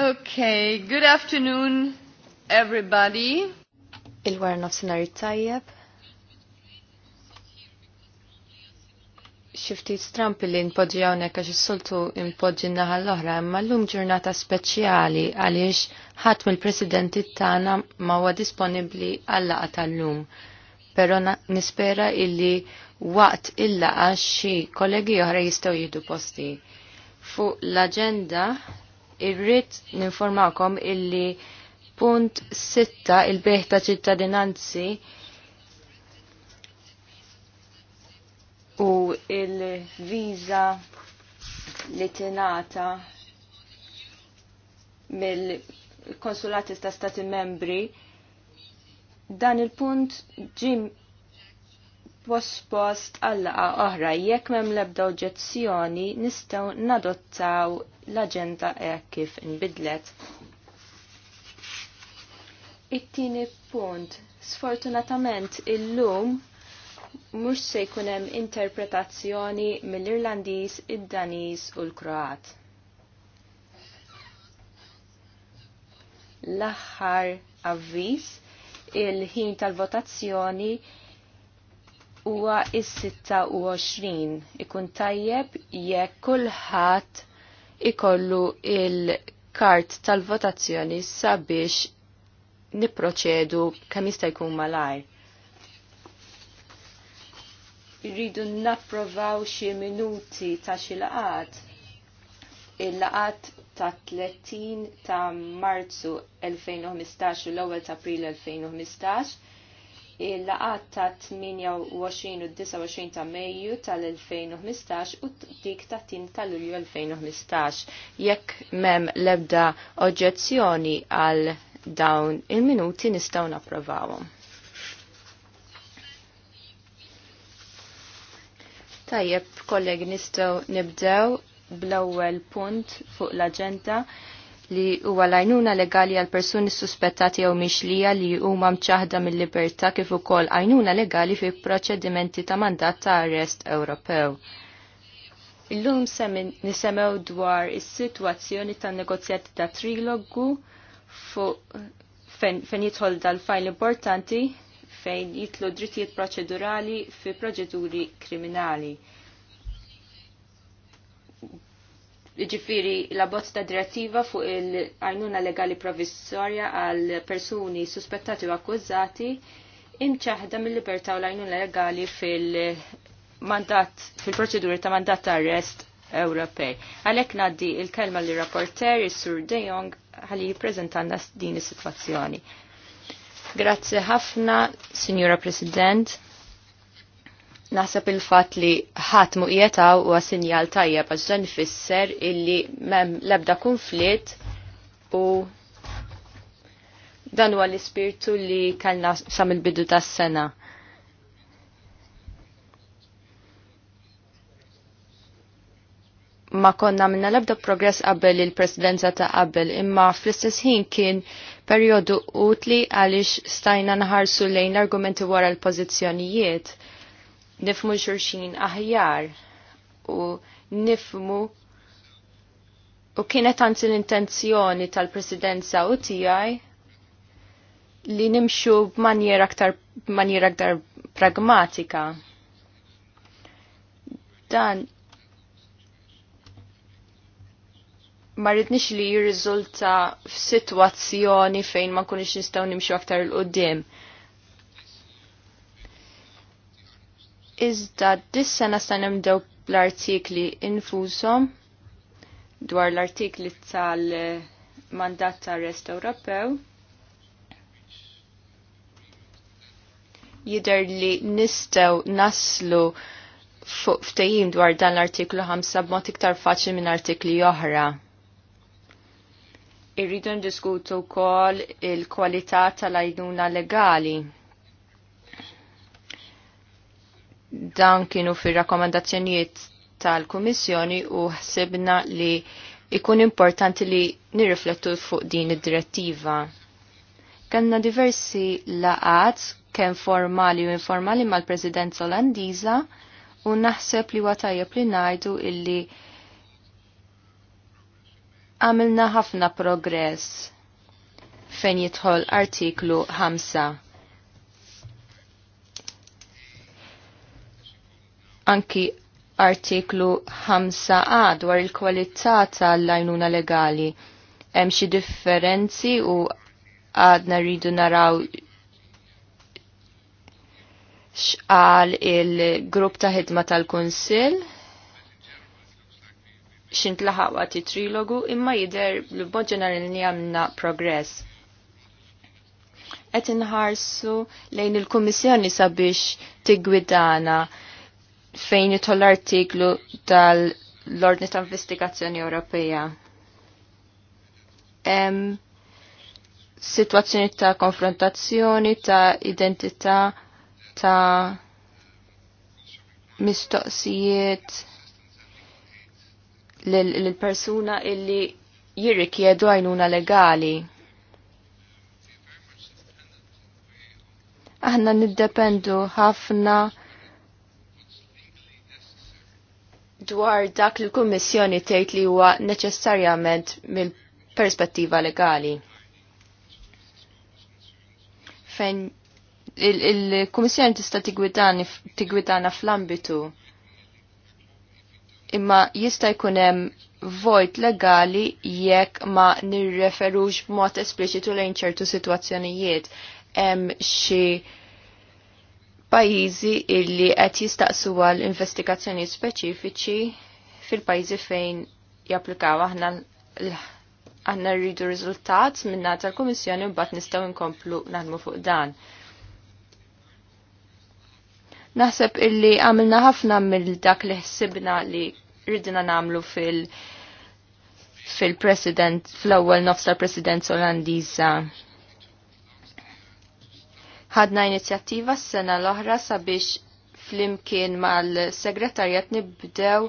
Okay, good afternoon everybody. Il-war nofsinari tajjeb. Xiftit strampi li npoġġi hawnhekk għax is-soltu impoġġi naħa l-oħra, imma llum ġurnata speċjali għaliex ħadd mill-presidenti tagħna ma huwa disponibbli għal-laqgħa tal-lum. Però nispera illi waqt illa għax xi kollegi oħra jistgħu jidu posti. Fuq l agenda irrid ninformakom illi punt sitta il-beħ ta' ċittadinanzi u il-viza li tinata mill-konsulati ta' stati membri dan il-punt ġim pospost għallaqa oħra jekk mem lebda oġġezzjoni nistgħu nadottaw l-aġenda hekk kif inbidlet. It-tieni punt, sfortunatament illum mhux se jkun hemm interpretazzjoni mill-Irlandiż, id-Daniż u l-Kroat. L-aħħar avviż il-ħin tal-votazzjoni huwa is-26 ikun tajjeb jekk kulħadd ikollu il-kart tal-votazzjoni sabiex niproċedu kemm jista' jkun malaj. Irridu napprovaw xi minuti ta' xi laqat. Il-laqat ta' 30 ta' Marzu 2015 u l-ewwel ta' April 2015 il-laqat ta' 28 u 29 ta' Mejju tal-2015 u dik ta' tin tal-Lulju 2015. Jekk mem lebda oġġezzjoni għal dawn il-minuti nistaw napprovawhom. Tajjeb, kollegi, nistaw nibdew bl-ewwel punt fuq l-aġenda li huwa l-għajnuna legali għal persuni suspettati jew mixlija li huma mċaħda mill-libertà kif ukoll għajnuna legali fi proċedimenti ta' mandat ta' arrest Ewropew. Illum nisemew dwar is-sitwazzjoni tan negozjati ta' trilogu fejn, fejn jidħol dal-fajl importanti fejn jitlu drittijiet proċedurali fi proċeduri kriminali. Iġifiri, la bozza ta' direttiva fuq il-għajnuna legali provvisorja għal persuni suspettati u akkużati imċaħda mill-libertà u l-għajnuna legali fil-mandat, fil-proċeduri ta' mandat ta' arrest Ewropej. Għalek naddi il-kelma li rapporter il-Sur De Jong għalli jiprezentanna din is-situazzjoni. Grazie ħafna, Signora President. Nasab il-fat li ħat mu u għasinjal tajjeb għax fisser illi mem lebda konflitt u dan huwa l-ispirtu li kellna sam il-bidu tas-sena. Ma konna minna lebda progress qabel il-presidenza ta' qabel imma fl-istess ħin kien perjodu utli għaliex stajna nħarsu lejn argumenti wara l-pożizzjonijiet nifmu xurxin aħjar u nifmu u kienet għanzi l-intenzjoni tal-presidenza u tijaj li nimxu b'manjera aktar, b'manjera aktar pragmatika. Dan ma rridnix li jirriżulta f'sitwazzjoni fejn ma kunix nistgħu nimxu aktar l qudiem Iżda dis-sena nemdew l-artikli infushom dwar l-artikli tal-mandat tal-Rest Ewropew. Jider li nistew naslu fuq ftejim dwar dan l-artiklu 5 b'mod iktar faċli minn artikli oħra. Irridu ndiskutu wkoll il-kwalità tal-għajnuna legali. Dan kienu fir-rakkomandazzjonijiet tal-Kummissjoni u ħsibna li ikun importanti li nirriflettu fuq din id-direttiva. Kanna diversi laqat kemm formali u informali mal-Presidenza Olandiża u naħseb li tajjeb li ngħidu illi għamilna ħafna progress fejn jidħol artiklu 5 Anki artiklu 5a dwar il-kwalità tal-lajnuna legali. Hemm xi differenzi u għadna rridu naraw xqal il-grupp ta' ħidma tal-Kunsill xint laħaqa ti trilogu imma jider li bod ġenerali għamna progress. Et inħarsu lejn il-Kummissjoni sabiex tigwidana fejn jitol l-artiklu tal-Ordni ta' Investigazzjoni Ewropea. Em, situazzjoni ta' konfrontazzjoni, ta' identità, ta' mistoqsijiet l-persuna illi jirrikjedu għajnuna legali. Aħna niddependu ħafna dwar dak li l-Kummissjoni tgħid li huwa neċessarjament mill-perspettiva legali. Fejn il-Kummissjoni tista' tigwidana fl-ambitu imma jista' jkun hemm vojt legali jekk ma nirreferux b'mod espliċitu lejn ċertu sitwazzjonijiet hemm xi pajizi illi qed jistaqsu għal investigazzjoni speċifiċi fil-pajizi fejn japplikaw aħna aħna rridu riżultat minna tal-Kummissjoni u mbagħad nistgħu nkomplu naħdmu fuq dan. Naħseb illi għamilna ħafna mill dak li ħsibna li rridina namlu fil- fil-president, fl-ewwel nofsa president Olandiża ħadna inizjattiva s-sena l-oħra sabiex flimkien mal-segretarjat nibdew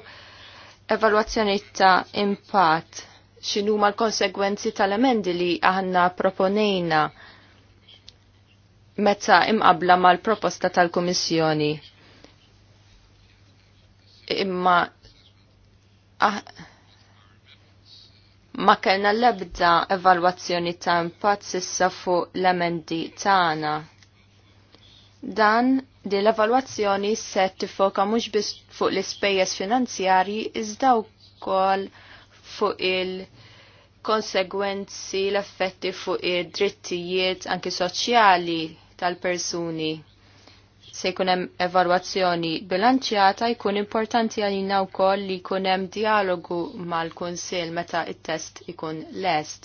evalwazzjoni ta' impatt xinu ma l-konsegwenzi tal-emendi li aħna proponejna meta imqabla mal-proposta tal-Komissjoni. Imma ah, ma kellna l-ebda evalwazzjoni ta' impatt sissa fuq l-emendi tagħna. Ta Dan din l-evalwazzjoni se tifoka mhux biss fuq l-ispejjeż finanzjarji iżda wkoll fuq il-konsegwenzi l-effetti fuq id-drittijiet anki soċjali tal-persuni. Se jkun hemm evalwazzjoni bilanċjata jkun importanti għalina wkoll li jkun hemm dialogu mal-Kunsill meta it-test ikun lest.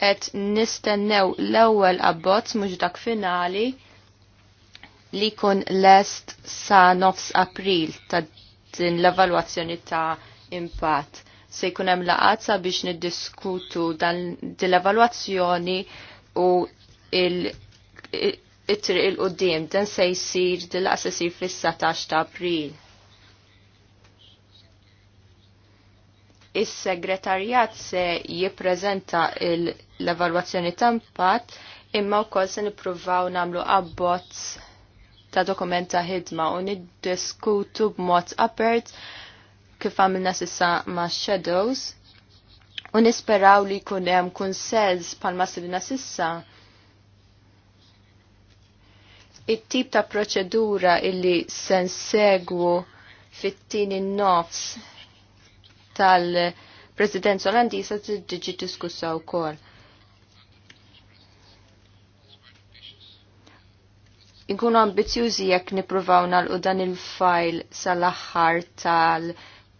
qed nistennew l-ewwel abbozz mhux dak finali li kun lest sa nofs april ta' din l-evalwazzjoni ta' impatt. Se jkun hemm laqgħa biex niddiskutu dan din l-evalwazzjoni u il it-triq il qudiem dan se jsir din qas isir fis-17 ta' April. Is-segretarjat se jippreżenta l-evalwazzjoni ta' impatt imma wkoll se nippruvaw nagħmlu abbot ta' dokumenta ħidma u niddiskutu b'mod apert kif għamilna sissa ma' shadows u nisperaw li jkun hemm kunsens palma massilina sissa it-tip ta' proċedura illi segwu fit-tini nofs tal-Presidenza Olandiża diġi diskussa wkoll. Inkunu ambizjużi jekk nippruvaw nagħlqu dan il-fajl sal-aħħar tal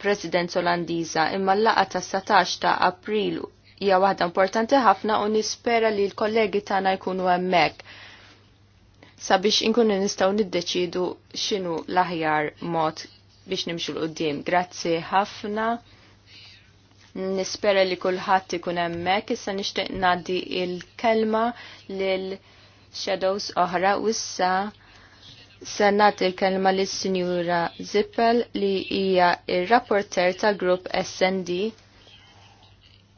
president Olandiża imma l-laqa ta' 17 ta' April hija waħda importanti ħafna u nispera li l-kollegi tagħna jkunu hemmhekk sabiex inkunu nistgħu niddeċidu x'inhu l-aħjar mod biex nimxu l-qudiem. Grazzi ħafna nispera li kulħadd ikun hemmhekk, issa nixtieq ngħaddi il-kelma lil shadows oħra u issa se nagħti il-kelma lis sinjura Zippel li hija ir-rapporter ta' grupp SND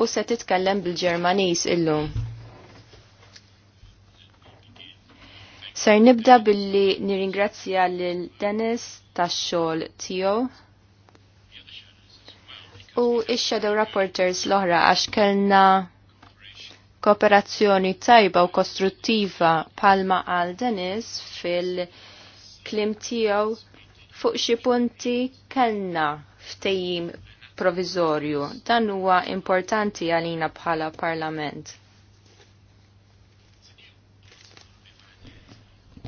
u se titkellem bil-Ġermaniż illum. Ser nibda billi nirringrazzja lil Dennis tax-xogħol tiegħu u ix-Shadow Rapporters l-oħra għax kellna kooperazzjoni tajba u kostruttiva palma għal Denis fil-klim tiegħu fuq xi punti kellna ftejjim provizorju. Dan huwa importanti għalina bħala Parlament.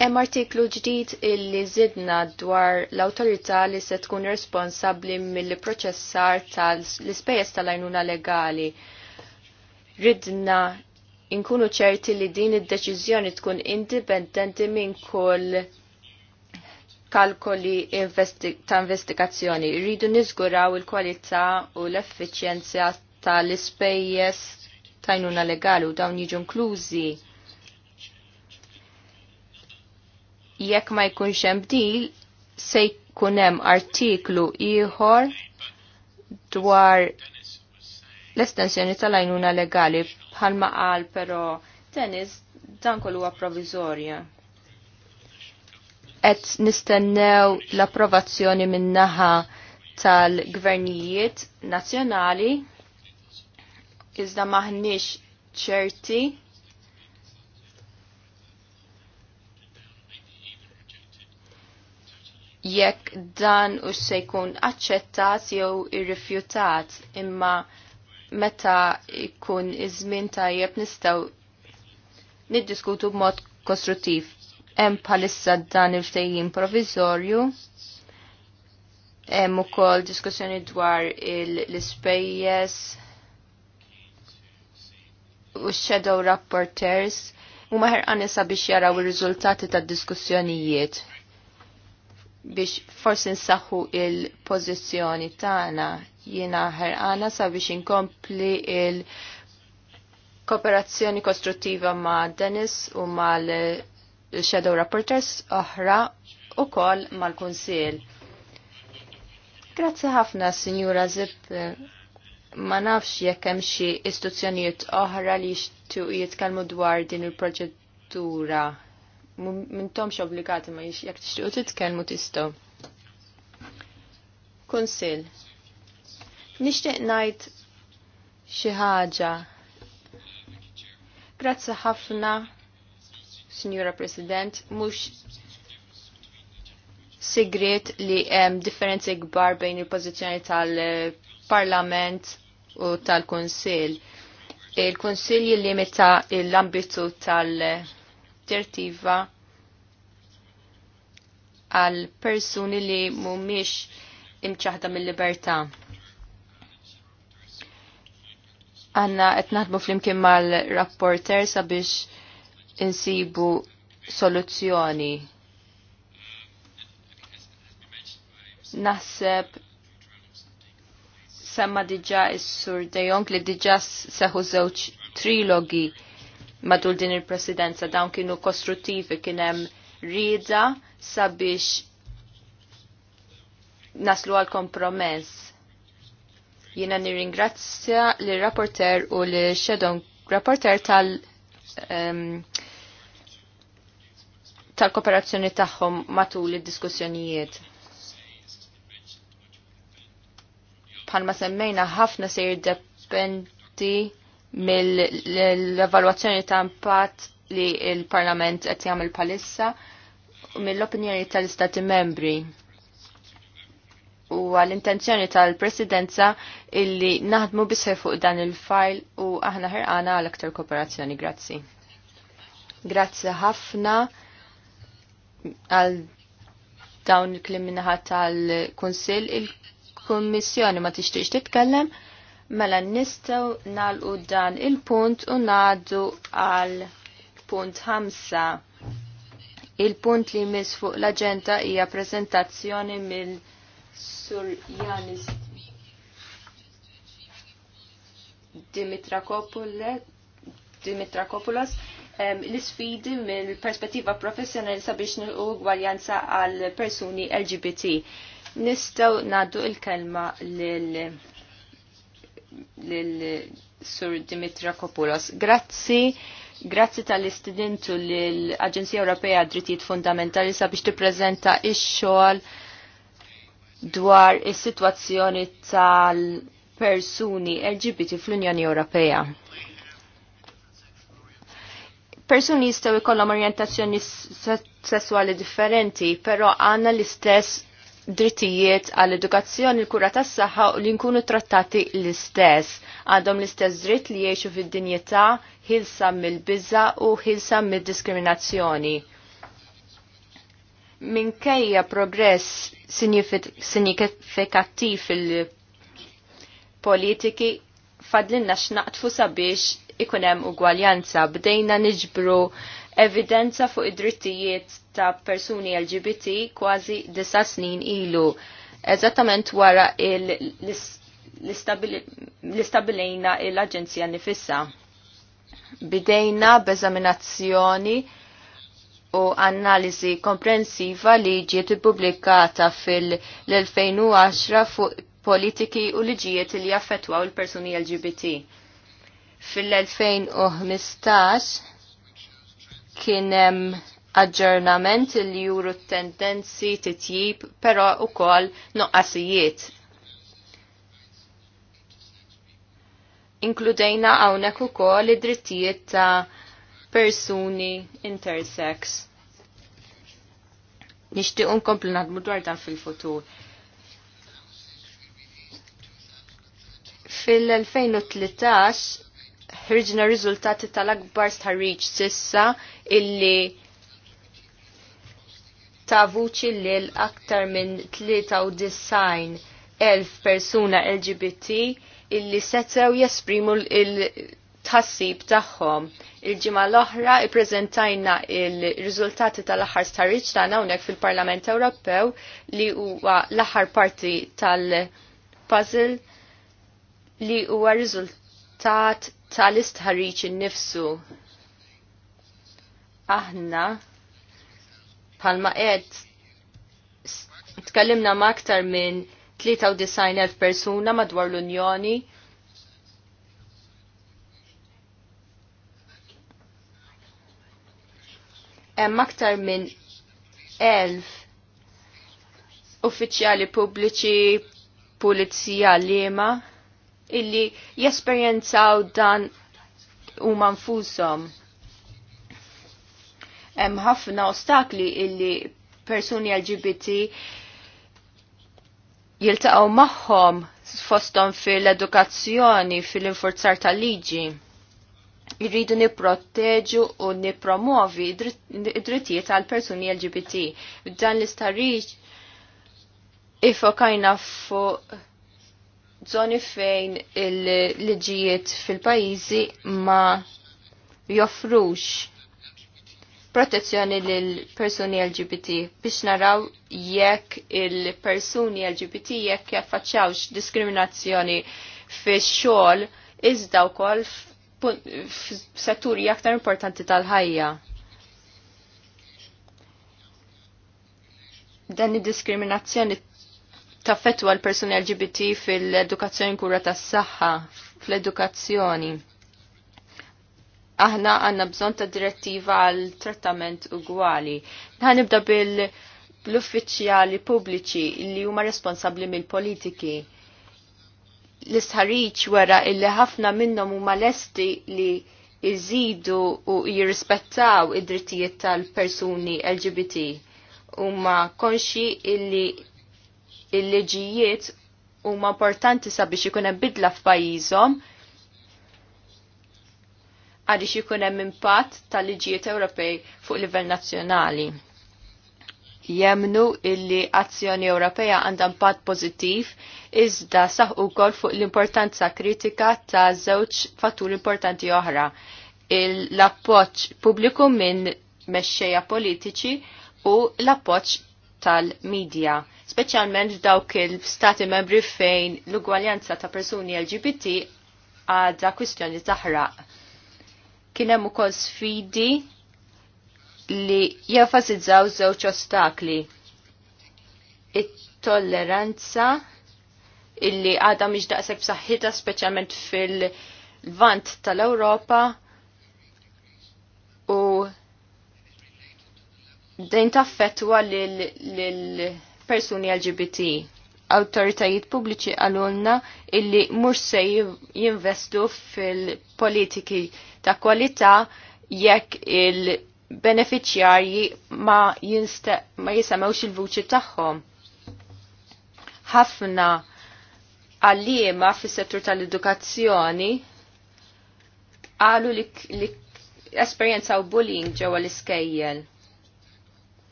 Hemm artiklu ġdid illi zidna dwar l-awtorità li se tkun responsabbli mill-proċessar tal-ispejjeż tal-għajnuna legali. Ridna inkunu ċerti li din id-deċiżjoni tkun indipendenti minn kull kalkoli ta' investigazzjoni. Rridu niżguraw il-kwalità u l-effiċjenza tal-ispejjeż tajnuna legali u dawn jiġu inklużi jekk ma jkunx hemm bdil se jkun hemm artiklu ieħor dwar l-estensjoni tal-għajnuna legali bħalma qal però tennis dan kollu huwa provizorja. Qed nistennew l-approvazzjoni min-naħa tal-gvernijiet nazzjonali iżda maħniex ċerti jekk dan u se jkun aċċettat jew irrifjutat imma meta jkun iż-żmien tajjeb nistgħu niddiskutu b'mod kostruttiv. Hemm bħalissa dan il-ftehim proviżorju hemm ukoll diskussjoni dwar l-ispejjeż u shadow rapporters u maħer għanisa biex jaraw il-rizultati ta' diskussjonijiet biex forsi nsaħħu il-pożizzjoni tagħna jiena ħerqana sabiex inkompli il- kooperazzjoni kostruttiva ma' Dennis u mal Shadow Rapporters oħra u kol mal-Kunsil. Grazzi ħafna, Signora Zip. Ma nafx jekk hemm xi istituzzjonijiet oħra li jixtiequ jitkellmu dwar din il proġettura mintomx obbligati ma jiex jek tixtiqu titkellmu tistgħu. Kunsill. Nixtieq ngħid xi ħaġa. Grazzi ħafna, Signora President, mhux sigret li hemm differenzi kbar bejn il-pożizzjoni tal-Parlament u tal-Kunsill. Il-Kunsill jillimita l-ambitu tal-, -parlament, tal kunsill il ambitu tal id għal persuni li mumiex imċaħda mill-libertà. Għanna qed naħdmu flimkien mal-rapporter sabiex insibu soluzzjoni. Naħseb semma diġa is-sur Dejong li diġa seħu żewġ trilogi matul din il-presidenza dawn kienu kostruttivi kien hemm rieda sabiex naslu għal kompromess. Jiena nirringrazzja l rapporter u l xedon rapporter tal um, tal-kooperazzjoni tagħhom matul id-diskussjonijiet. Bħalma semmejna ħafna se jiddependi mill-evalwazzjoni ta' impatt li il-Parlament qed jagħmel palissa mill-opinjoni tal-Istati membri u għall-intenzjoni tal-Presidenza illi naħdmu bisħe fuq dan il-fajl u aħna ħerqana għal aktar kooperazzjoni. Grazzi. Grazzi ħafna għal dawn il-klim tal-Kunsil. Il-Kommissjoni ma tixtiex titkellem. Mela nistaw nalqu dan il-punt u naddu għal punt 5. Il-punt li mis fuq l-agenda hija prezentazzjoni mill Sur Janis Dimitra Kopulas l-sfidi mill perspettiva professjonali sabiex u gwaljanza għal persuni LGBT. Nistaw naddu il-kelma lil l-Sur Dimitra Kopulos. Grazzi, grazzi tal istidintu l-Aġenzija Ewropea Drittijiet Fundamentali sabiex tippreżenta ix-xogħol dwar is-sitwazzjoni tal-persuni LGBT fl-Unjoni Ewropea. Persuni jistgħu jkollhom orjentazzjoni sessuali differenti, però għandna l-istess drittijiet għall edukazzjoni l-kura tas saħħa u li nkunu trattati l-istess. Għandhom l-istess dritt li jiexu fid-dinjetà ħilsa mill-biża u ħilsa mill-diskriminazzjoni. Minkejja progress sinifikattiv fil-politiki fadlinna x'naqtfu sabiex ikun hemm ugwaljanza bdejna niġbru evidenza fuq id-drittijiet ta' persuni LGBT kważi disa snin ilu. Eżattament wara l-istabilejna l-Aġenzija nifissa. Bidejna b'eżaminazzjoni u analizi komprensiva li ġiet ippubblikata fil-2010 fuq politiki u liġijiet li jaffettwaw il-persuni LGBT. Fil-2015 kien hemm aġġornament li juru tendenzi titjib, pero u kol noqqasijiet. Inkludejna għawnek u kol id-drittijiet ta' persuni intersex. Nishtiq unkomplu nadmu dwar dan fil-futur. Fil-2013 ħirġna riżultati tal-akbar starriċ sissa illi ta' vuċi lil aktar minn 93,000 persuna LGBT illi setsew jesprimu il-tassib tagħhom. Il-ġimgħa l-oħra ippreżentajna il-riżultati tal-aħħar starriċ tagħna hawnhekk fil-Parlament Ewropew li huwa l-aħħar parti tal-puzzle li huwa riżultat tal-istħarriċ innifsu. Aħna Palma ed tkellimna ma' aktar minn 93,000 persuna madwar l-Unjoni. Hemm aktar minn 1000 uffiċjali pubbliċi, pulizija liema illi jesperjenzaw dan huma nfushom hemm ħafna ostakli illi persuni LGBT jiltaqgħu magħhom fosthom fil-edukazzjoni, fil-infurzar tal-liġi. Irridu nipproteġu u nipromovi id-drittijiet għal persuni LGBT. Dan l-istarriġ ifokajna fuq zoni fejn il-liġijiet fil-pajizi ma joffrux protezzjoni l-persuni LGBT biex naraw jekk il-persuni LGBT jekk jaffaċċawx diskriminazzjoni fi xogħol iżda wkoll f'setturi aktar importanti tal-ħajja. Dan id-diskriminazzjoni taffettwa l-persuni LGBT fil-edukazzjoni kura tas-saħħa, fl-edukazzjoni aħna għanna bżon ta' direttiva għal trattament ugwali. Għan nibda bil uffiċjali pubbliċi li huma responsabli mill-politiki. l sħariċ wara illi ħafna minnhom huma lesti li jizidu u jirrispettaw id-drittijiet tal-persuni LGBT. Huma konxi illi il-liġijiet huma importanti sabiex ikun hemm bidla f'pajjiżhom għaliex ikun hemm impatt tal-liġijiet Ewropej fuq livell nazzjonali. Jemnu illi azzjoni Ewropea għandha impatt pożittiv iżda saħ ukoll fuq l-importanza kritika ta' żewġ fatturi importanti oħra. L-appoġġ pubbliku minn mexxejja politiċi u l-appoġġ tal-medja, speċjalment f'dawk il-stati membri fejn l-ugwaljanza ta' persuni LGBT għadha kwistjoni taħraq Kienem u kol sfidi li jenfasizzaw żewġ ostakli. It-tolleranza illi għada miex daqseg b'saħħitha speċjalment fil-vant tal-Ewropa u dejn taffetwa lil-persuni LGBT. Autoritajiet pubbliċi għalunna illi mhux se jinvestu fil-politiki ta' kwalità jekk il-beneficjarji ma, ma jisemewx il-vuċi tagħhom. Ħafna għalliema fis-settur tal-edukazzjoni għalu li, li esperienza u bullying ġewwa l-iskejjel.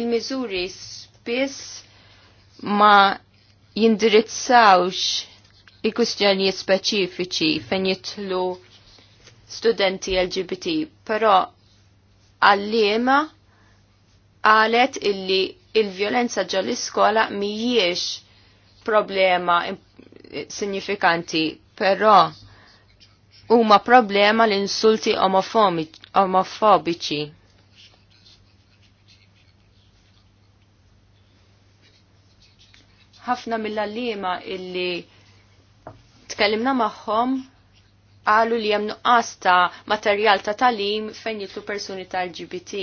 Il-miżuri spiss ma jindirizzawx il-kustjonijiet speċifiċi fejn jitlu studenti LGBT, però għallima għalet illi il-violenza ġo l-iskola mijiex problema signifikanti, però huma problema l-insulti omofobiċi. ħafna mill-allima illi tkellimna magħhom għalu li jemnu nuqqas ta' materjal ta' talim fejn jitlu persuni ta' LGBT.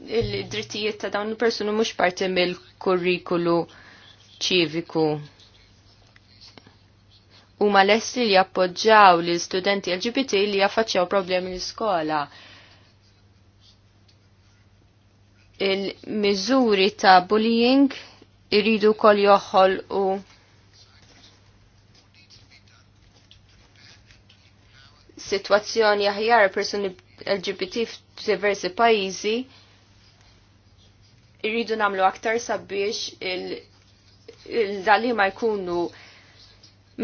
Il-drittijiet ta' dawn il-persuni mux parti mill-kurrikulu ċiviku. U ma lessi li appoġġaw li studenti LGBT li jaffaċċaw problemi l-iskola. Il-mizuri ta' bullying iridu kol joħol u situazzjoni aħjar persuni LGBT f'diversi pajjiżi irridu namlu aktar sabiex il-dali ma jkunu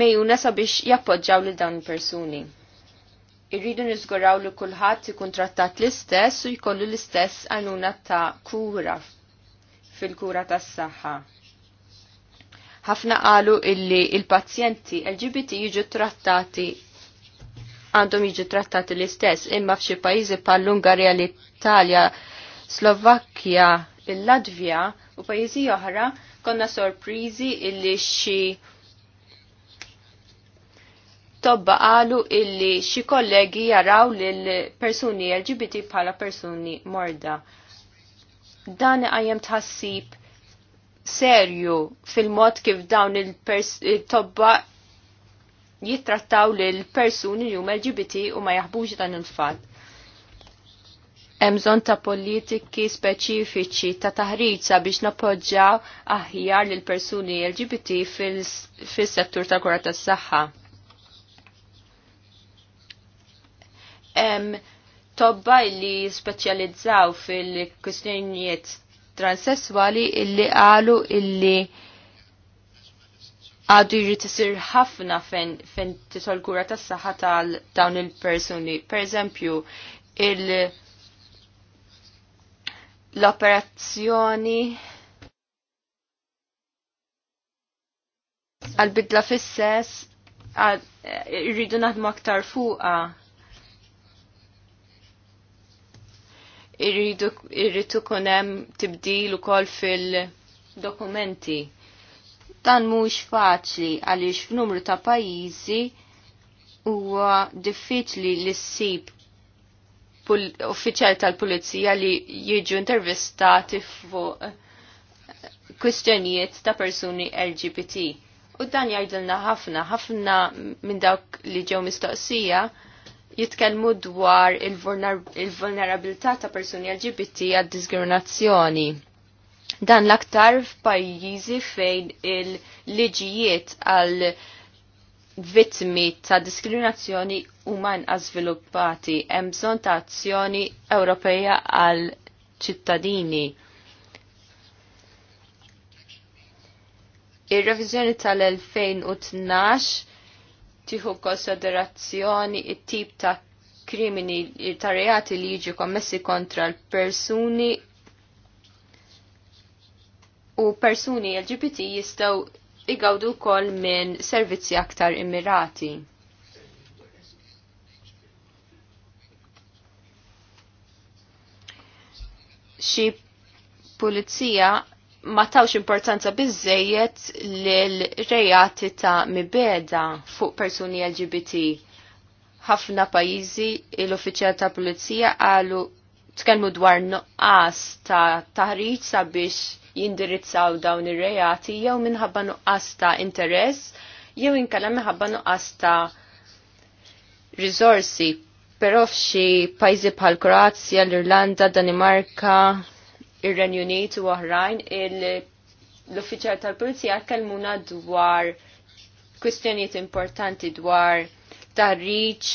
mejuna sabiex jappoġġaw li dan persuni. Irridu nizguraw li kulħadd ikun trattat l-istess u jkollu l-istess għajnuna ta' kura fil-kura tas saħħa ħafna qalu illi il-pazjenti LGBT jiġu trattati għandhom jiġu trattati l-istess, imma f'xi pajjiżi bħal l-Ungarija, l-Italja, Slovakkja, il-Latvja u pajjiżi oħra konna sorpriżi illi xi tobba qalu illi xi kollegi jaraw lil persuni LGBT bħala persuni morda. Dan għajem tħassib serju fil-mod kif dawn il-tobba jittrattaw lil persuni li huma LGBT u ma jaħbux dan il-fatt. Emżon ta' politiki speċifiċi ta' taħriġ biex napoġġaw aħjar lil persuni LGBT fil-settur ta' kura tas saħħa Em, tobba li speċjalizzaw fil-kwistjonijiet transessuali illi għalu illi għadu jrid tisir ħafna fejn fen titol kura tas-saħħa tal dawn il-persuni. Per eżempju, il l-operazzjoni għal-bidla fissess sess eh, irridu naħdmu aktar fuqa. Irridu irridu kunem tibdil ukoll fil-dokumenti. Dan mhux faċli għaliex f'numru ta' pajjiżi huwa diffiċli li ssib uffiċjal tal-pulizija li jiġu intervistati fuq kwistjonijiet ta' persuni LGBT. U dan jgħidilna ħafna, ħafna minn dawk li ġew mistoqsija jitkellmu dwar il-vulnerabilità ta' persuni LGBT għad-diskriminazzjoni. Dan l-aktar f'pajjiżi fejn il-liġijiet għal vittmi ta' diskriminazzjoni huma għaz sviluppati hemm bżonn ta' azzjoni Ewropea għal ċittadini. Ir-reviżjoni tal-2012 tieħu konsiderazzjoni it-tip ta' krimini ta' reati li jiġu kommessi kontra l-persuni u persuni LGBT jistaw igawdu kol minn servizzi aktar immirati. Xi pulizija ma tawx importanza bizzejiet l-rejati ta' mibeda fuq persuni LGBT. ħafna pajizi l-uffiċjal ta' pulizija għalu tkellmu dwar nuqqas ta' taħriġ sabiex jindirizzaw dawn ir-reati jew minħabba nuqqas ta' interess jew inkella minħabba nuqqas ta' risorsi. Però f'xi pajjiżi bħal Kroazja, l-Irlanda, Danimarka, ir-Renju Unit u oħrajn l-uffiċjal tal-Pulizija kellmuna dwar kwistjonijiet importanti dwar taħriġ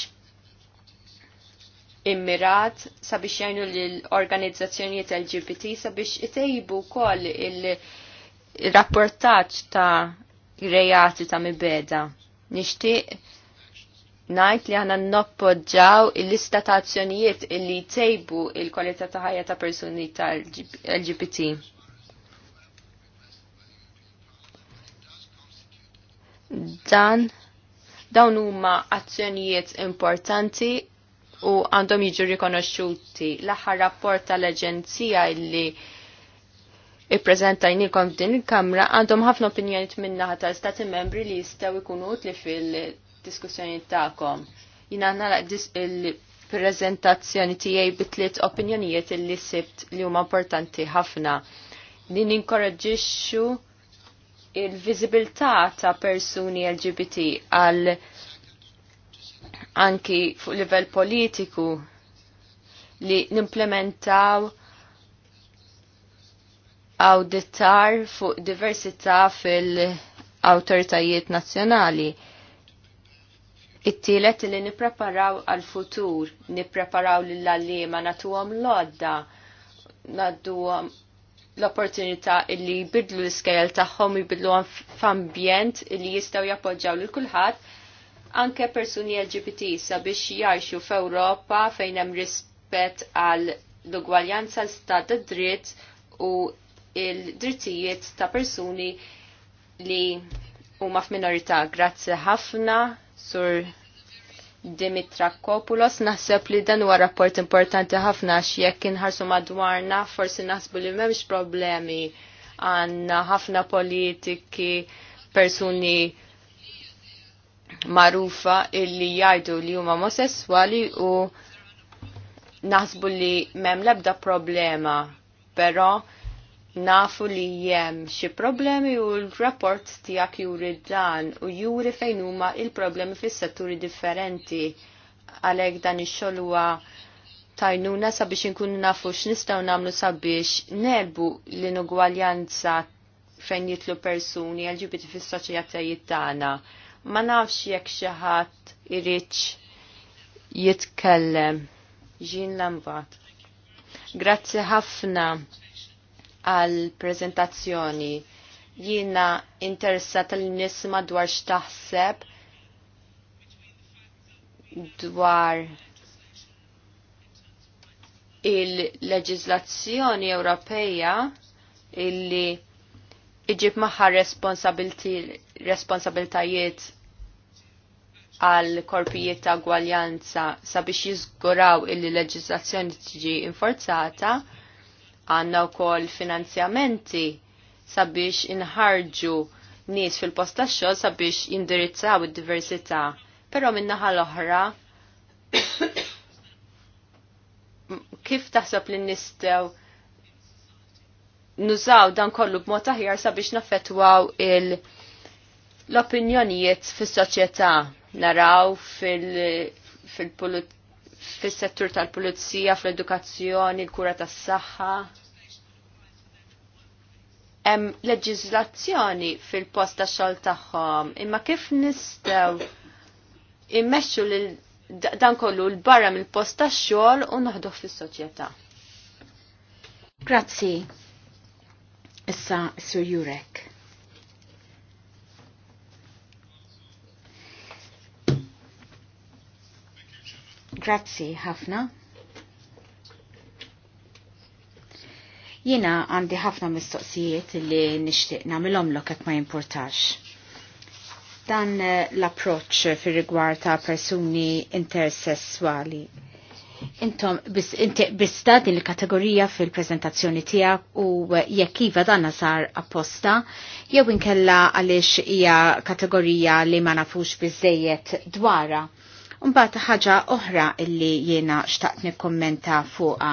immirat sabiex jajnu l-organizzazzjonijiet LGBT sabiex itejbu kol il-rapportaċ ta' rejati ta' mibeda. Nishti najt li għana noppoġġaw il-lista ta' azzjonijiet li tejbu il-kwalità ta' ħajja ta' persuni ta' LGBT. Dan dawn huma azzjonijiet importanti u għandhom jiġu rikonoxxuti. L-aħħar rapport tal-Aġenzija illi ippreżentajnikom din il-Kamra għandhom ħafna opinjoniet minnaħa tal-Stati membri li jistgħu jkunu utli fil-diskussjoni tagħkom. Jina nagħlaq il-preżentazzjoni tiegħi tliet opinjonijiet illi sibt li huma importanti ħafna. Li ninkoraġġixxu il-viżibilità ta' persuni LGBT għal anki fuq livell politiku li nimplementaw auditar fuq diversità fil-autoritajiet nazzjonali. It-tielet li nipreparaw għal-futur, nipreparaw l-allima nagħtuhom l-odda, nadduhom l-opportunità illi jbidlu l-iskajl tagħhom jbidluhom f'ambjent illi jistgħu jappoġġaw lil kulħadd anke persuni LGBT sabiex jarxu f'Ewropa fejn hemm rispett għal l-ugwaljanza l-stat dritt u il-drittijiet ta' persuni li huma f'minorità. Grazzi ħafna sur Dimitra Kopulos, naħseb li dan huwa rapport importanti ħafna jekk inħarsu madwarna forsi naħsbu li m'hemmx problemi għandna ħafna politiki persuni marufa illi jgħidu li huma omosessuali u naħsbu li mem lebda problema, pero nafu li jem xi problemi u l-rapport tijak juri dan u juri fejn huma il-problemi fis setturi differenti għalek dan ix-xogħol tajnuna sabiex inkunu nafu x'nistgħu nagħmlu sabiex nelbu l-inugwaljanza fejn jitlu persuni LGBT fis-soċjetajiet tagħna ma nafx jekk xi ħadd iridx jitkellem. Jean lambat. Grazzi ħafna għal prezentazzjoni. Jiena interessata li nisma dwar x'taħseb dwar il-leġizlazzjoni Ewropeja illi iġib maħħa responsabiltajiet għal korpijiet ta' gwaljanza sabiex jizguraw illi leġislazzjoni tiġi inforzata, għanna u kol finanzjamenti sabiex inħarġu nies fil-post ta' xogħol sabiex jindirizzaw id-diversità. Però minnaħa l-oħra kif taħseb li nistgħu nużaw dan kollu b'mod aħjar sabiex naffettwaw il- l-opinjonijiet fis soċjetà naraw fil-settur fil tal-pulizija, fil-edukazzjoni, il-kura tas-saħħa. Hemm leġiżlazzjoni fil-post tax-xogħol tagħhom, imma kif nistgħu immexxu lil dan kollu l-barra mill-post tax-xogħol u naħdu fis-soċjetà. Grazzi. Issa, Sir Jurek. Grazzi ħafna. Jina għandi ħafna mistoqsijiet li nishtiq namilom l ma importax. Dan eh, l-approċ fir rigward ta' persuni intersessuali. Intom, bis, bista din il-kategorija fil-prezentazzjoni tijak u eh, jekk iva danna sar apposta, jew inkella għalix hija kategorija li ma nafux bizzejiet dwara Mbagħad ħaġa oħra illi jiena xtaqt nikkommenta fuqha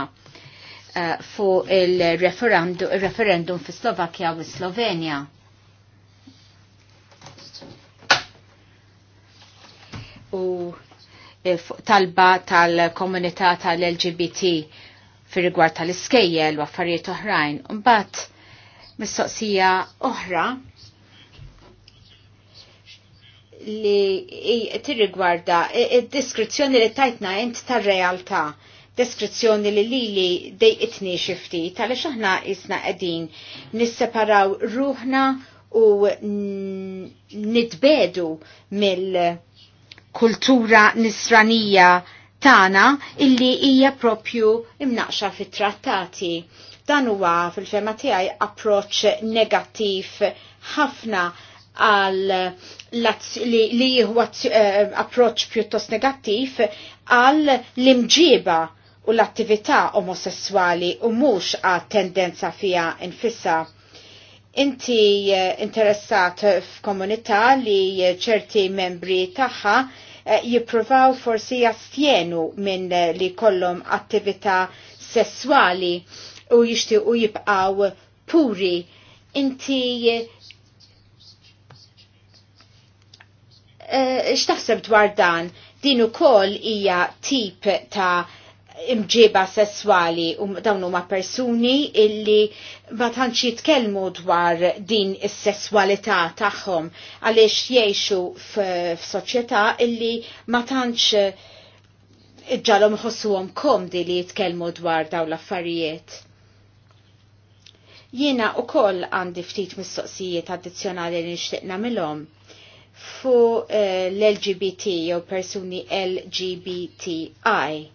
eh, fuq il-referendum fi Slovakkja u Slovenja. U eh, talba tal-komunità tal-LGBT fi rigward tal-iskejjel u affarijiet oħrajn. Mbagħad mistoqsija oħra li tirrigwarda id-diskrizzjoni li tajtna int tar-realtà deskrizzjoni li li li itni xifti tal aħna isna qegħdin nisseparaw ruħna u nidbedu mill-kultura nisranija tana illi hija propju imnaqxa fit-trattati. Dan huwa fil-fema tiegħi approċċ negattiv ħafna għal li jieħu eh, approċ pjuttost negattiv għal l-imġiba u l-attività omosessuali u mux għal tendenza fija infissa. Inti eh, interessat f'komunità li ċerti membri taħħa eh, jipruvaw forsi jastjenu minn li kollom attività sessuali u jishti u jibqaw puri. Inti Eh, x'taħseb dwar dan? Din ukoll hija tip ta' imġiba sessuali u um, dawn huma persuni illi ma tantx jitkellmu dwar din is-sesswalità tagħhom għaliex jgħixu f'soċjetà illi ma tantx eh, ġalhom iħossuhom komdi li jitkellmu dwar dawn l-affarijiet. Jiena u koll għandi ftit mistoqsijiet addizzjonali li nixtieq nagħmilhom fu eh, l-LGBT jew persuni LGBTI.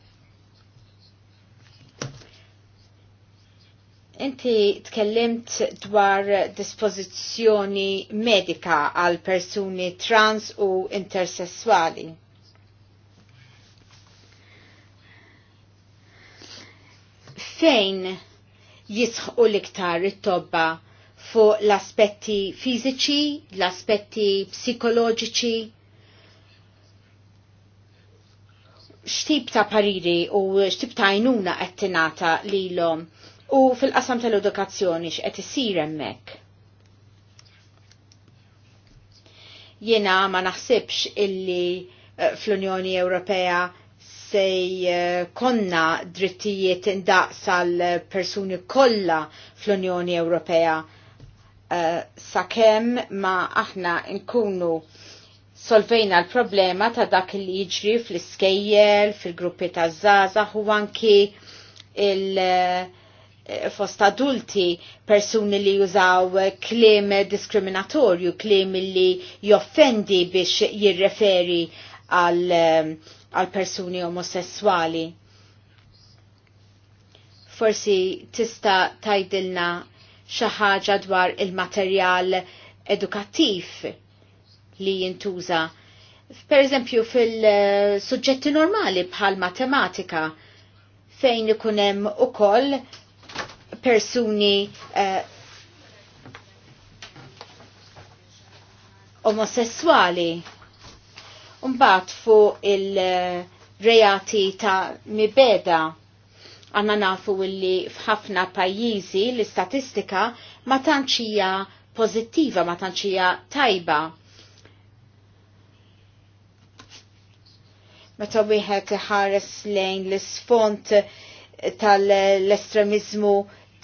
Inti tkellimt dwar dispożizzjoni medika għal persuni trans u intersessuali. Fejn jisħu l-iktar it-tobba fuq l-aspetti fiziċi, l-aspetti psikoloġiċi. Xtib ta' pariri u xtib ta' jnuna għettinata li l-om u fil-qasam tal-edukazzjoni x'qed isir hemmhekk. Jiena ma naħsibx illi eh, fl-Unjoni Ewropea sej eh, konna drittijiet indaqsa l persuni kollha fl-Unjoni Ewropea Eh, sakem ma aħna nkunu solvejna l-problema ta' dak li jiġri fl-iskejjel, fil-gruppi ta' zaza, u anki il- eh, fost adulti persuni li jużaw klim diskriminatorju, klim li joffendi biex jirreferi għal, eh, għal persuni omosessuali. Forsi tista tajdilna xi ħaġa dwar il-materjal edukattiv li jintuża. Per eżempju fil-suġġetti normali bħal matematika fejn ikun hemm ukoll persuni eh, omosessuali. Umbat fuq il-rejati ta' mibeda Għanna nafu illi f'ħafna pajjiżi l-istatistika ma tantxija pozittiva, ma tantxija tajba. Meta wieħed ħares lejn l sfont tal-estremizmu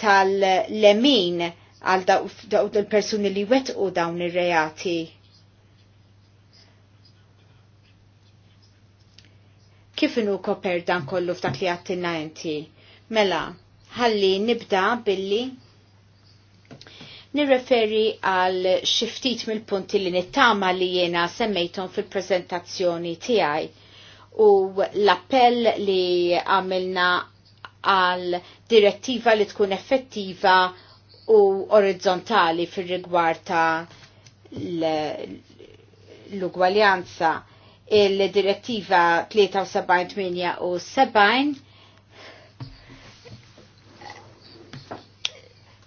tal-lemin għal daw il-persuni li wetqu dawn ir-reati. Kif inu koper dan kollu f'dak li għattinna inti? Mela, ħalli nibda billi nirreferi għal xiftit mill-punti li nittama li jena semmejton fil-prezentazzjoni tiegħi u l-appell li għamilna għal direttiva li tkun effettiva u orizzontali fil rigward ta' l-ugwaljanza il-direttiva 73 u 70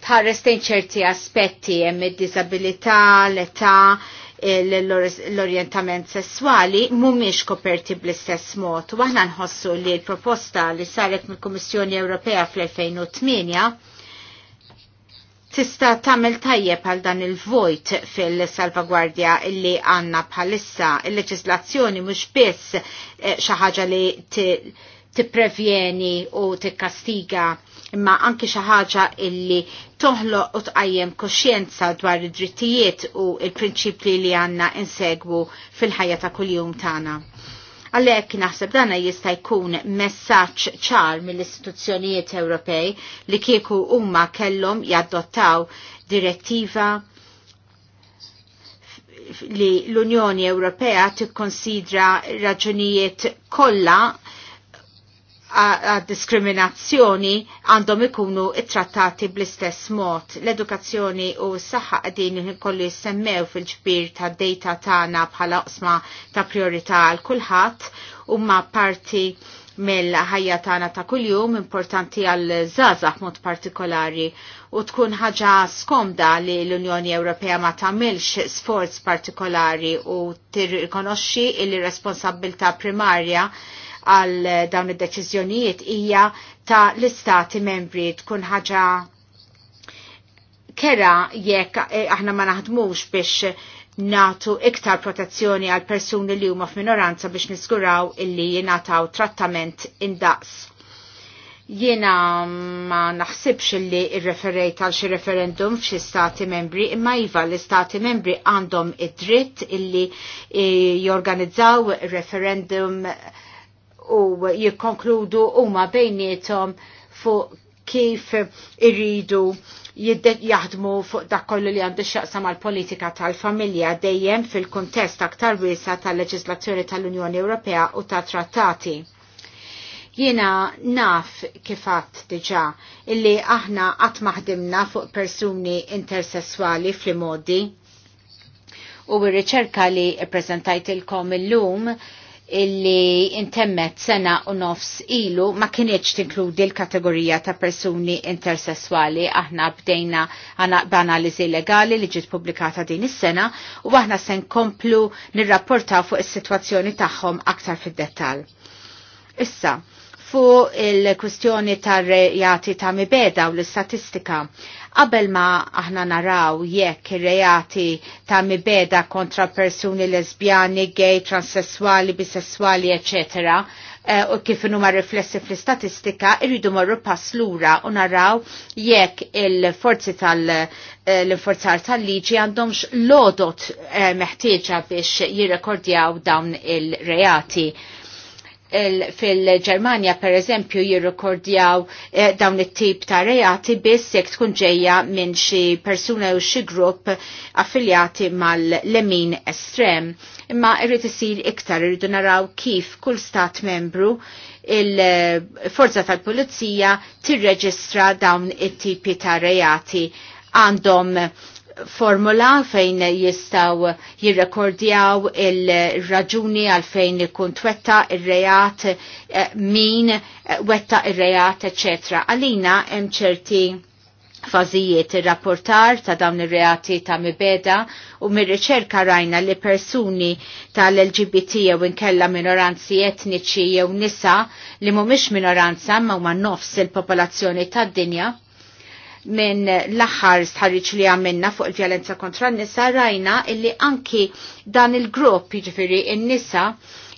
tħares ċerti aspetti hemm id-disabilità, l-età, l-orientament sessuali mhumiex koperti bl-istess mod. Waħna aħna nħossu li l-proposta li saret mill-Kummissjoni Ewropea fl-2008 tista tamel tajjeb għal dan il-vojt fil-salvagwardja illi għanna bħalissa il-leġislazzjoni mhux biss eh, xi ħaġa li prevjeni u tikkastiga imma anki xi ħaġa illi toħloq u tqajjem koxjenza dwar id-drittijiet u il-prinċipli li għandna insegwu fil-ħajja ta' kuljum tagħna. Għalhekk naħseb dana jista' jkun messaġġ ċar mill-istituzzjonijiet Ewropej li kieku huma kellhom jaddottaw direttiva li l-Unjoni Ewropea tikkonsidra raġunijiet kollha għad-diskriminazzjoni għandhom ikunu it-trattati bl-istess mod. L-edukazzjoni u s-saħħa għadin kollu jissemmew fil-ġbir ta' data tagħna bħala osma ta' priorità għal kulħadd huma parti mill-ħajja tagħna ta' kuljum importanti għal żgħażagħ mod partikolari u tkun ħaġa skomda li l-Unjoni Ewropea ma tagħmilx sforz partikolari u tirrikonoxxi il responsabilta primarja għal dawn id-deċiżjonijiet hija ta' l-istati membri tkun ħaġa kera jekk eh, aħna ma naħdmux biex natu iktar protezzjoni għal persuni li huma f'minoranza biex niskuraw illi jingħataw trattament indaqs. Jiena ma naħsibx illi r-referejt għal xi referendum f'xi stati membri, imma iva l-istati membri għandhom id-dritt illi eh, jorganizzaw referendum uh, u jikkonkludu huma bejnietom fuq kif irridu jaħdmu fuq dak kollu li għandu xaqsa mal-politika tal-familja dejjem fil-kontest aktar wiesa tal-leġislazzjoni tal-Unjoni Ewropea u ta' trattati. Jiena naf kifat diġa illi aħna qatt maħdimna fuq persuni intersessuali fl-modi u r-riċerka li prezentajt il-kom il-lum il kom il lum illi intemmet sena u nofs ilu ma kienieċ tinkludi l-kategorija ta' persuni intersessuali aħna bdejna b'analizi b'analiżi legali li ġiet publikata din is-sena u aħna se nkomplu nirrapportaw fuq is-sitwazzjoni tagħhom aktar fid-dettall. Issa, Fu il-kustjoni tar-rejati ta' mibeda u l-istatistika. Qabel ma aħna naraw jekk ir-rejati ta' mibeda kontra persuni lesbjani, gay, transessuali, bisessuali, ecc. Eh, u kif huma riflessi fl-istatistika, irridu marru pass lura u naraw jekk il-forzi tal-forzar eh, tal-liġi għandhomx lodot eh, meħtieġa biex jirrekordjaw dawn il-reati fil-Germania per eżempju jirrekordjaw eh, dawn it-tip ta' reati biss jekk tkun ġejja minn xi persuna u xi grupp affiljati mal-lemin estrem. Imma irrid isir iktar irridu naraw kif kull stat membru il-forza tal-pulizija tirreġistra dawn it-tipi ta' reati għandhom formula fejn jistaw jirrekordjaw il-raġuni għal fejn ikun twetta il-rejat, eh, min eh, wetta il-rejat, etc. Għalina hemm ċerti fażijiet ir-rapportar ta' dawn ir-reati ta' mibeda u mir-riċerka rajna li persuni tal-LGBT jew inkella minoranzi etniċi jew nisa li mhumiex minoranza ma huma nofs il-popolazzjoni tad-dinja minn l-aħħar stħarriċ li għamilna fuq il-vjolenza kontra n-nisa rajna illi anki dan il-grupp jiġifieri n-nisa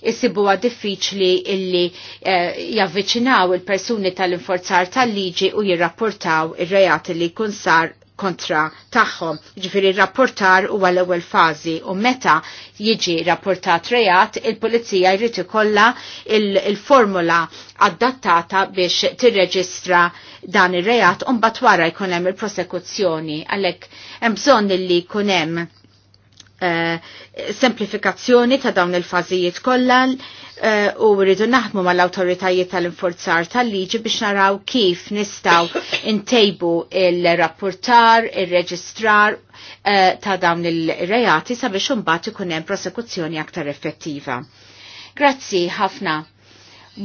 jisibuwa diffiċli illi eh, javviċinaw il-persuni tal-inforzar tal-liġi u jirrapportaw il-rejat li kun sar kontra tagħhom. Ġifiri rapportar huwa l-ewwel fażi u meta jiġi rapportat rejat il-pulizija jrid ikollha il-formula adattata biex tirreġistra dan ir-rejat u mbagħad wara jkun hemm il-prosekuzzjoni għalhekk hemm bżonn li jkun hemm Eh, semplifikazzjoni ta' dawn il fazijiet kollha eh, u rridu naħdmu mal-awtoritajiet tal-infurzar tal-liġi biex naraw kif nistaw intejbu il-rapportar, il-reġistrar eh, ta' dawn il-rejati sabiex imbagħad ikun hemm prosekuzzjoni aktar effettiva. Grazzi ħafna.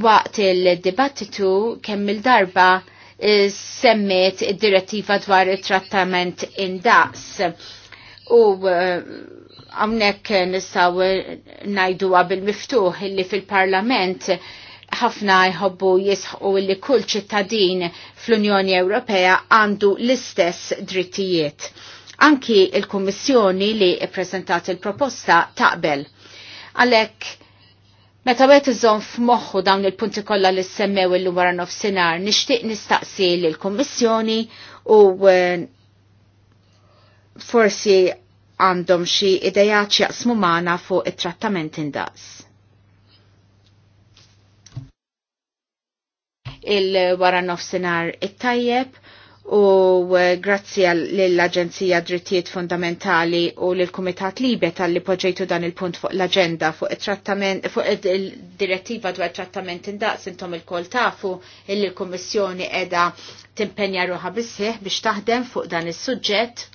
Waqt il-dibattitu kemm il-darba semmet id-direttiva dwar it-trattament in-daqs u għamnek nistaw najdu bil miftuħ illi fil-parlament ħafna jħobbu jisħu illi kull ċittadin fl-Unjoni Ewropea għandu l-istess drittijiet. Anki il-Kommissjoni li prezentat il-proposta taqbel. Għalek, meta għet iżon f'moħħu dawn il-punti kollha li semmew il wara nofsinhar, nixtieq nistaqsi l kummissjoni u eh, forsi għandhom xi idejat jaqsmu magħna fuq it-trattament indaqs. Il-wara nofsinhar it-tajjeb u grazzi l-Aġenzija Drittijiet Fundamentali u l-Kumitat Libe tal-li poġġejtu dan il-punt fuq l-agenda fuq il-trattament, fuq il-direttiva dwar trattament indaqs intom il-kol tafu il-Kommissjoni edha timpenja ruħa bisħiħ biex taħdem fuq dan il suġġett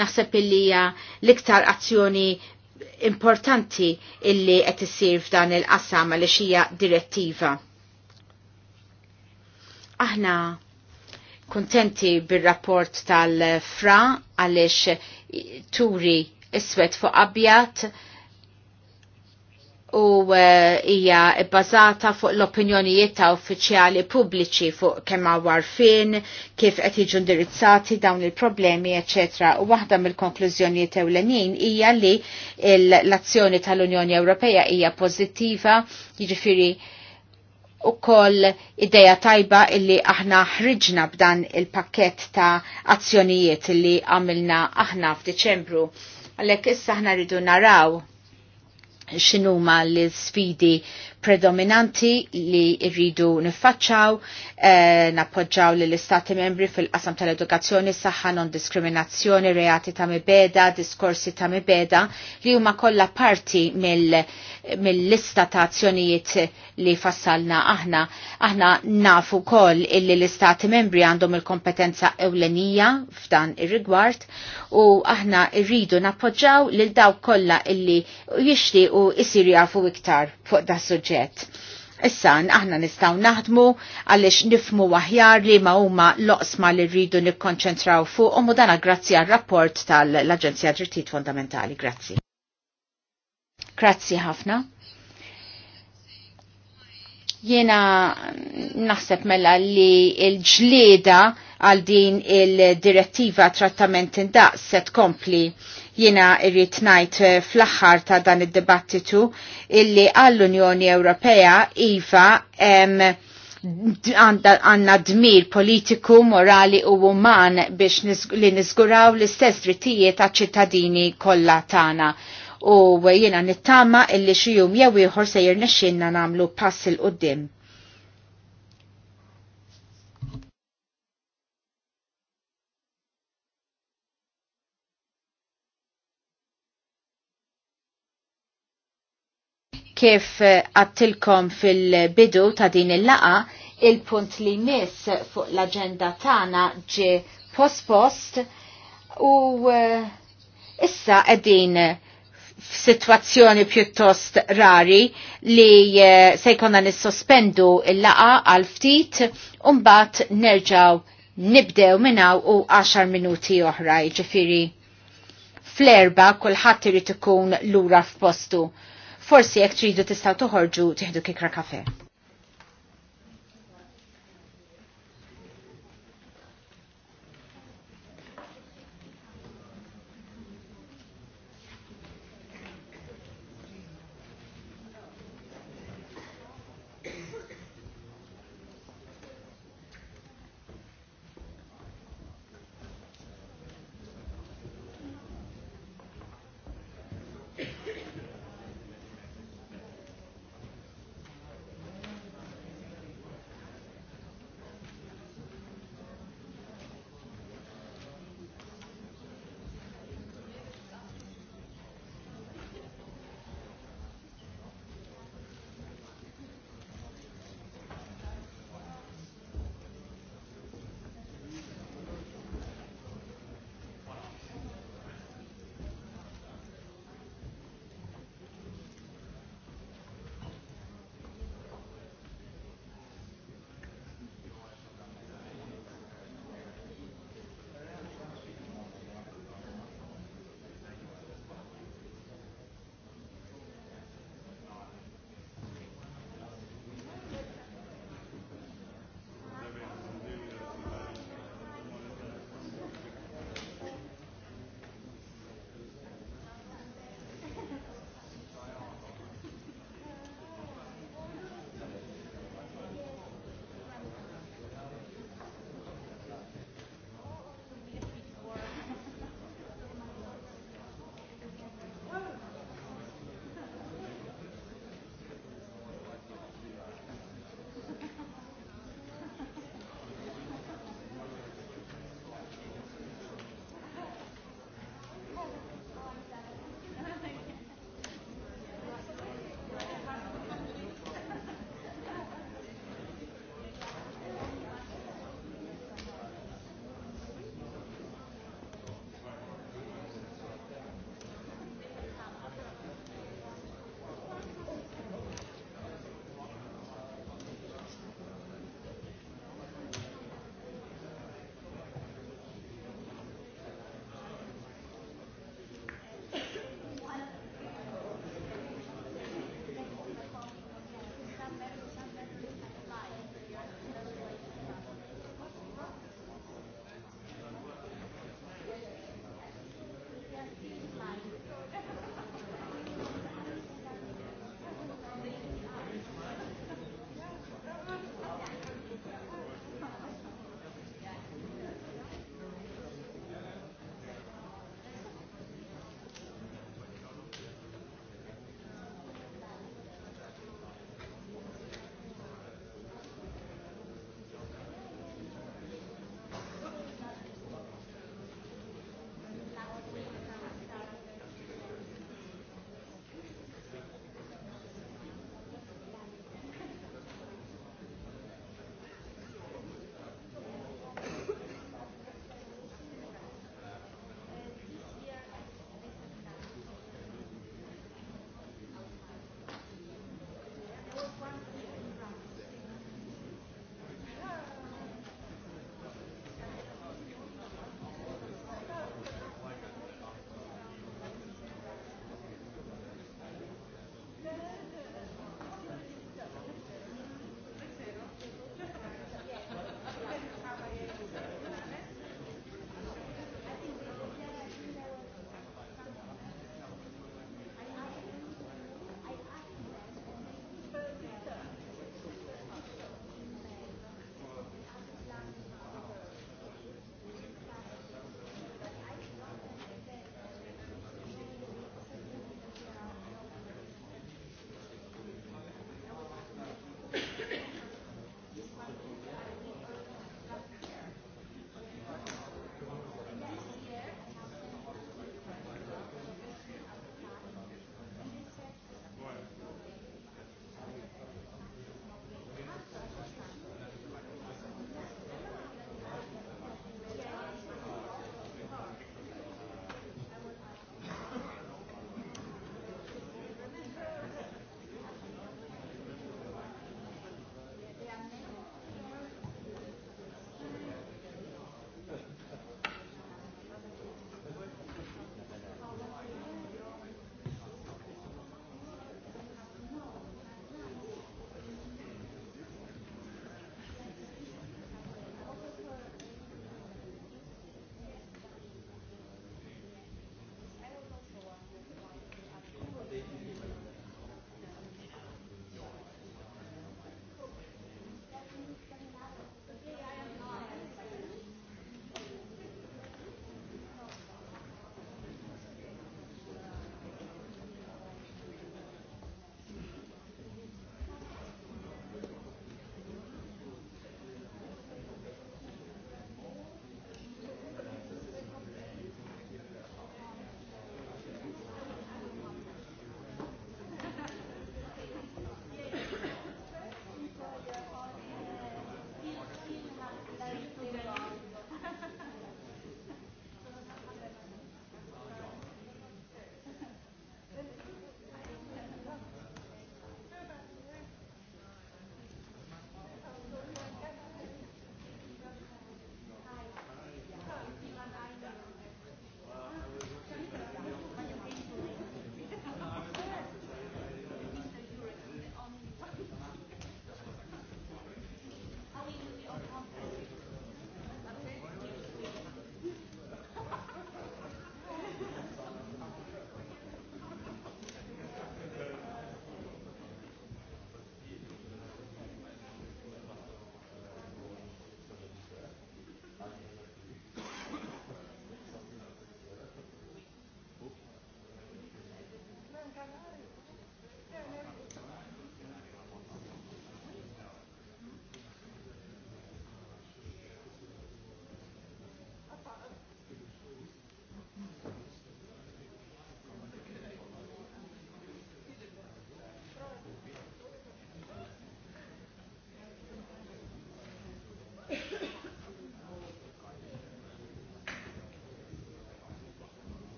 Naħseb illija l-iktar azzjoni importanti illi qed issir f'dan il-qasam għal hija direttiva. Aħna kontenti bir-rapport tal-FRA għaliex turi iswed fuq abjad u eh, hija uh, bbażata fuq l-opinjonijiet ta' uffiċjali pubbliċi fuq kemm warfin, kif qed jiġu indirizzati dawn il-problemi, eċetera. U waħda mill-konklużjonijiet ewlenin hija li l-azzjoni tal-Unjoni Ewropea hija pożittiva, jiġifieri u koll ideja tajba illi aħna ħriġna b'dan il-pakket ta' azzjonijiet illi għamilna aħna f'Diċembru. Għalek issa aħna rridu naraw xinuma l-sfidi predominanti li rridu nifacċaw, eh, nappoġġaw li l-Istati membri fil-qasam tal-edukazzjoni, saħħa non-diskriminazzjoni, reati ta' mibeda, diskorsi ta' mibeda, li huma kollha parti mill-lista mil ta' azzjonijiet li fassalna aħna. Aħna nafu kol illi l-istati membri għandhom il-kompetenza ewlenija f'dan ir-rigward u aħna irridu nappoġġaw lil daw kollha illi jixtiequ isir jafu iktar fuq da' suġġett. Issa aħna nistaw naħdmu għalix nifmu waħjar li ma huma loqsma li rridu nikkonċentraw fuq u mudana grazzi għal rapport tal-Aġenzija Drittijiet Fundamentali. Grazzi. Grazzi ħafna. Jena naħseb mela li il-ġlieda għal din il-direttiva trattament indaqs set kompli jena irrit najt fl-axħar ta' dan id-dibattitu illi għall-Unjoni Ewropea iva għanna dmir politiku, morali u uman biex li nizguraw l-istess drittijiet ta' ċittadini kollha tagħna u jiena nittama illi xi jum jew ieħor se jirnexxinna nagħmlu pass il qudiem kif eh, għattilkom fil-bidu ta' din il-laqa, il-punt li nis fuq l-agenda tana ġi post-post u eh, issa għedin f'sitwazzjoni pjuttost rari li eh, se jkollna nissospendu il-laqa għal ftit u mbagħad nerġaw nibdew minnaw u 10 minuti oħra ġifiri. Fl-erba kulħadd irid ikun lura f'postu. Forsi jekk tridu tistgħu toħorġu tieħdu kikra kafe.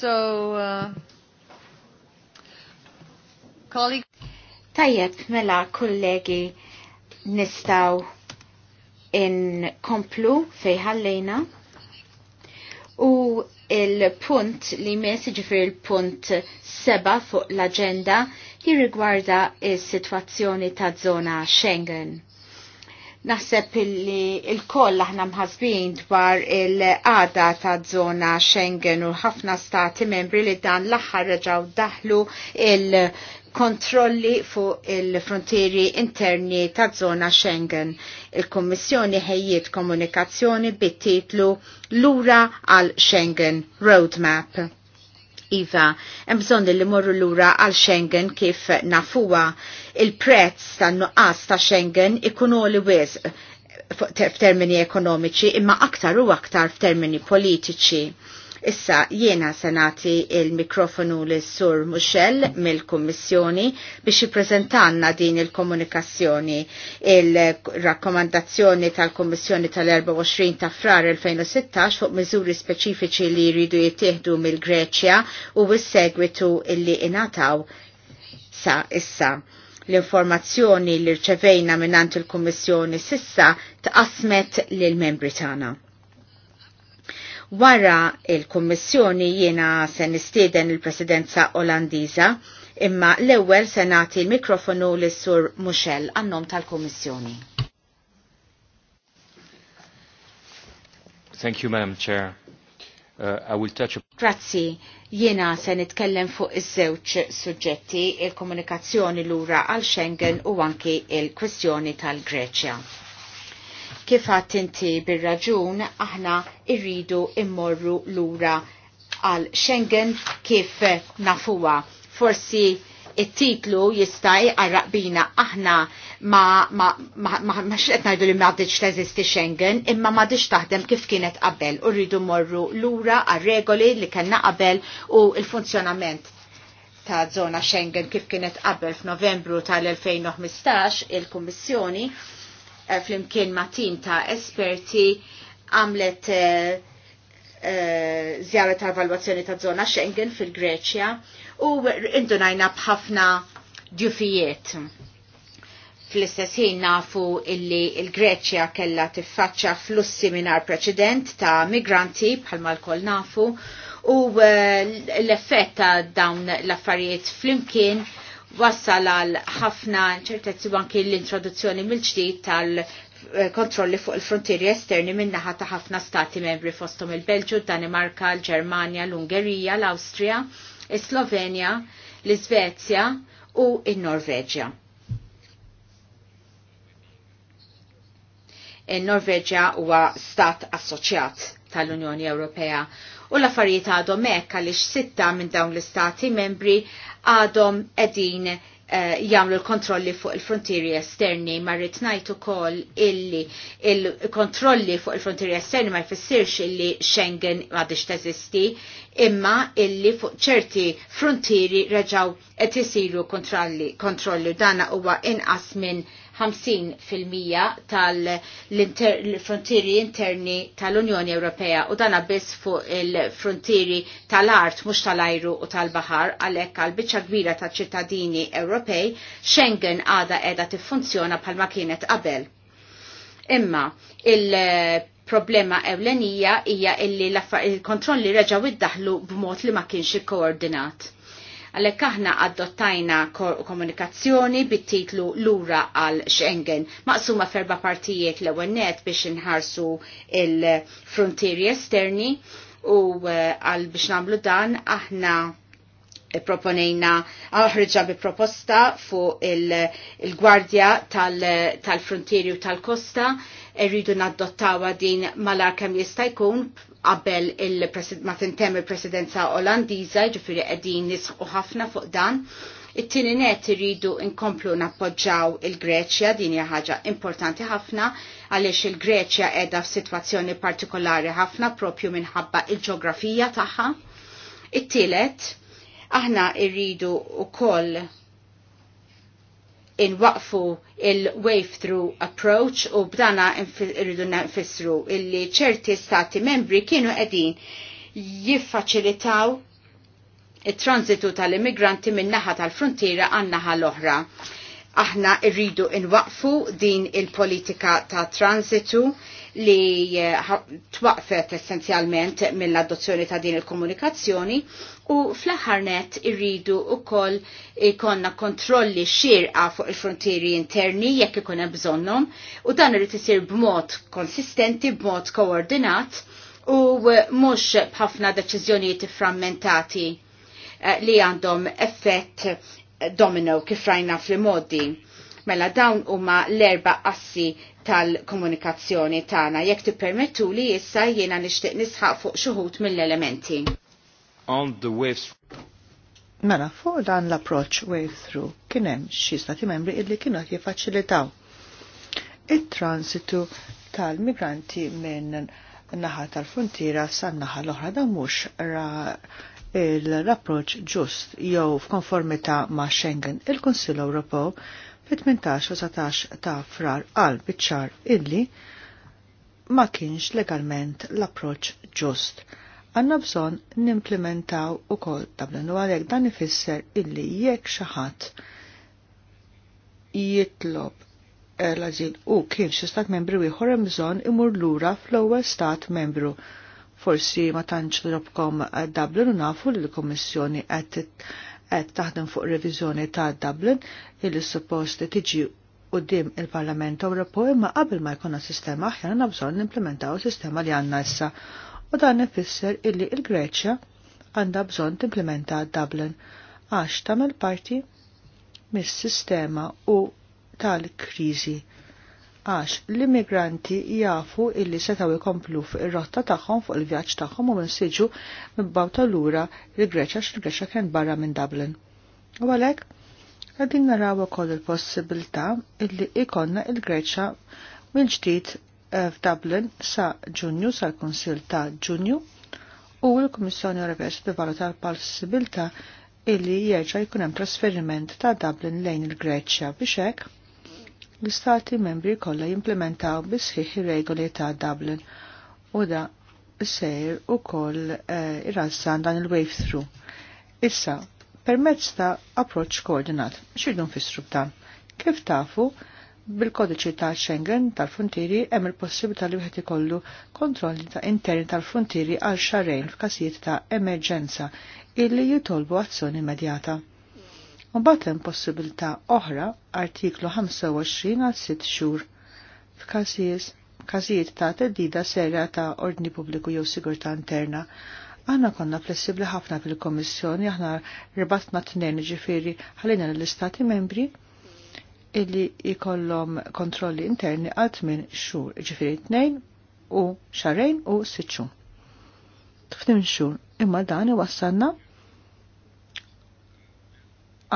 So, uh, colleagues. Tajjeb, mela kollegi nistaw in komplu fejħallejna. U il-punt li mes ġifir il-punt seba fuq l-agenda jirrigwarda il-situazzjoni ta' zona Schengen. Naħseb illi il-koll aħna mħazbin dwar il-qada ta' zona Schengen u ħafna stati membri li dan l-aħħar reġaw daħlu il-kontrolli fuq il-frontieri interni ta' zona Schengen. Il-Kommissjoni ħejjiet komunikazzjoni bit-titlu Lura għal Schengen Roadmap Iva, hemm bżonn li morru lura għal Schengen kif nafuwa il-prezz tan-nuqqas ta' Schengen ikun li wiz f'termini ekonomiċi imma aktar u aktar f'termini politiċi Issa jiena senati il-mikrofonu l sur Muxell mill-Kummissjoni biex jippreżentanna din il-komunikazzjoni il-rakkomandazzjoni tal-Kummissjoni tal-24 ta' frar 2016 fuq miżuri speċifiċi li jridu jittieħdu mill-Greċja u s-segwitu illi inataw sa issa l-informazzjoni li rċevejna minnant il-Kommissjoni sissa tqasmet lil membri tagħna. Wara il-Kommissjoni jiena se nistieden il-Presidenza Olandiża imma l-ewwel se nagħti l-mikrofonu lis sur Muxell għannom tal-Kummissjoni. Thank you, Madam Chair. Uh, I will touch Grazzi, jiena se nitkellem fuq iż-żewġ suġġetti, il-komunikazzjoni lura għal Schengen u anki il-kwestjoni tal-Greċja. Kif għat inti bir-raġun aħna irridu immorru lura għal Schengen kif nafuwa. Forsi it-titlu jista' jqarraq bina aħna ma ma ma ma, ma x'qed ngħidu li m'għaddiġ teżisti Schengen, imma m'għadix taħdem kif kienet qabel u rridu morru lura għar-regoli li kellna qabel u l-funzjonament ta' żona Schengen kif kienet qabel f'Novembru tal-2015 il-Kummissjoni il kummissjoni Eh, flimkien ma' tim ta' esperti għamlet eh, eh, zjara ta' evaluazzjoni ta' zona Schengen fil-Greċja u indunajna bħafna djufijiet. Fl-istess ħin nafu illi il-Greċja kella tiffaċċa flussi minar preċedent ta' migranti bħalma l-kol nafu u l-effett ta' dawn l-affarijiet flimkien wassal għal ħafna ċertezzi anki l-introduzzjoni mill-ġdid tal kontrolli fuq il-frontieri esterni minnaħa ta' ħafna stati membri fostom il-Belġu, Danimarka, l-Ġermanja, l-Ungerija, l-Awstrija, l slovenja l-Iżvezja u in-Norveġja. In-Norveġja huwa stat assoċjat tal-Unjoni Ewropea u l-affarijiet għadhom hekk għaliex sitta minn dawn l-istati membri għadhom edin eh, jamlu l-kontrolli fuq il-frontieri esterni ma rrid ngħid ukoll illi il-kontrolli fuq il-frontieri esterni ma jfissirx illi Schengen m'għadix teżisti imma illi fuq ċerti frontieri reġaw qed isiru kontrolli kontrolli dana huwa inqas minn 50% tal-frontieri interni tal-Unjoni Ewropea u dana biss fuq il-frontieri tal-art mhux tal-ajru u tal-bahar għalhekk għal biċċa kbira ta' ċittadini Ewropej Schengen għada qiegħda tiffunzjona bħalma kienet qabel. Imma il- problema ewlenija hija illi il-kontrolli reġaw iddaħlu b'mod li ma kienx ikkoordinat Għalhekk aħna adottajna komunikazzjoni bit-titlu Lura għal Schengen, maqsuma ferba partijiet l-ewwel biex inħarsu il-frontieri esterni u eh, għal biex nagħmlu dan aħna proponejna aħreġa bi proposta fuq il-gwardja il tal-frontieri tal u tal-kosta irridu naddottawa din malar kem jista' jkun qabel il-ma tintem il-presidenza olandiza, ġifiri qegħdin nisħu ħafna fuq dan. It-tieni net iridu nkomplu nappoġġaw il-Greċja, din hija ħaġa importanti ħafna għaliex il-Greċja qiegħda f'sitwazzjoni partikolari ħafna propju minħabba il-ġeografija tagħha. It-tielet aħna rridu wkoll inwaqfu il-wave through approach u b'dana irridu nfissru illi ċerti stati membri kienu qegħdin jiffaċilitaw it-transitu tal-immigranti minn naħa tal-frontiera għan naħa l-oħra. Aħna rridu inwaqfu din il-politika ta' transitu li eh, twaqfet essenzjalment mill-adozzjoni ta' din il-komunikazzjoni u fl-ħarnet irridu u koll ikonna kontrolli xirqa fuq il-frontieri interni jekk ikun hemm bżonnhom u dan irid isir b'mod konsistenti, b'mod koordinat u eh, mhux b'ħafna deċiżjonijiet frammentati eh, li għandhom effett domino kif rajna fl-modi. Mela dawn huma l-erba assi tal-komunikazzjoni tagħna jekk tippermettu li issa jiena nixtieq nisħaq fuq xuħut mill-elementi. Mela fuq dan l approċċ wave through kien hemm xi stati membri illi kienu jiffaċilitaw it-transitu tal-migranti minn naħa tal-frontiera sa naħa l-oħra da mhux l-approċ ġust jew f'konformità ma' Schengen. il kunsill Ewropew fit-18 u 19 ta' frar għal biċċar illi ma kienx legalment l-approċ ġust. Għanna bżon nimplementaw u kol tablenu għalek dan ifisser illi jekk xaħat jitlob l-azil u kien xi stat membru ieħor hemm bżonn imur lura fl-ewwel stat membru forsi ma tantx robkom Dublin u nafu li l-Kommissjoni qed taħdem fuq reviżjoni ta' Dublin illi suppost tiġi dim il-Parlament Ewropew imma qabel ma jkollna sistema aħjar għandna bżonn nimplementaw sistema li għandna issa. U dan ifisser illi l-Greċja għandha bżonn timplementa Dublin għax tagħmel parti mis-sistema u tal-kriżi għax l-immigranti jafu illi setaw ikomplu fuq ir-rotta tagħhom fuq il-vjaġġ tagħhom u minsiġu mibbawta lura l-Greċja xil greċja kien barra minn Dublin. U għalhekk qegħdin naraw ukoll il-possibilità illi ikonna il-Greċja minn ġdid eh, f'Dublin sa Ġunju sal-Kunsil ta' Ġunju u l-Kummissjoni Ewropea se tivvaluta l-possibilità illi jerġa' jkun hemm trasferiment ta' Dublin lejn il-Greċja biex hekk l-istati membri kolla jimplementaw bisħiħ ir-regoli ta' Dublin u da sejr u koll eh, irrazzan dan il-wave through. Issa, permezz ta' approach koordinat, xidun nfissru b'dan. Kif tafu, bil-kodiċi ta' Schengen tal-frontieri hemm il-possibilità li wieħed ikollu kontrolli ta' interni tal-frontieri għal xarrejn f'każijiet ta' emerġenza illi jitolbu azzjoni immedjata. Mbagħad hemm possibilità oħra artiklu 25 għal 6 xhur f'każijiet ta' teddida serja ta' ordni pubbliku jew sigurtà interna. Aħna konna flessibli ħafna fil-Komissjoni, aħna ribatna t-nejn ġifiri ħalina l-Istati membri illi jikollom kontrolli interni għal tmien xhur, ġifiri tnejn u xarejn u sitxu. Tftim xhur, imma dan wassanna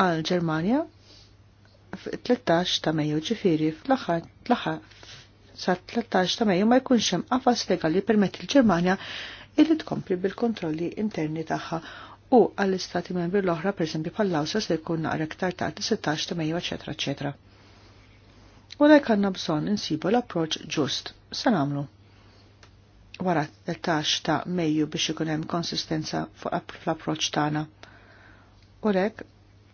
għal Ġermanja f-13 ta' Mejju ġifiri fl-aħħar sa' 13 ta' Mejju ma jkunx hemm qafas legali permetti l-Ġermanja illi tkompli bil-kontrolli interni tagħha u għall-istati membri l-oħra pereżempju bħall-Awsa se jkun naqra iktar ta' 16 ta' Mejju eċetera eċetera. U lajk għandna bżon insibu l-approċ ġust. nagħmlu Wara 13 ta' Mejju biex ikun hemm konsistenza fuq l-approċ tagħna. U lek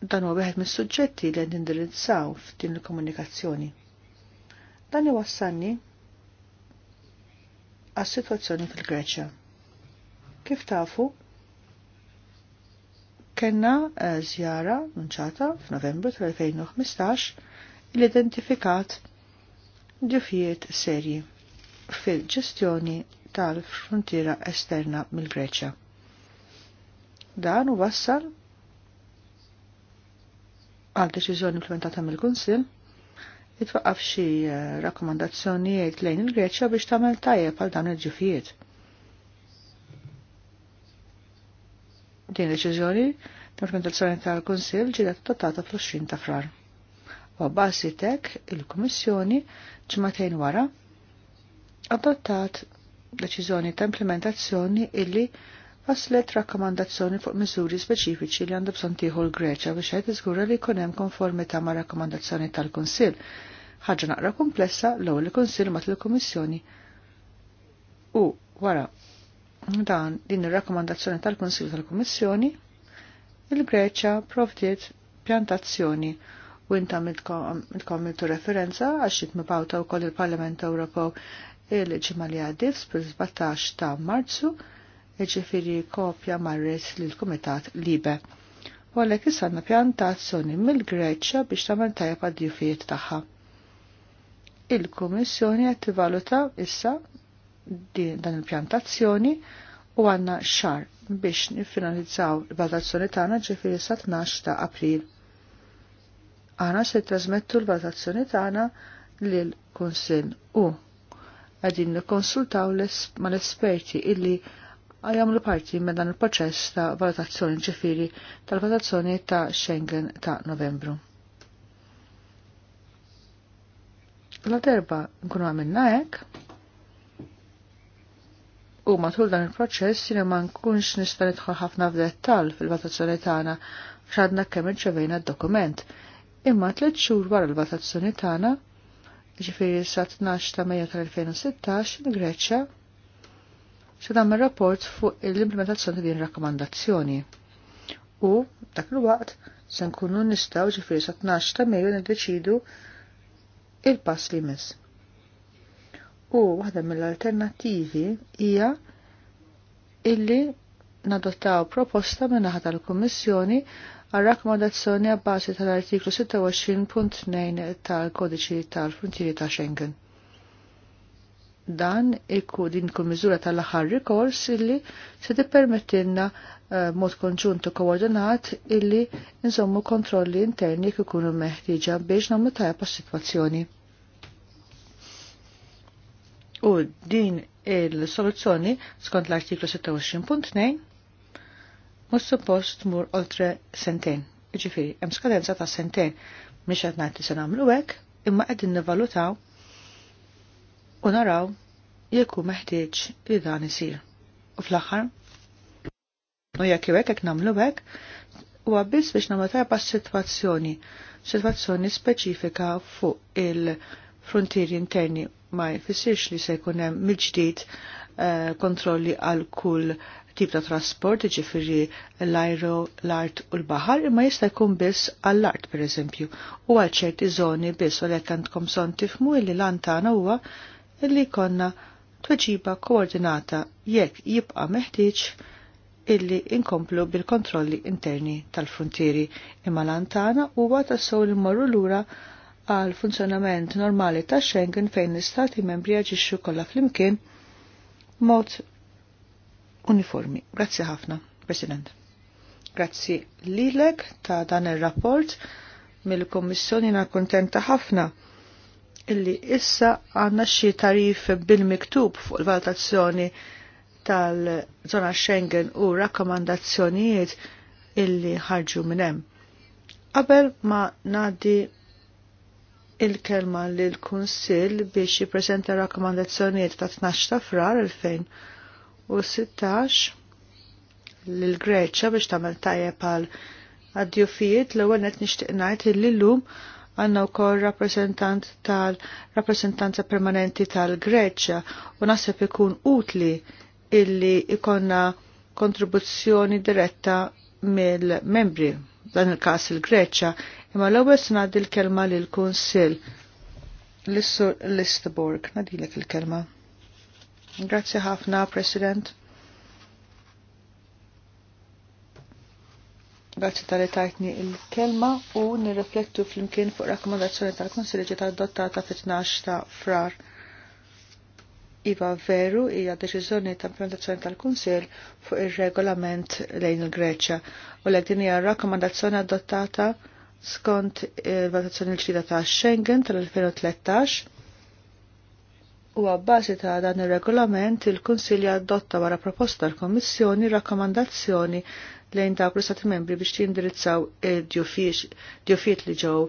Dan huwa wieħed mis-suġġetti li qed nindirizzaw f'din il-komunikazzjoni. Dan iwassalni għas-sitwazzjoni fil-Greċja. Kif tafu, kena eh, zjara nċata f'Novembru tal-2015 il-identifikat ġufijiet serji fil-ġestjoni tal-frontiera esterna mill-Greċja. Dan u wassal għal deċiżjoni implementata mill-Kunsill, jitwaqqaf xi eh, rakkomandazzjonijiet lejn il-Greċja biex tagħmel tajjeb għal dawn il-ġifijiet. Din deċiżjoni l-implementazzjoni tal kunsil ġiet adottata fl-20 ta' frar. U bbażi tek il-Kummissjoni ġimagħtejn wara adottat deċiżjoni ta' implementazzjoni illi għaslet rakkomandazzjoni fuq miżuri speċifiċi li għandu bżonn tieħu l-Greċja biex qed iżgura li jkun hemm konformità ma' rakkomandazzjoni tal-Kunsill. Ħaġa naqra komplessa l-ewwel il-Kunsill mat il-Kummissjoni. U wara dan din ir-rakkomandazzjoni tal-Kunsill tal-Kummissjoni, il-Greċja provdiet pjantazzjoni u mitkom il-kom referenza għax jitmibawta u koll il-Parlament Ewropew il ġimali li għaddit fil-17 ta' Marzu iġifiri kopja marres l-Kumitat Libe. U għalek issanna pjantazzjoni mill-Greċja biex tamen tajab għad-jufijiet taħħa. Il-Kummissjoni għed tivaluta issa dan il-pjantazzjoni u għanna xar biex nifinalizzaw il-valutazzjoni tagħna ġifiri sa 12 ta' April. Għana se trasmettu l-valutazzjoni tagħna lil kunsil u għadin nikonsultaw ma l-esperti illi għajamlu parti me dan il-proċess ta' valutazzjoni ġifiri tal-valutazzjoni ta' Schengen ta' novembru. La terba nkunu għamilna hekk, u matul dan il-proċess jina ma nkunx nista' nidħol ħafna f'dettall fil-valutazzjoni tagħna x'għadna kemm irċevejna d-dokument. Imma tliet xhur wara l-valutazzjoni tagħna, ġifieri sa 12 ta' Mejju tal-2016, il-Greċja se dam rapport fuq l-implementazzjoni din rakkomandazzjoni. U dak il-waqt se nkunu nistgħu ġifieri sa 12 ta' Mejju niddeċidu il-pass li mis. U waħda mill-alternattivi hija illi nadottaw proposta minn naħa tal-Kummissjoni għal rakkomandazzjoni għabbażi tal-artiklu 26.2 tal-Kodiċi tal-Frontieri ta' Schengen dan ikku din kumizura miżura tal-aħħar rikors illi se tippermettilna uh, mod konġuntu koordinat illi nżommu kontrolli interni kif ikunu meħtieġa biex nagħmlu tajja pas-sitwazzjoni. U din il-soluzzjoni skont l-artiklu 26.2 mhux suppost mur oltre sentejn. Iġifiri, hemm skadenza ta' sentejn mhix qed ngħid se nagħmlu hekk, imma qegħdin nivalutaw u naraw jekku meħtieġ li dan isir. U fl-aħħar, u jekk jwek hekk nagħmlu hekk, huwa biss biex namlu tajba s-sitwazzjoni, sitwazzjoni speċifika fuq il-frontieri interni ma jfissirx li se jkun hemm mill-ġdid eh, kontrolli għal kull tip ta' trasport, ġifiri l-ajru, l-art u l-bahar, imma jista' jkun biss għall-art per eżempju, u għal ċerti zoni biss u għalhekk għandkom son tifmu li lantana huwa illi konna tweġiba koordinata jekk jibqa meħtieġ illi inkomplu bil-kontrolli interni tal-frontieri imma lantana huwa tassew li mmorru lura għal funzjonament normali ta' Schengen fejn l-istati membri jaġixxu kollha flimkien mod uniformi. Grazzi ħafna, President. Grazzi lilek ta' dan ir-rapport mill-Kommissjoni na kontenta ħafna illi issa għanna xi tarif bil-miktub fuq il-valutazzjoni tal-zona Schengen u rakkomandazzjonijiet illi ħarġu minn hemm. Qabel ma nadi il-kelma lil kunsill biex jippreżenta rakkomandazzjonijiet ta' 12 ta' frar 2016 lil Greċja biex tagħmel tajjeb għal għaddjufijiet l-ewwel qed nixtieq ngħid li llum għanna u kor rappresentant tal-rappresentanza permanenti tal-Greċja u nasib ikun utli illi ikonna kontribuzzjoni diretta mill-membri dan il-kas il-Greċja imma l-ewwel snad il-kelma lil kunsill l Listeborg Listborg nadilek il-kelma. Grazzi ħafna, President. Grazzi tal tajtni il-kelma u nirreflettu fl-imkien fuq rakkomandazzjoni tal-Konsilju ġiet adottata fit-12 ta' frar. Iva veru hija deċiżjoni ta' implementazzjoni tal-Kunsill fuq ir-regolament lejn il-Greċja u lek din hija rakkomandazzjoni adottata skont il-valutazzjoni l-ġdida ta' Schengen tal-2013 u għabbażi ta' dan ir-regolament il-Kunsilja adotta wara proposta tal-Kommissjoni rakkomandazzjoni lejn dawk l sati membri biex jindirizzaw id-djufiet li ġew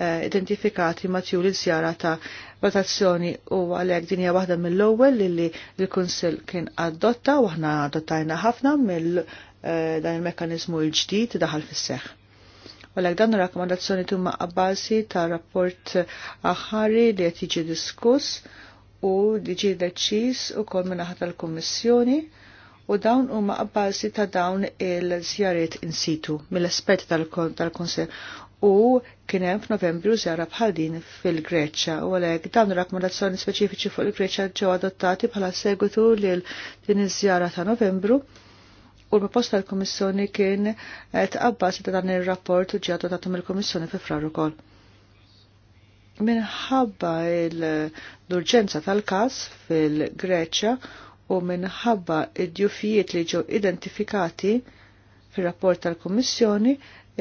eh, identifikati matju li zjara ta' votazzjoni u għalek din hija waħda mill-ewwel li l kunsil kien adotta u aħna adottajna ħafna mill eh, dan il-mekkaniżmu l-ġdid daħal fis-seħħ għalek dan rakkomandazzjoni tumma għabbasi ta' rapport aħħari li qed jiġi diskuss u diġi deċis deċiż ukoll minn tal-Kummissjoni u dawn huma abbażi ta' dawn il-żjariet in situ mill aspett tal-Konsell u kien hemm f'Novembru żjara bħal din fil greċja u għalhekk dawn ir-rakkomandazzjoni speċifiċi fuq il greċja ġew adottati bħala segwitu lil din iż-żjara ta' Novembru u l-proposta tal-Kummissjoni kien eh, tqabbas ta' dan ir-rapport u ġie adottatu mill-Kummissjoni fi frar ukoll. Minħabba l-urġenza tal-każ fil greċja u minħabba id-djufijiet li ġew identifikati fir-rapport tal-Kummissjoni,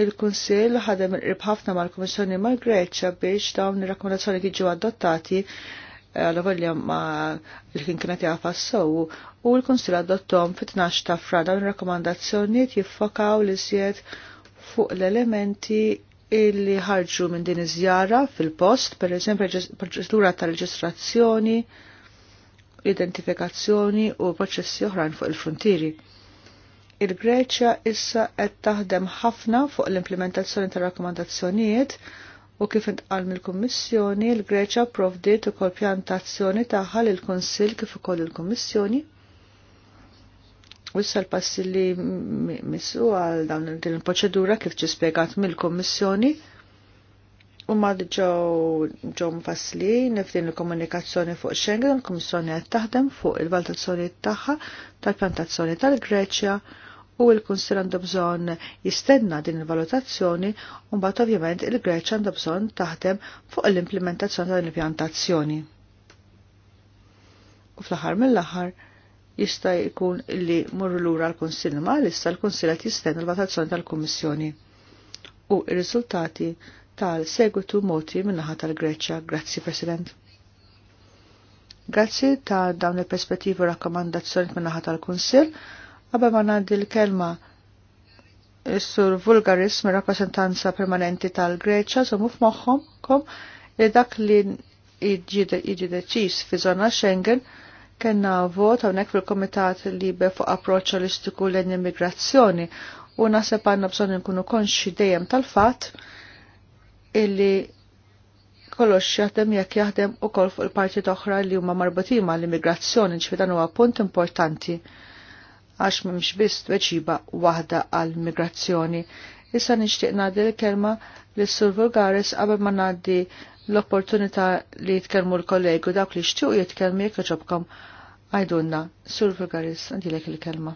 il-Kunsill ħadem il-qrib ħafna mal-Kummissjoni mal greċja biex dawn ir-rakkomandazzjoni jiġu adottati eh, għal volja ma l-kien kienet jafas sow u l-Kunsill adottom fit-12 ta' fra dawn ir-rakkomandazzjonijiet jiffokaw li sied fuq l-elementi illi ħarġu minn din iż-żjara fil-post, per eżempju, proċedura tal reġistrazzjoni, identifikazzjoni u proċessi oħrajn fuq il-frontieri. Il-Greċja issa qed taħdem ħafna fuq l-implementazzjoni ta' rakkomandazzjonijiet u kif intqal mill-Kummissjoni, il-Greċja provdiet ukoll pjantazzjoni tagħha lil kunsill kif ukoll il-Kummissjoni. U issa l-passi li misu għal dan din il-proċedura kif ġi spjegat mill-Kummissjoni U ġew ġew mfasslin f'din il-komunikazzjoni fuq Schengen, il-Kummissjoni qed taħdem fuq il-valutazzjoni tagħha tal-pjantazzjoni tal-Greċja u l-Kunsil għandu bżonn jistenna din il-valutazzjoni u mbagħad ovvjament il-Greċja għandu bżonn taħdem fuq l-implementazzjoni tal-pjantazzjoni. U fl-aħħar mill-aħħar jista' jkun li murru lura l-Kunsil ma' issa l-Kunsil qed jistenna l-valutazzjoni tal-Kummissjoni. U r-riżultati tal-segwitu moti minnaħa tal-Greċja. Grazzi, President. Grazzi ta' dawn il-perspettivi u rakkomandazzjoni minnaħa tal-Kunsil. Għabba ma naddi l-kelma sur Vulgaris mir rappresentanza permanenti tal-Greċja żommu f'moħħom kom li dak li jiġi deċis fi żona Schengen kellna vot hawnhekk fil-Komitat Liber fuq approċċ holistiku lejn immigrazzjoni u nasepanna għandna bżonn nkunu konxi dejjem tal-fatt illi kollox jaħdem jekk jaħdem u koll fuq il-parti oħra li huma marbutin l immigrazzjoni ġifi dan huwa punt importanti għax m'hemmx biss tweġiba waħda għall immigrazzjoni Issa nixtieq ngħaddi l-kelma lis sur Vulgaris qabel ma ngħaddi l-opportunità li jitkellmu l-kollegu dawk li xtiequ jitkellmu jekk iġobkom għajdunna. Sur Vulgaris, għandilek il-kelma.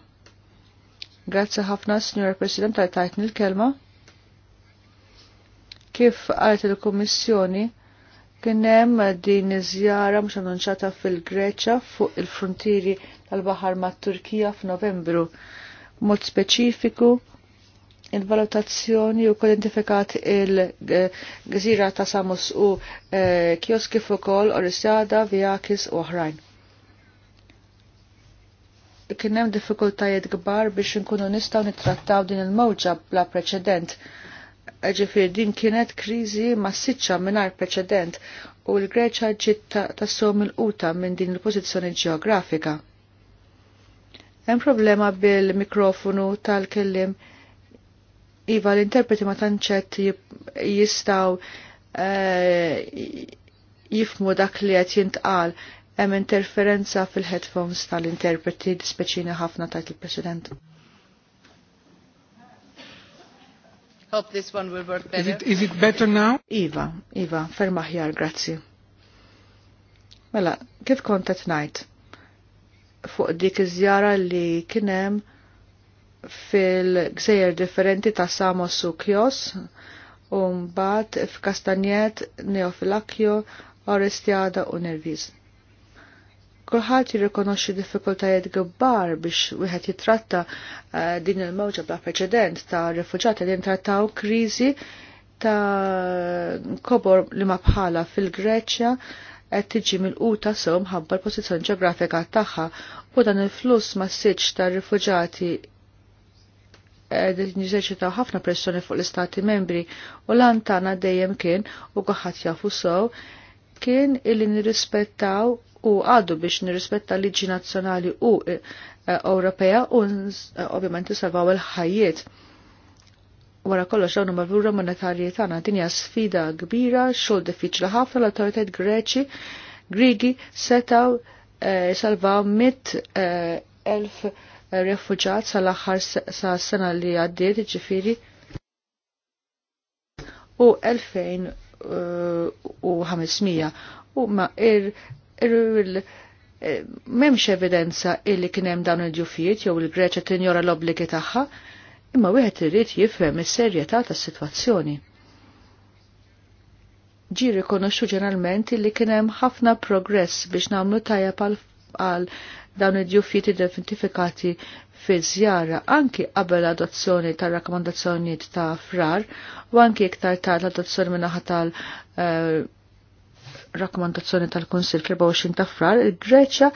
Grazzi ħafna, Signor President, għajtajtni l-kelma. Kif għalt il komissjoni kien hemm din iżjara mux mhux annunċata fil-Greċja fuq il-frontieri tal-baħar mat-Turkija f'Novembru. Mod speċifiku il-valutazzjoni u kodentifikat il-gżira ta' Samos u e, eh, kioski ukoll Orisjada, Viakis u oħrajn. Kien hemm diffikultajiet kbar biex inkunu nistgħu nittrattaw din il-mowġa bla preċedent ġifir din kienet krizi massiċċa minar preċedent u l-Greċa ġiet tassom il-quta minn din il-pożizzjoni ġeografika. Hemm problema bil-mikrofonu tal-kellim iva l-interpreti ma tanċet jistaw eh, jifmu dak li qed jintqal hemm interferenza fil-headphones tal-interpreti dispeċina ħafna tajt il-President. Hope this one will work better. Is it, is it better now? Iva, Iva, ferma ħjar, grazzi. Mela, kif kont qed ngħid fuq dik iż-żjara li kien hemm fil-gżejjer differenti ta' Samos u Kjos, u mbagħad f'Kastanjet, Neofilakjo, Orestiada u Nerviz. Kulħadd jirrikonoxxi diffikultajiet kbar biex wieħed jitratta eh, din il-mewġa bla preċedent ta' rifuġati li ntrattaw kriżi ta' kobor li ma bħala fil-Greċja qed tiġi mill-quta sew mħabba l-pożizzjoni ġeografika tagħha u dan il-fluss massiġġ ta' rifuġati qegħdin eh, jeżerċitaw ħafna pressjoni fuq l-Istati membri u l-antana dejjem kien u kulħadd jafu sew kien illi nirrispettaw u għadu biex nirrispetta liġi nazzjonali u e, e, Ewropea u e, ovvjament salvaw il-ħajiet. Wara kollox dawn mal-vura monetarji tagħna din hija sfida kbira, xogħol diffiċli ħafna l-awtoritajiet Greċi Grigi setaw salvaw mit elf refuġat sal-aħħar sa' sena li għaddiet ġifiri u elfejn ħamesmija u ma ir Eh, memx evidenza illi kienem dawn il-ġufijiet jew il-Greċa tinjora l-obbligi tagħha, imma wieħed irid jifhem is-serjetà tas-sitwazzjoni. Ġi rikonoxxu ġeneralment illi hemm ħafna progress biex nagħmlu tajjeb għal dawn id-ġufijiet identifikati fiż-żjara anki qabel adozzjoni tar-rakkomandazzjonijiet ta' frar u anki iktar tard l-adozzjoni naħa tal- uh, rakkomandazzjoni tal konsil fl-24 ta' frar, il-Greċja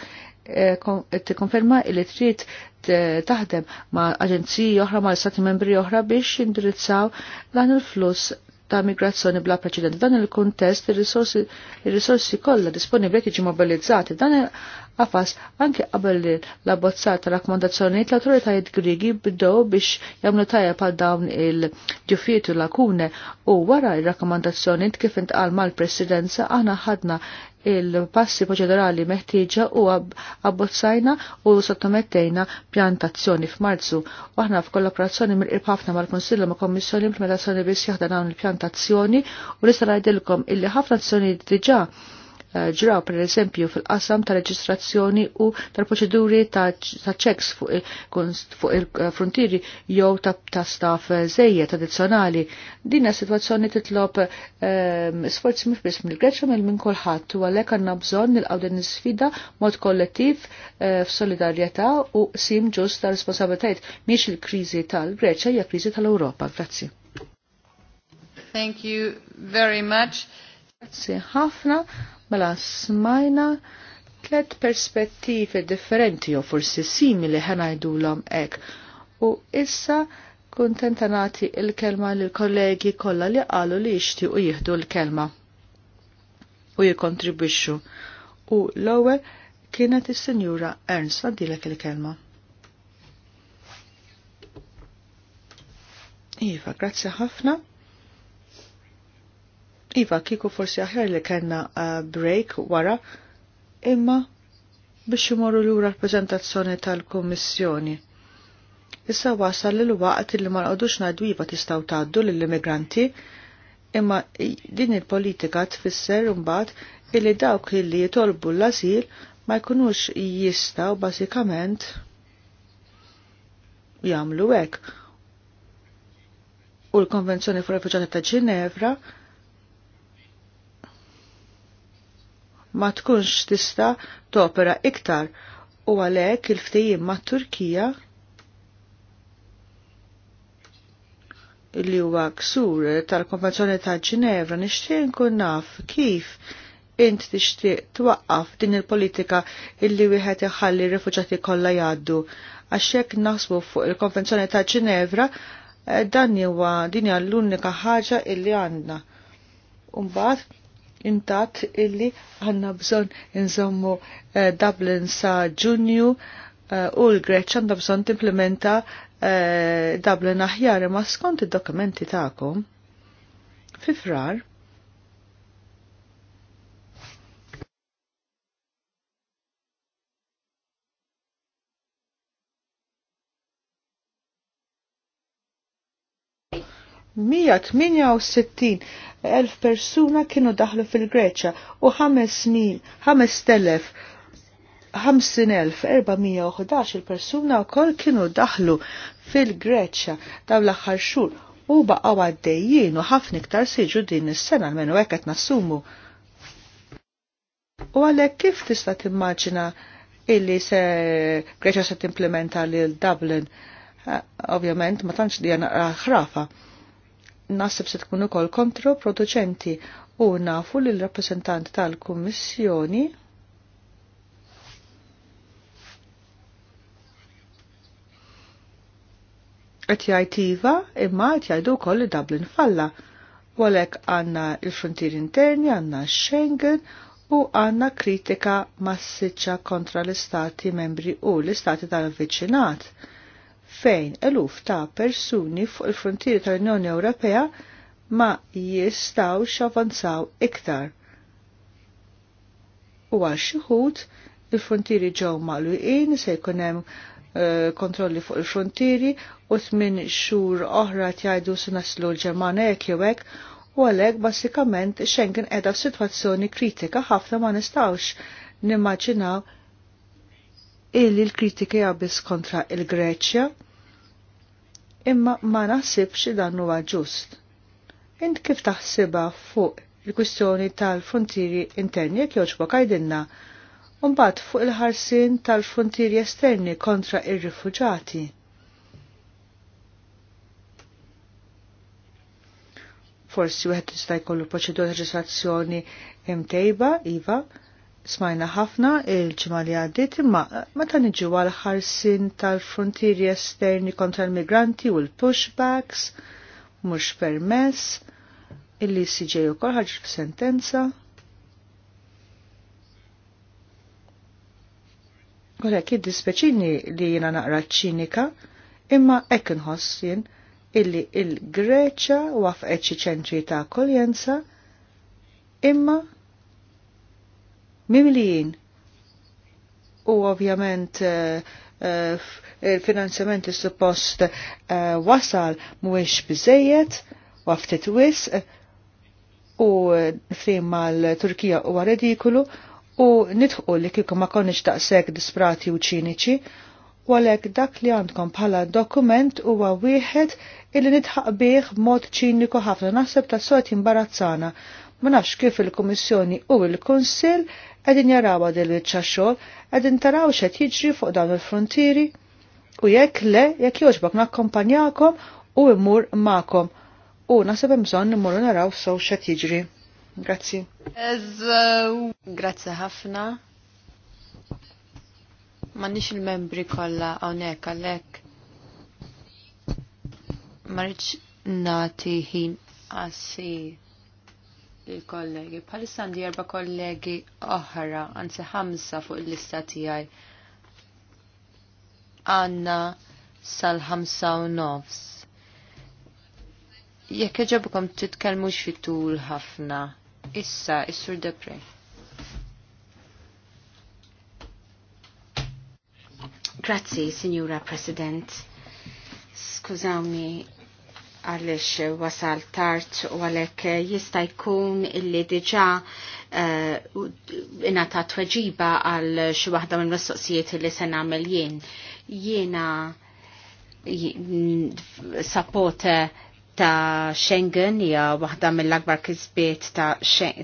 eh, tikkonferma li trid taħdem ma' aġenziji oħra ma' stati membri oħra biex indirizzaw dan il-fluss ta' migrazzjoni bla preċedenti. Dan il-kuntest ir-risorsi kollha disponibbli jiġi mobilizzati. Dan qafas anke qabel l abbozzat tal-rakkomandazzjonijiet l-awtoritajiet Grigi bdew biex jagħmlu tajja għal dawn il-ġufijiet u lakune u wara r-rakkomandazzjonijiet kif intqal mal-Presidenza aħna ħadna il-passi proċedurali meħtieġa u abbozzajna u sottomettejna pjantazzjoni f'Marzu. U aħna f'kollaborazzjoni mill-qrib ħafna mal-Konsillu ma' Kommissjoni implementazzjoni biex jaħda dawn il-pjantazzjoni u li sarajdilkom illi ħafna azzjoni diġà ġraw per eżempju fil-qasam ta' reġistrazzjoni u tal-proċeduri ta' ċeks fuq il-frontieri eh, jew ta' staff zejja tradizzjonali. Din is-sitwazzjoni titlob ehm, sforzi mifbis biss mill-Greċja mill minn kulħadd u għalhekk għandna bżonn nilqgħu din nisfida sfida mod kollettiv eh, f'solidarjetà u sim ġust ta' responsabiltajt miex il-kriżi tal-Greċja hija kriżi tal-Ewropa. Grazzi. Thank you very much. Grazie ħafna. Mela smajna tlet perspettivi differenti u forsi simili idulhom hekk. U issa kuntenta nagħti l-kelma lil kollegi kollha li qalu li jixtiequ jieħdu l-kelma u jikkontribwixxu. U l-ewwel kienet is-Sinjura Ernst għaddilek il-kelma. Iva, grazzi ħafna. Iva, kiku forsi aħjar li kena uh, break wara, imma biex imorru l-ura prezentazzjoni tal-Kommissjoni. Issa wasal l waqt li ma nqodux ngħidu iva tistgħu tgħaddu lill-immigranti, imma din il-politika tfisser imbagħad illi dawk li jitolbu l-asil ma jkunux jistgħu bażikament jagħmlu hekk. U l-Konvenzjoni fur Refuġjati ta' Ġinevra ma tkunx tista topera iktar u għalhekk il-ftehim mat Turkija li huwa ksur tal-Konvenzjoni ta' Ġinevra nixtieq nkun naf kif int tixtieq twaqqaf din il-politika illi wieħed iħalli r rifuġati kollha jgħaddu għax jekk naħsbu fuq il-Konvenzjoni ta' Ġinevra eh, dan huwa din hija l-unika ħaġa illi għandna. Umbagħad intat illi għanna bżon inżommu eh, Dublin sa ġunju eh, u l-Greċ għandha bżon timplementa eh, Dublin aħjar ma skont id-dokumenti tagħkom. Fi Frar? 68 elf persuna kienu daħlu fil-Greċa u 5000, 5411 il-persuna u kienu daħlu fil-Greċa daw l-axar xur u baqaw għaddejjien u ħafna iktar siġu din is-sena għalmenu hekk qed nassumu. U għalhekk kif tista' timmaġina illi se Greċa se timplementa lil Dublin? Ovvjament ma tantx li għana ħrafa nasib se tkun ukoll producenti u nafu li l-rappresentant tal-Kummissjoni qed jgħid iva, imma qed jgħidu wkoll li Dublin falla. Walek għanna il-frontier interni, għanna Schengen u għanna kritika massiċċa kontra l-istati membri u l-istati tal vicinat fejn eluf ta' persuni fuq il-frontieri tal-Unjoni Ewropea ma jistaw avanzaw iktar. U għal xuħut il-frontieri ġew magħluqin se jkun hemm eh, kontrolli fuq il-frontieri u tmin xhur oħra tjajdu se naslu l-Ġermana jekk jew hekk u għalhekk bażikament Schengen qiegħda f'sitwazzjoni kritika ħafna ma nistgħux nimmaġinaw illi l-kritika jabis kontra il-Greċja imma ma naħsibx dan huwa ġust. Int kif taħsiba fuq il-kwistjoni tal-frontieri interni jekk joġbok għajdinna, mbagħad fuq il-ħarsin tal-frontieri esterni kontra ir-rifuġati. Forsi wieħed jista' jkollu proċedura leġislazzjoni imtejba, iva, smajna ħafna il-ġimgħa li għaddiet imma meta niġu għal ħarsin tal-frontieri esterni kontra l-migranti u l-pushbacks mhux permess illi siġej ukoll f-sentenza. Għolek id-dispeċini li jina naqra ċinika imma hekk hossin illi il-Greċa wafqet xi ċentri ta' akkoljenza imma mimlijin u ovvjament il-finanzjament eh, eh, il suppost eh, wasal mhuwiex biżejjed u ftit wis u fim mal-Turkija huwa redikulu u nitħu li kieku ma konniex daqseg disprati u ċiniċi u għalhekk dak li għandkom bħala dokument huwa wieħed illi nitħak bih b'mod ċiniku ħafna naħseb ta' soħet imbarazzana ma nafx kif il-Kummissjoni u l-Kunsill Għedin jarawa dil-wicċa xol, għedin taraw xed jiġri fuq dawn il-frontieri u jekk le, jekk joġbok nakkompanjakom u immur ma'kom. U nasib bżonn immur naraw sew xed jiġri. Grazzi. Grazzi ħafna. Ma nix il-membri kolla għonek għalek. Marriċ nati ħin għasir il-kollegi. Palissa għandi erba kollegi oħra, anzi ħamsa fuq il-lista tijaj. Għanna sal-ħamsa u nofs. Jekk ġabukom titkelmux fit ħafna. Issa, issur depre. Grazzi, Signora President. Skużawni għalix wasal tart u għalek jista jkun illi diġa uh, eh, inata tweġiba għal xi waħda minn mistoqsijiet li se nagħmel jien. Jiena mm, sapote ta' Schengen hija waħda mill-akbar kisbiet ta',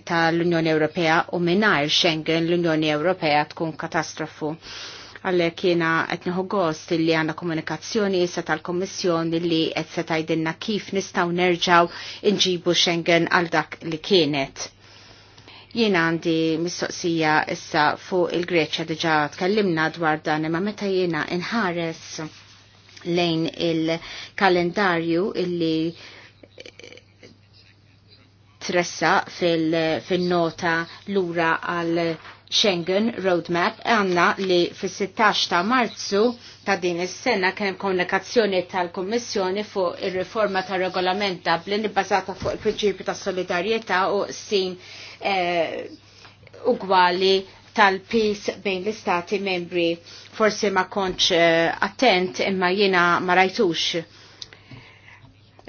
ta l-Unjoni Ewropea u mingħajr Schengen l-Unjoni Ewropea tkun katastrofu. Uh, Għallek jena etniħu gost li għanna komunikazzjoni sa tal-Kommissjoni li qed se tajdinna kif nistaw nerġaw inġibu Schengen għal dak li kienet. Jiena għandi mistoqsija issa fuq il-Greċja diġa tkellimna dwar dan imma meta jiena inħares lejn il-kalendarju illi tressa fil-nota l-ura għal Schengen Roadmap għanna li fis-16 ta' Marzu ta' din is-sena kemm komunikazzjoni tal-Kummissjoni fuq ir-riforma tar regolament Dublin bbażata fuq il-prinċipju ta' solidarjetà u sin eh, ugwali tal peace bejn l-istati membri. Forsi ma konċ eh, attent imma jiena ma rajtux.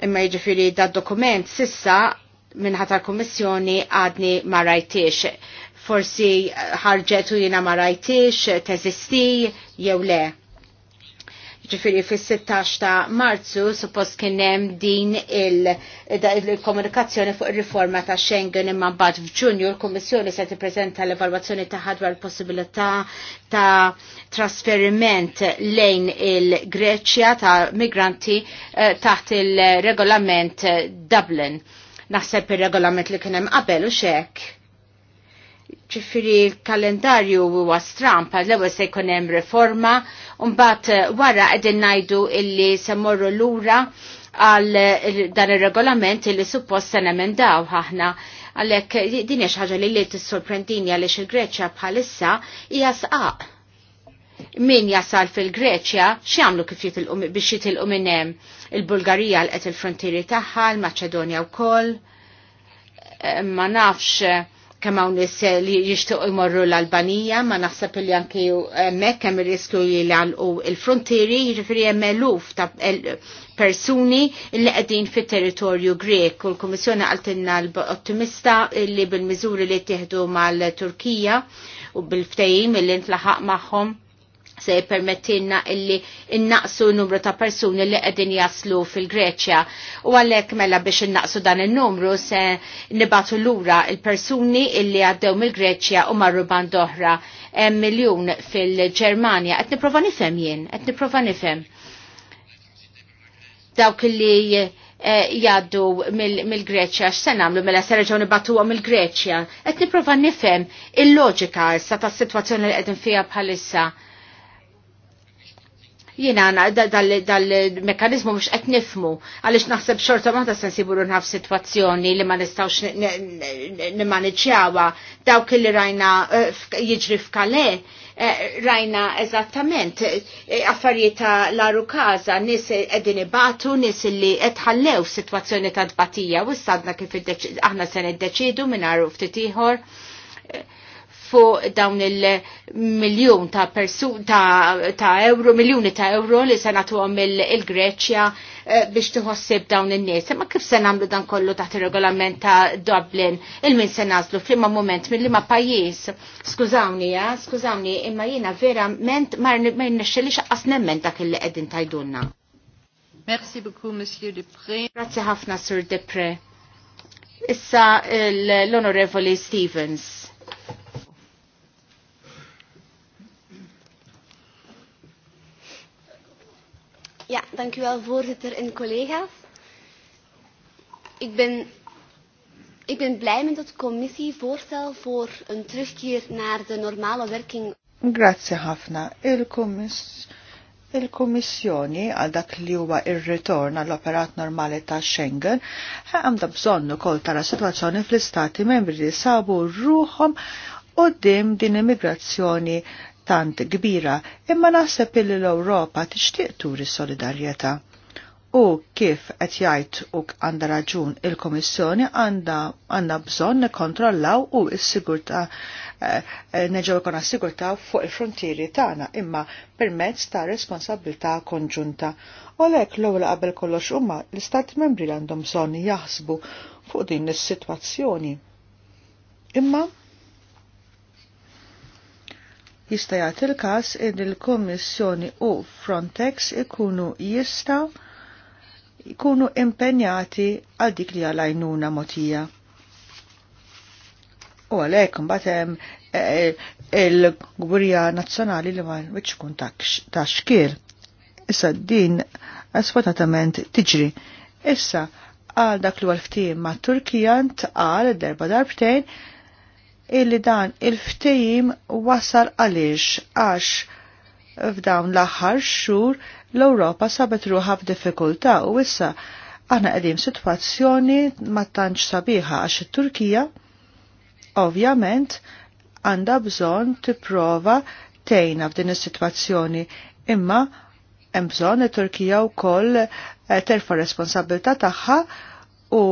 Imma jiġifieri dad dokument sissa minħat tal kummissjoni għadni ma rajtiex forsi eh, ħarġet u jina ma rajtix, eh, teżisti, jew le. Ġifiri fis-16 ta' Marzu suppost kien hemm din il-komunikazzjoni fuq ir-riforma ta' Schengen imma mbagħad f'Ġunju l-Kummissjoni se tippreżenta l-evalwazzjoni tagħha dwar possibilità ta' trasferiment lejn il-Greċja ta' migranti eh, taħt il-regolament Dublin. Naħseb ir-regolament li kien hemm qabel u xek ċifiri l-kalendarju huwa pa l-ewwel se jkun hemm reforma, bat eh, wara qegħdin ngħidu illi semmorru l lura għal dan ir-regolament illi suppost se nemendaw ħahna. Għalhekk din hija ħaġa li li tissorprendini għaliex il-Greċja bħalissa hija sqaq. Min jasal fil-Greċja x'jagħmlu kif jitilqu biex jitilqu minn hemm il-Bulgarija l et il-frontieri tagħha, il-Maċedonja wkoll eh, ma nafx eh, kemm hawn nies eh, li jixtiequ jmorru l-Albanija, ma naħseb li anke hemmhekk hemm ir-riskju li jgħalqu l-frontieri, jiġifieri hemm eluf ta' persuni li qegħdin fit-territorju Grek u l-Kummissjoni qaltilna l-ottimista li bil-miżuri li tieħdu mal-Turkija u bil-ftehim li ntlaħaq magħhom se permettinna illi innaqsu numru ta' persuni li qegħdin jaslu fil-Greċja. U għalhekk mela biex innaqsu dan in-numru se nibatu lura il-persuni illi għaddew mill-Greċja u marru band oħra hemm miljun fil-Ġermanja. Qed nipprova nifhem jien, qed nipprova nifhem. Dawk illi eh, jaddu mill-Greċja, x'se nagħmlu mela se reġgħu nibatuhom mill-Greċja. Qed nipprova nifhem il-loġika sa tas-sitwazzjoni li qegħdin fiha bħalissa Jina dal-mekanizmu mux qed nifmu għaliex naħseb xorta ma ta' sensiburu nħaf situazzjoni li ma nistawx nimmaneġġjawa dawk li rajna eh, jiġri f'kale eh, rajna eżattament eh, affarijiet ta' laru kaza nis edin ibatu nis li etħallew situazzjoni ta' dbatija u s-sadna kif aħna sen id-deċidu minn ftit ieħor fuq dawn il-miljon ta' persu ta', ta euro, miljoni ta' euro li se nagħtuhom il-Greċja eh, biex tħossib dawn in-nies. Ma kif se nagħmlu dan kollu taħt ir-regolament ta' Dublin il-min se fl f'liema moment mill-liema pajjiż. Skużawni, ja, skużawni, imma jiena verament ma rnexxelix qaqqas nemmen dak li qegħdin tajdunna. Merci beaucoup, Monsieur Dupré. Grazie ħafna, Sur Dupré. Issa l-Onorevoli Stevens. Ja, dank u wel voorzitter en collega's. Ik ben, ik ben blij met het commissievoorstel voor een terugkeer naar de normale werking. Grazie ħafna. Il-Kommissjoni il għal dak li huwa ir-ritorn għall operat normali ta' Schengen għandha bżonn ukoll tara sitwazzjoni fl-istati membri li sabu ruhom qudiem din immigrazzjoni tant kbira, imma naħseb illi l-Ewropa tixtieq turi solidarjetà. U kif qed jgħid u għandha raġun il kummissjoni għandha bżonn nikkontrollaw u s-sigurtà eh, eh, neġgħu jkun assigurtà fuq il-frontieri tagħna imma permezz ta' responsabilità konġunta. U għalhekk l-ewwel qabel kollox huma l-Istati Membri li għandhom bżonn jaħsbu fuq din is-sitwazzjoni. Imma jista' jagħti il-każ in il-Kummissjoni u Frontex ikunu jista' jkunu impenjati għal dik li għalajnuna motija. U għalek, mbatem eh, il-Gburja Nazzjonali li ma wieċ kun ta' xkir. Issa din asfotatament tiġri. Issa għal dak li għal-ftim ma' Turkija għal darba darbtejn illi dan il-ftejim wasal għaliex għax f'dawn l-aħħar xhur l-Ewropa sabet ruħa f'diffikultà u issa aħna qegħdin sitwazzjoni ma tantx sabiħa għax it-Turkija ovvjament għandha bżonn tipprova tejna f'din is-sitwazzjoni imma hemm bżonn it-Turkija wkoll eh, terfa' responsabilità tagħha u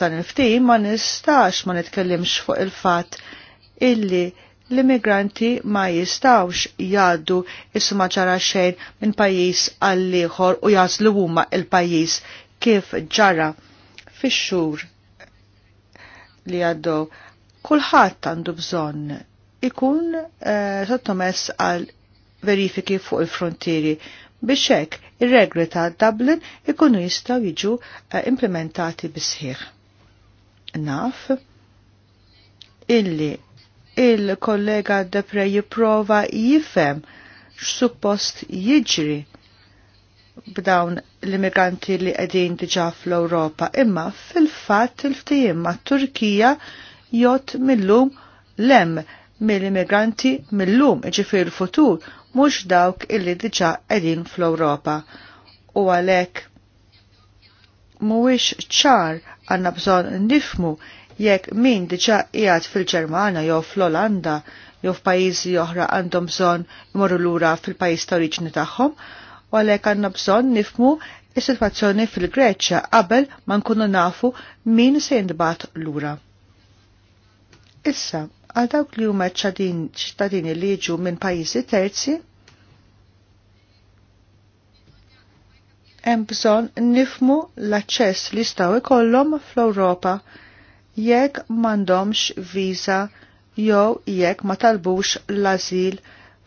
f'dan il-ftim ma nistax ma nitkellimx fuq il-fatt illi l-immigranti ma jistawx jaddu isma ġara xejn minn pajis għall-ieħor u jazlu huma il-pajis kif ġara fix-xhur li għaddew. Kulħadd għandu bżonn ikun eh, sottomess għal verifiki fuq il-frontieri biex hekk ir regli ta' Dublin ikunu jistgħu jiġu eh, implementati bisħieħ naf illi il-kollega Depre jiprova jifem x'suppost jiġri b'dawn l-immigranti li qegħdin diġà fl-Ewropa, imma fil-fatt il ftijim ma' Turkija jot millum lem mill-immigranti millum ġifir il-futur mhux dawk illi diġà qegħdin fl-Ewropa. U għalhekk mhuwiex ċar Għanna bżon nifmu jekk min diċa jgħat fil-Ġermana jew fl-Olanda jew f'pajjiżi oħra għandhom bżonn imorru lura fil-pajjiż ta' oriġni tagħhom, u għalhekk għandna bżonn nifmu is-sitwazzjoni fil-Greċja qabel ma nkunu nafu min se jintbagħat lura. Issa, għal dawk li huma ċittadini li jiġu minn pajjiżi terzi, hemm bżonn nifmu l-aċċess li jistgħu ikollhom fl-Ewropa jekk m'għandhomx viża jew jekk ma talbux l-ażil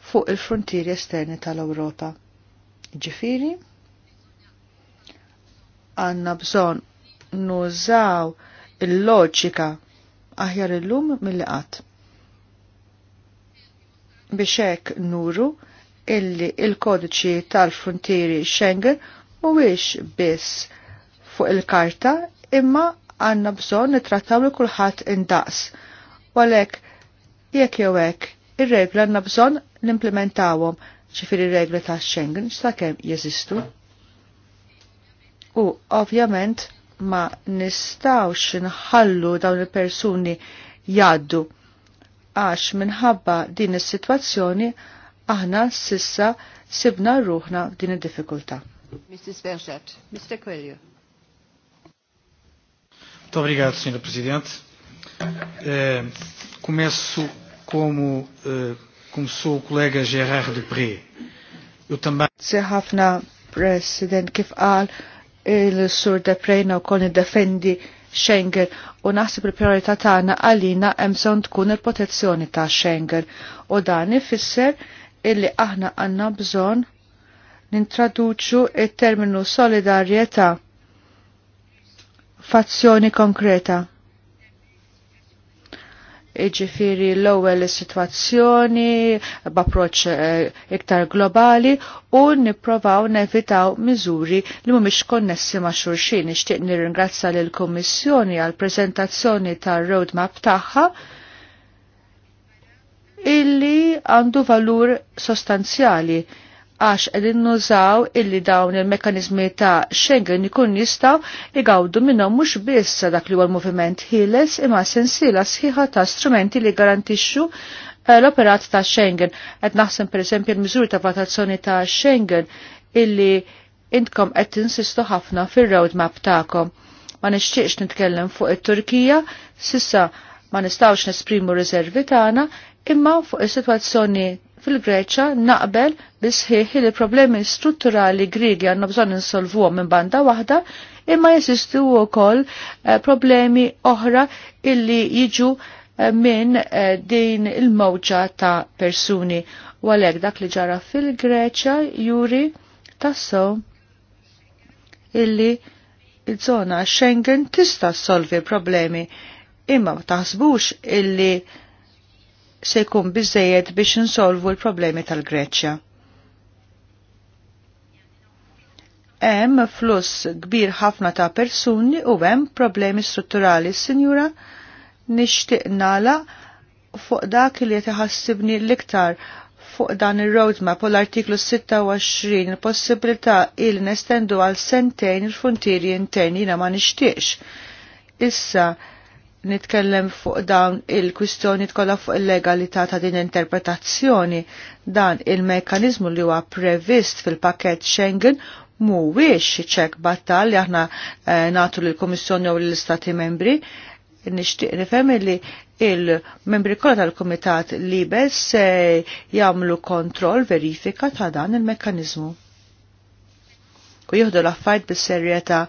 fuq il-frontieri esterni tal-Ewropa. Ġifiri, għanna bżonn nużaw il-loġika aħjar illum mill qatt biex hekk nuru illi il-kodiċi tal-frontieri Schengen mhuwiex biss fuq il-karta imma għandna bżonn nitrattaw li kulħadd indaqs. Walek jekk jew hekk ir-regla għandna bżonn nimplementawhom ċifiri regli ta' Schengen sakemm jeżistu. U ovvjament ma nistgħux nħallu dawn il-persuni jaddu għax minħabba din is-sitwazzjoni aħna sissa sibna ruħna din id-diffikultà. Mrs. Verjat, Mr. Coelho. Muito obrigado, Sra. Presidente. É, eh, começo como é, eh, começou o colega Gerard de Pré. Eu também... Sr. Seħafna, President, que fala il-sur de Pré não kol defendi Schengen u naħseb il-priorità tagħna għalina hemm bżonn tkun il-protezzjoni ta' Schengen u dan ifisser illi aħna għandna bżonn nintraduċu il-terminu solidarieta fazzjoni konkreta. Iġifiri l-ewwel is-sitwazzjoni b'approċċ eh, iktar globali u nipprovaw nevitaw miżuri li mhumiex konnessi ma' xulxin. Nixtieq nirringrazzja lill kummissjoni għal preżentazzjoni tar-roadmap tagħha illi għandu valur sostanzjali għax qegħdin nużaw illi dawn il-mekkaniżmi ta' Schengen ikun jistgħu igawdu minnhom mhux biss dak li huwa l-moviment ħieles imma sensila sħiħa ta' strumenti li garantixxu eh, l-operat ta' Schengen. Qed naħsem pereżempju l-miżuri ta' valutazzjoni ta' Schengen illi intkom qed tinsistu ħafna fir-roadmap tagħkom. Ma nixtieqx nitkellem fuq it-Turkija, sissa ma nistawx nesprimu riservi tagħna, imma fuq is-sitwazzjoni fil-Greċa naqbel bisħiħi li problemi strutturali grigi għanna bżon insolvuha minn banda waħda imma jesistu wkoll eh, problemi oħra illi jiġu eh, minn eh, din il-mowġa ta' persuni. U għalhekk dak li ġara fil-Greċa juri tasso illi il-żona Schengen tista' solvi problemi imma taħsbux illi se jkun biżejjed biex insolvu l-problemi tal-Greċja. Hemm fluss kbir ħafna ta' persuni u hemm problemi strutturali, sinjura, nixtieq nala fuq dak li qed iħassibni l-iktar fuq dan ir roadmap u l-artiklu 26 il-possibilità il nestendu għal sentejn il-frontieri interni ma nixtiex. Issa, nitkellem fuq dawn il-kwistjoni tkollha fuq il-legalità ta' din interpretazzjoni dan il-mekkanizmu li huwa previst fil-pakett Schengen mhuwiex ċek battal li aħna eh, natu lill kummissjoni u l-Istati Membri nixtieq nifhem li il-membri kollha tal-Kumitat Libes se jagħmlu kontroll verifika ta' dan il-mekkaniżmu. U jieħdu l-affarijiet bis-serjetà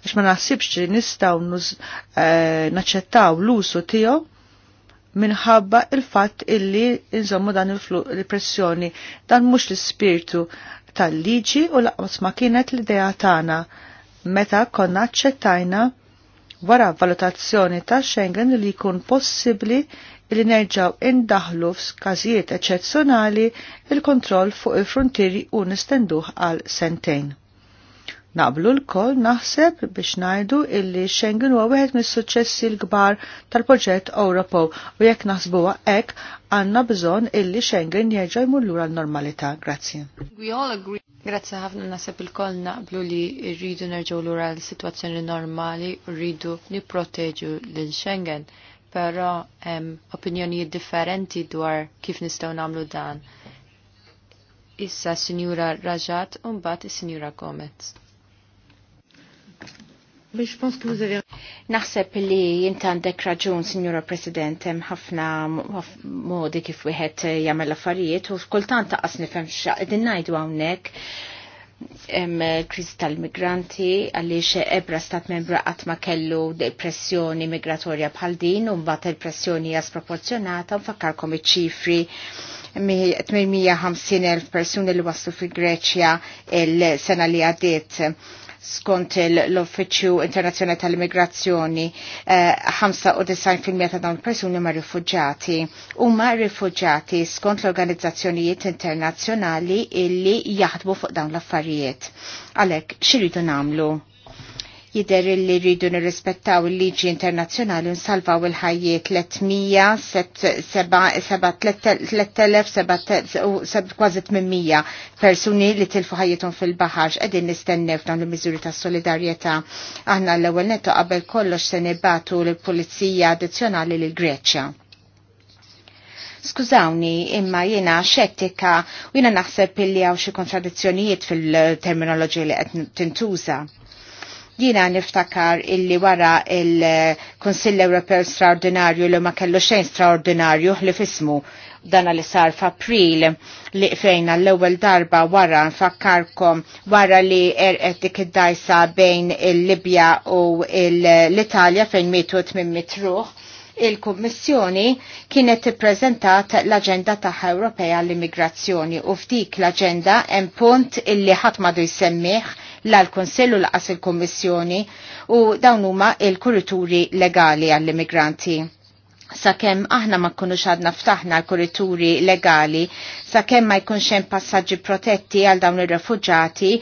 għax ma naħsibx li nistaw eh, naċċettaw l-usu tiegħu minħabba il-fatt illi nżommu dan il-pressjoni. Dan mhux l-ispirtu tal-liġi u laqmas ma kienet l-idea tagħna meta konna aċċettajna wara valutazzjoni ta' Schengen li jkun possibbli li nerġaw indaħlu f'każijiet eċezzjonali il-kontroll fuq il-frontieri u nistenduh għal sentejn. Naqblu l-koll naħseb biex najdu illi Schengen huwa wieħed mis-suċċessi l-kbar tal-proġett Ewropew u jekk naħsbuha hekk għandna bżonn illi Schengen jerġa' jmur lura l-normalità. Grazzi. Grazzi ħafna naħseb il-koll naqblu li rridu nerġgħu lura l-sitwazzjoni normali u rridu nipproteġu lil Schengen. Però hemm opinjonijiet differenti dwar kif nistgħu nagħmlu dan. Issa Sinjura Rajat u mbagħad is-Sinjura Gomez. Naħseb li jint għandek raġun, Signora President, hemm ħafna modi kif wieħed jagħmel affarijiet u kultant taqas nifhem x'qegħdin ngħidu hawnhekk hemm kriżi tal-migranti għaliex ebra stat membra qatt ma kellu pressjoni migratorja bħal din u mbagħad il-pressjoni hija sproporzjonata mfakkarkom iċ-ċifri 850.000 persuni li waslu fil-Greċja il-sena li għaddiet skont l-Uffiċċju Internazzjonali tal-Immigrazzjoni 95% eh, ta' dawn persuni ma' rifuġġati. Huma rifuġġati skont l-organizzazzjonijiet internazzjonali illi jaħdmu fuq dawn l-affarijiet. Għalhekk xiridu nagħmlu? jider li rridu nirrispettaw il-liġi internazzjonali u nsalvaw il-ħajjiet 300, kważi 800 persuni li tilfu ħajjithom fil-baħar qegħdin nistennew dawn il-miżuri ta' solidarjetà. Aħna l-ewwel netto qabel kollox se nibatu l-Pulizija Addizzjonali l Greċja skużawni imma jena xettika u jena naħseb illi għaw xie kontradizzjonijiet fil-terminologi li għed tintuża. Jina niftakar illi wara il-Konsill Ewropew straordinarju li ma kellu xejn straordinarju li fismu dana li sar f'April li fejna l-ewwel darba wara nfakkarkom wara li erqet dik id-dajsa bejn il-Libja u l-Italja fejn mitu tmim mitruħ il-Kummissjoni kienet ippreżentat l-Aġenda tagħha Ewropea l-Immigrazzjoni u f'dik l-Aġenda hemm punt illi ħadd madu jsemmih l-Konsellu laqas il-Kommissjoni u dawn huma il-kurituri legali għall-immigranti sakemm aħna ma kunux għadna ftaħna l-kurituri legali, sakemm ma jkunx hemm passaġġi protetti għal dawn ir-refuġati,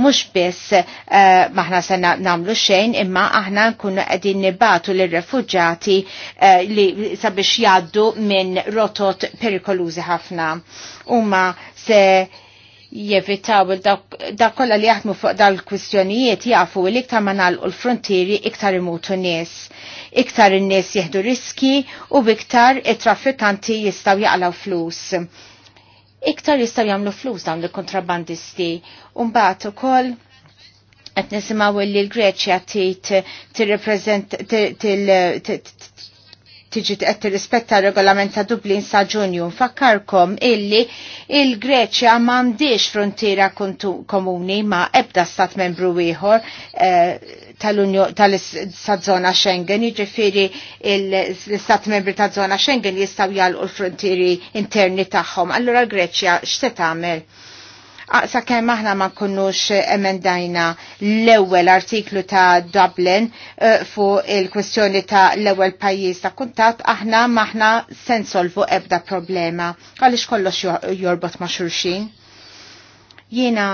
mhux biss uh, eh, maħna se nagħmlu xejn, imma aħna nkunu qegħdin nibatu lir-refuġati eh, li sabiex jgħaddu minn rotot perikolużi ħafna. Huma se jevitaw dak kollha li jaħdmu fuq dal-kwistjonijiet jafu li iktar ma nagħlqu l-frontieri iktar imutu nies. Iktar in-nies jieħdu riski u iktar it-traffikanti jistgħu jaqlaw flus iktar jistaw jagħmlu flus dawn il kontrabandisti. Umbat u koll, għet li l-Greċja tit tiġi qed tirrispetta r-regolament ta' Dublin sa' Ġunju. Fakkarkom illi il-Greċja m'għandix frontiera komuni ma' ebda stat membru ieħor eh, tal-zona Schengen, jiġifieri l-istat membri ta' zona Schengen jistgħu jagħlqu l-frontieri interni tagħhom. Allura l-Greċja x'se tagħmel? Aqsa kemm aħna ma nkunux emendajna l-ewwel artiklu ta' Dublin eh, fuq il-kwestjoni ta' l-ewwel pajjiż ta' kuntat, aħna maħna sensolvu ebda problema. Għaliex kollox jorbot ma' xulxin. Jiena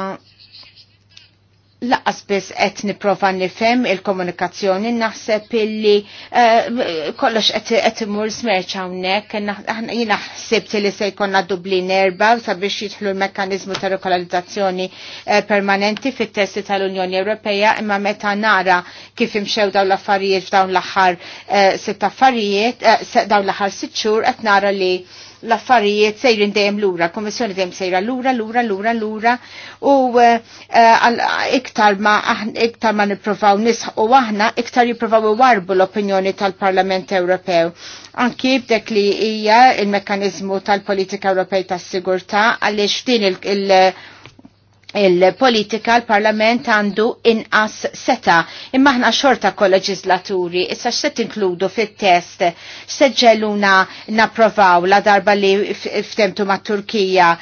Laqqas biss qed nipprova nifhem il-komunikazzjoni naħseb illi eh, kollox qed imur smerċ hawnhekk jiena ħsibt li se jkollna Dublin erba sabiex jidħlu l-mekkaniżmu ta' lokalizzazzjoni eh, permanenti fit-testi tal-Unjoni Ewropea imma meta nara kif imxew dawn l-affarijiet f'dawn l-aħħar eh, sitt affarijiet dawn l-aħħar sitt xhur qed nara li l-affarijiet sejrin dejjem lura, l-Kommissjoni dejjem sejra lura, lura, lura, lura u eh, eh, iktar ma iktar ma nipprovaw nisħu aħna iktar jipprovaw warbu l-opinjoni tal-Parlament Ewropew. Anki b'dek li hija il-mekkaniżmu tal-politika Ewropej tas-sigurtà għaliex din il- il-politika l-parlament għandu inqas seta imma ħna xorta kol-leġislaturi issa x'se tinkludu fit-test x'se ġeluna napprovaw la darba li ftemtu ma' Turkija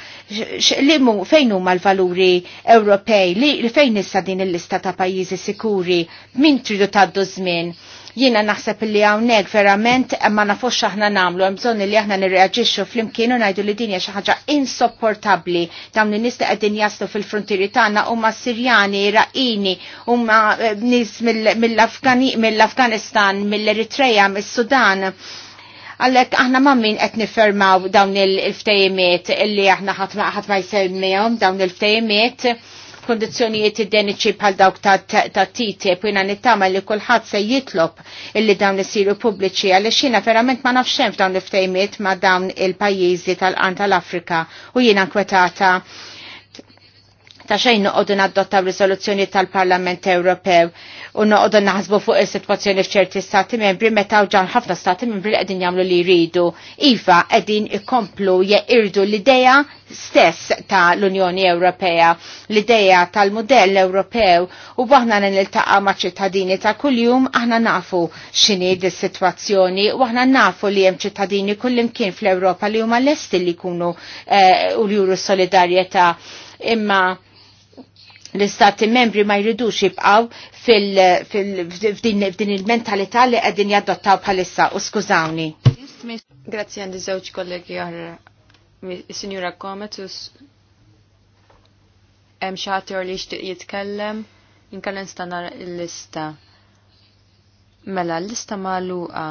li fejn huma l-valuri Ewropej li fejn issa din il-lista ta' pajjiżi sikuri min tridu tgħaddu żmien Jiena naħseb li hawnhekk verament ma nafux aħna nagħmlu hemm li aħna nirreaġixxu flimkien u ngħidu li dinja xi ħaġa insopportabbli dawn nista għedin qegħdin jaslu fil frontiri tagħna huma Sirjani, Iraqini, huma eh, nies mill-Afganistan, mill-Eritrea, mill sudan għallek aħna ma min qed niffermaw dawn il-ftejimiet illi aħna ħatma ħatma jsemmihom dawn il ftejmiet kondizjonijiet identiċi bħal dawk ta' TTIP u nittama li kullħat se jitlob illi dawn isiru pubbliċi għalli xina verament ma nafxem f'dawn l-ftejmiet ma' dawn il-pajjiżi tal-qarn tal-Afrika u jiena nkwetata ta' xejn noqogħdu nadottaw risoluzzjoni tal-Parlament Ewropew u noqogħdu naħsbu fuq is-sitwazzjoni f'ċerti stati membri meta ġan ħafna stati membri qegħdin jagħmlu li jridu. Iva qegħdin ikomplu jeqirdu l-idea stess ta' l-Unjoni Ewropea, l-idea tal-modell Ewropew u baħna niltaqa' maċ ċittadini ta' kuljum aħna nafu x'inhi dis-sitwazzjoni u aħna nafu li hemm ċittadini kullimkien fl-Ewropa li huma lesti li jkunu eh, u li juru solidarjetà imma l-istati membri ma jridux jibqaw f'din il-mentalità li qegħdin jadottaw bħalissa u skużawni. Grazie għandi żewġ kollegi oħra, is-Sinjura Kometus hemm xator li jixtieq jitkellem, inkellem stanna l-lista. Mela, l-lista magħluqa.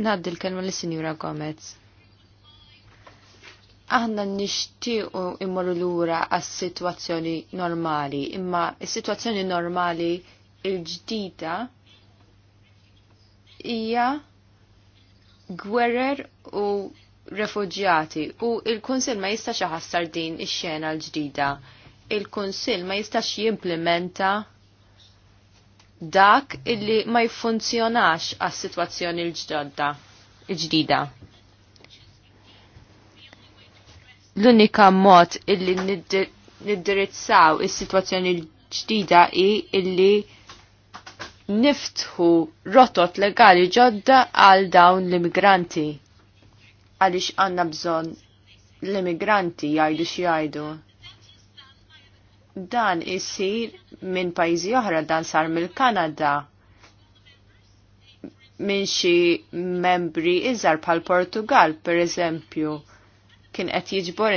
Ngħaddi l-kelma lis-Sinjura Gomez aħna nixtiequ immorru lura għas-sitwazzjoni normali, imma s-sitwazzjoni normali il-ġdida hija gwerer u refugjati u il-Kunsil ma jistax jaħassar din ix-xena l-ġdida. Il-Kunsil ma jistax jimplementa dak illi ma jfunzjonax għas-sitwazzjoni l-ġdodda, l-ġdida. l ġdodda l ġdida l-unika mod illi niddirizzaw is-sitwazzjoni ġdida i illi niftħu rotot legali ġodda għal dawn l-immigranti. Għalix għanna bżon l-immigranti jgħidu xjajdu. Dan isir minn pajjiżi oħra dan sar mill-Kanada minn xi membri iżar bħal Portugal, per eżempju kien qed jiġbor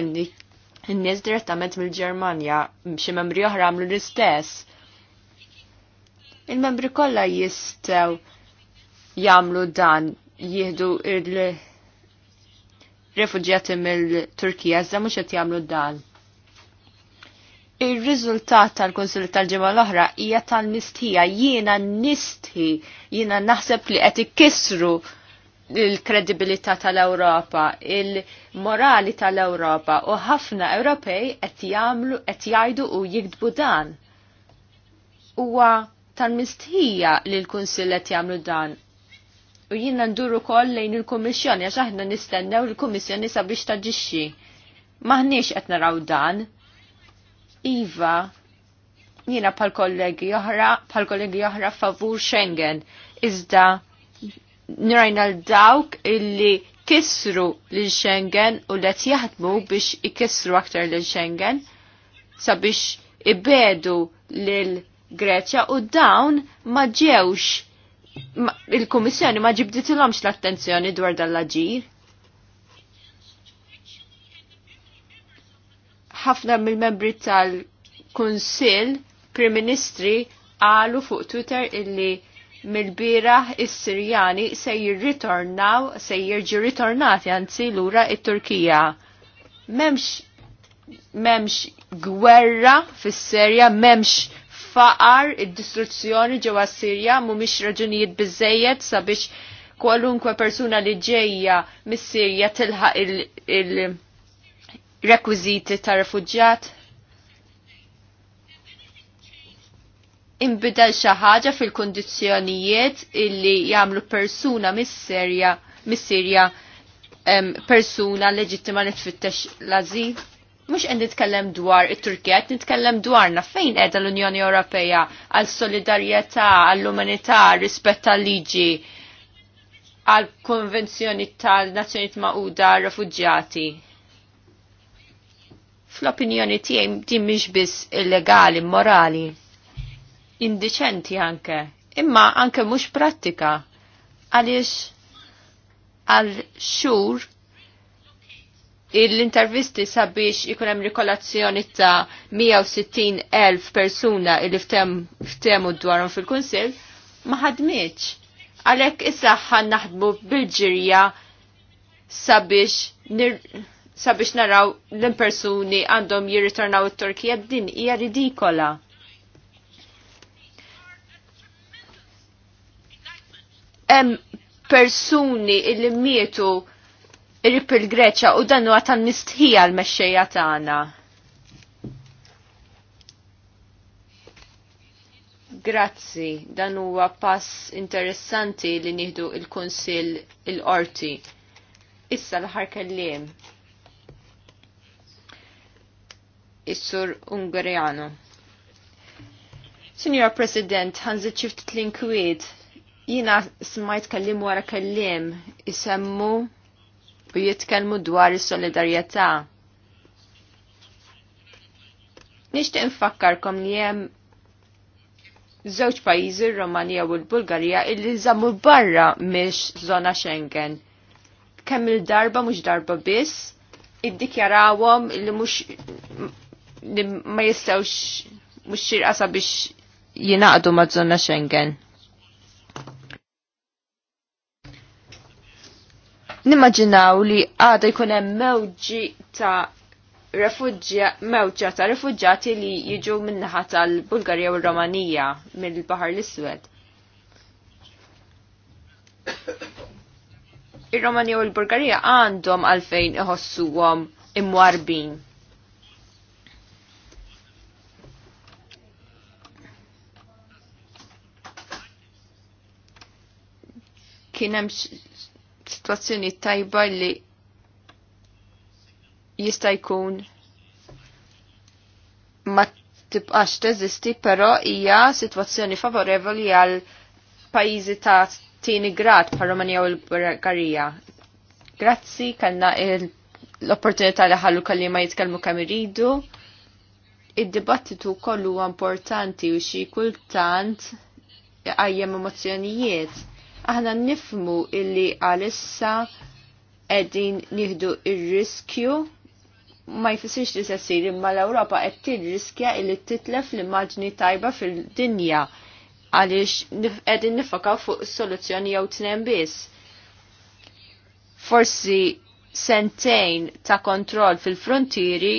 in-nies direttament mill-Ġermanja, xi membri oħra għamlu l-istess. Il-membri kollha jistgħu jagħmlu dan jieħdu il-refuġjati mill-Turkija, iżda mhux qed jagħmlu dan. Ir-riżultat tal-Kunsill tal-ġimgħa l-oħra hija tal nistħija jiena nnisthi jiena naħseb li qed ikissru il-kredibilità tal-Ewropa, il-morali tal-Ewropa u ħafna Ewropej qed jagħmlu qed jgħidu u jikdbu dan. Huwa tal-mistħija li l-Kunsill qed jagħmlu dan. U jiena nduru koll lejn il-Kummissjoni għax aħna nistennew il-Kummissjoni sabiex taġixxi. Maħniex qed naraw dan. Iva, jiena pal-kollegi oħra, pal-kollegi oħra favur Schengen, iżda nirajna l-dawk illi kisru l-Schengen u let jaħdmu biex ikisru aktar l-Schengen sabiex ibedu l-Greċja u dawn ma ġewx il-Komissjoni ma ġibditilhomx l-attenzjoni dwar dal-aġir. ħafna mill-membri tal-Kunsill, Prim Ministri, għalu fuq Twitter illi mil biraħ is-Sirjani se jirritornaw, se jirġi ritornati anzi lura il turkija Memx memx gwerra fis sirja memx faqar id-distruzzjoni ġewwa Sirja mhumiex raġunijiet biżejjed sabiex kwalunkwe persuna li ġejja mis-Sirja tilħaq il-rekwiżiti il ta' refuġġjat imbidel xi ħaġa fil kondizjonijiet illi jagħmlu persuna mis-serja mis-Sirja persuna leġittima li tfittex lazi? Mux għed nitkellem dwar it-Turkija, għed nitkellem dwarna fejn edha l-Unjoni Ewropeja għal solidarjetà, għall umanità rispett għal liġi, għal konvenzjoni tal-Nazzjoniet Maquda Refuġjati. Fl-opinjoni tiegħi din mhix biss illegali, morali indiċenti anke, imma anke mhux prattika għaliex għal xur l-intervisti sabiex ikun hemm rikolazzjoni ta' 160,000 persuna li ftemu dwarhom fil-Kunsill ma ħadmitx. Għalhekk issa ħan naħdmu bil-ġirja sabiex nir sabiex naraw l-impersuni għandhom jirritornaw it-Turkija din hija ridikola. hemm persuni illi mietu irrib il-Greċa u dan huwa tan mistħija l-mexxejja tagħna. Grazzi, dan huwa pass interessanti li nieħdu il-Kunsill il-Qorti. Issa l-ħar kelliem. Is-Sur Ungarjano. Signor President, ħanżit ċift tlinkwiet Jina smajt kellim wara kallim isemmu u jitkellmu dwar is-solidarjetà. Nixtieq infakkarkom li hemm żewġ pajjiżi r-Romanija u l-Bulgarija illi zammu barra miex zona Schengen. Kemm il-darba mhux darba biss iddikjarawhom li mhux ma jistgħux mhux xirqasa biex jingħaqdu maż-żona Schengen. nimmaġinaw li għada jkun hemm mewġi ta' mewġa ta' refugġati li jiġu minnaħa tal-Bulgarija u l-Romanija mill-Bahar l-Iswed. Ir-Romanija u l-Bulgarija għandhom għalfejn iħossuhom imwarbin. kien hemm situazzjoni tajba li jista' jkun ma tibqax teżisti, però hija situazzjoni favorevoli għal pajjiżi ta' tieni grad pa' Romania u l-Bulgarija. Grazzi, kellna l-opportunità li ħallu ma jitkellmu kemm iridu. Id-dibattitu kollu importanti u xi kultant għajjem emozjonijiet Aħna nifmu illi għalissa qegħdin nieħdu ir-riskju ma jfissirx li se ssir imma l-Ewropa qed tirriskja illi titlef l-immaġni tajba fil-dinja għaliex qegħdin nifokaw fuq soluzzjoni jew tnejn biss. Forsi sentejn ta' kontroll fil-frontieri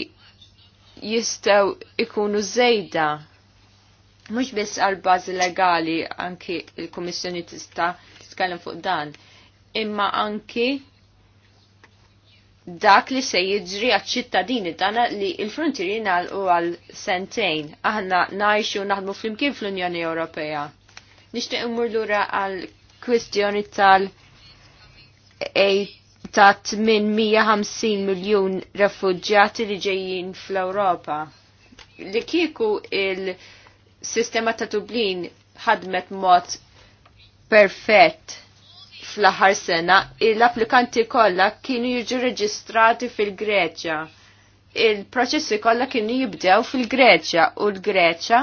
jistaw ikunu zejda. Mux biss għal-bazi legali anki il-Komissjoni tista' tkellem fuq dan, imma anki dak li se jidri għal-ċittadini tagħna li l-frontieri u għal sentejn. Aħna najxu naħdmu flimkien fl-Unjoni Ewropea. Nixtieq immur lura għal kwistjoni tal- ta' 850 miljon refugġati li ġejjin fl-Ewropa. Li kiku il-sistema ta' Dublin ħadmet mod perfett fl-aħħar sena l-applikanti kollha kienu jiġu reġistrati fil-Greċja. Il-proċessi kollha kienu jibdew fil-Greċja u l-Greċja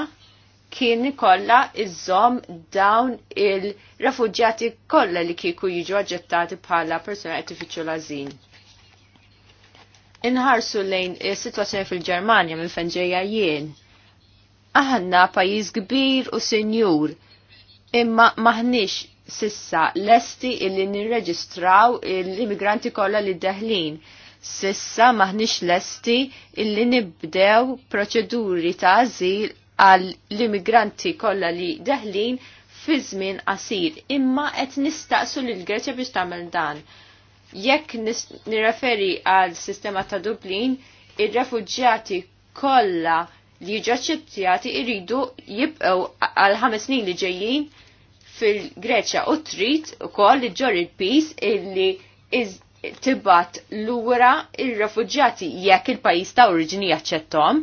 kien kollha iżom dawn il-refuġjati kollha li kieku jiġu aġġettati bħala persuna l lażin. Inħarsu lejn is-sitwazzjoni fil-Ġermanja minn fejn ġejja jien. Aħna pajjiż kbir u sinjur imma maħniex sissa lesti illi nirreġistraw l-immigranti kollha li deħlin. Sissa maħniex lesti illi nibdew proċeduri ta' azil għal l-immigranti kollha li deħlin fi żmien qasir, imma qed nistaqsu lil Greċja biex tagħmel dan. Jekk nirreferi għal sistema ta' Dublin, ir refuġġjati kollha li ġaċċettjati irridu jibqgħu għal ħames snin li ġejjin fil-Greċja u trid ukoll li ġor il-pis illi tibat lura il-refugġati jekk il-pajis ta' oriġini jaċċettom.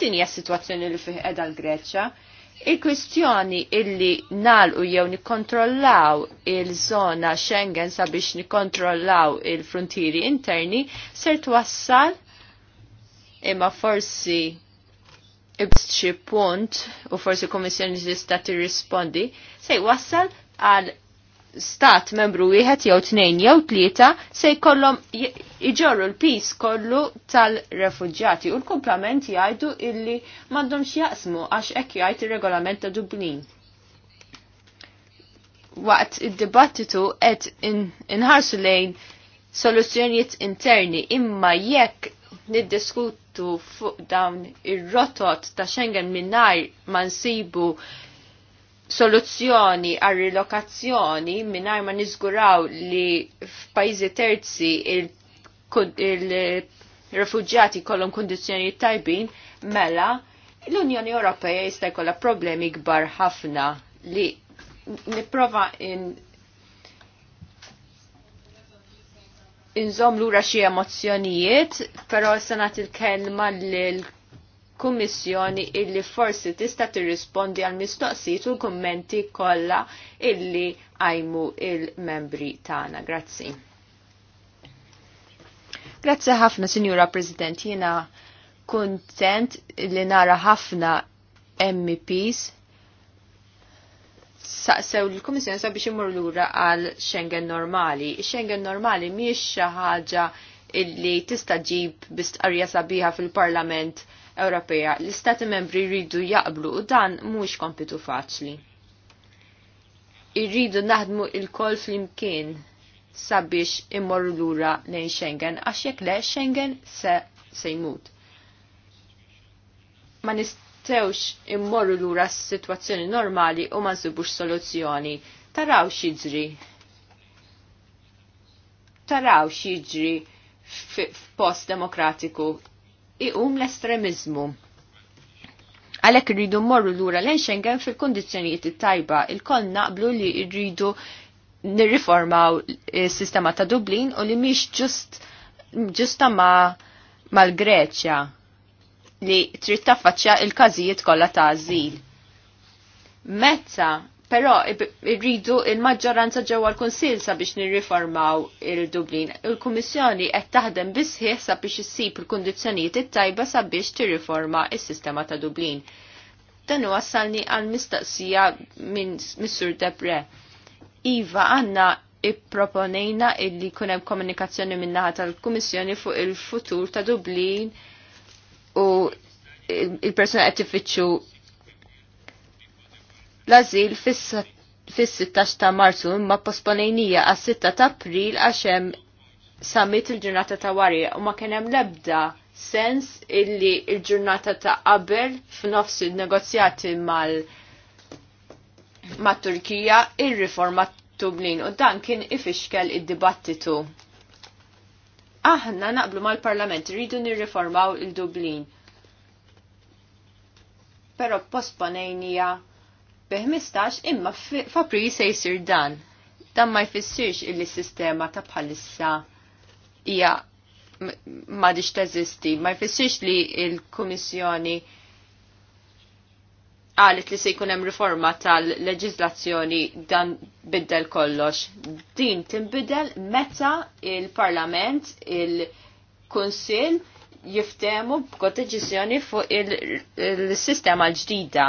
Din hija s-sitwazzjoni li fih qiegħda l-Greċja. Il-kwistjoni illi nalqu jew nikkontrollaw il-żona Schengen sabiex nikkontrollaw il-frontieri interni ser twassal imma forsi ibst punt u forsi kummissjoni tista' tirrispondi se wassal għal stat membru wieħed jew tnejn jew tlieta se jkollhom iġorru l-pis kollu tal refuġġjati u l-kumplament jgħidu illi m'għandhomx jaqsmu għax hekk jgħid ir-regolament ta' Dublin. Waqt id-dibattitu qed inħarsu lejn soluzzjonijiet interni imma jekk niddiskut ninsistu fuq dawn ir-rotot ta' Schengen minnajr ma nsibu soluzzjoni għal rilokazzjoni minnajr ma niżguraw li f'pajjiżi terzi il-refuġjati kollum kondizjoni tajbin mela l-Unjoni Ewropea jista' jkollha problemi kbar ħafna li nipprova in inżom lura xi emozzjonijiet, però se nagħti l-kelma lill-Kummissjoni illi forsi tista' tirrispondi għal mistoqsijiet u l-kummenti kollha illi għajmu il-membri tagħna. Grazzi. Grazzi ħafna, Sinjura President, jiena kuntent li nara ħafna MPs saqsew l-Komissjoni sabiex imur lura għal Schengen normali. Schengen normali miex xi ħaġa illi tista' ġib bistqarrija sabiħa fil-Parlament Ewropea. L-Istati membri jridu jaqblu u dan mhux kompitu faċli. Irridu naħdmu il-kol fl-imkien sabiex immorru lura lejn Schengen għax jekk le Schengen se sejmut. jmut. Ma nist Tewx immorru lura s-situazzjoni normali u ma nsibux soluzzjoni. Taraw xidri. Taraw xidri f'post demokratiku. Iqum l-estremizmu. Għalek rridu morru lura l-Schengen fil-kondizjonijiet tajba il-koll naqblu li rridu nirriformaw il-sistema ta' Dublin u li miex ġust ġusta ma mal-Greċja li trid taffaċċja il-każijiet kollha ta' ażil. Mezza, però rridu il-maġġoranza ġewwa l-Kunsill sabiex nirriformaw il-Dublin. Il-Kummissjoni qed taħdem bisħieħ sabiex issib il-kundizzjonijiet it-tajba sabiex tirriforma is-sistema ta' Dublin. Dan wassalni għal mistaqsija minn Missur Depre. Iva għanna ipproponejna illi kunem komunikazzjoni minnaħa tal-Kummissjoni fuq il-futur ta' Dublin u il-persuna qed tifittxu l-azil fis-16 ta' Marzu imma posponejnija għas-6 ta' April għax hemm summit il-ġurnata ta' wari u ma kien hemm l-ebda sens illi il-ġurnata ta' qabel f'nofs il-negozjati mal ma' Turkija il-riforma Tublin u dan kien ifixkel id-dibattitu aħna naqblu mal-Parlament rridu nirriformaw il-Dublin. Pero posponejnija bi 15 imma f'April se jsir dan. Dan ma jfissirx illi sistema ta' bħalissa hija ma diċ teżisti, ma jfissirx li il-Kummissjoni għalit li se jkun hemm riforma tal-leġizlazzjoni dan biddel kollox. Din timbidel meta il-Parlament, il-Kunsill jiftemu b'kod deċiżjoni fuq il-sistema l-ġdida.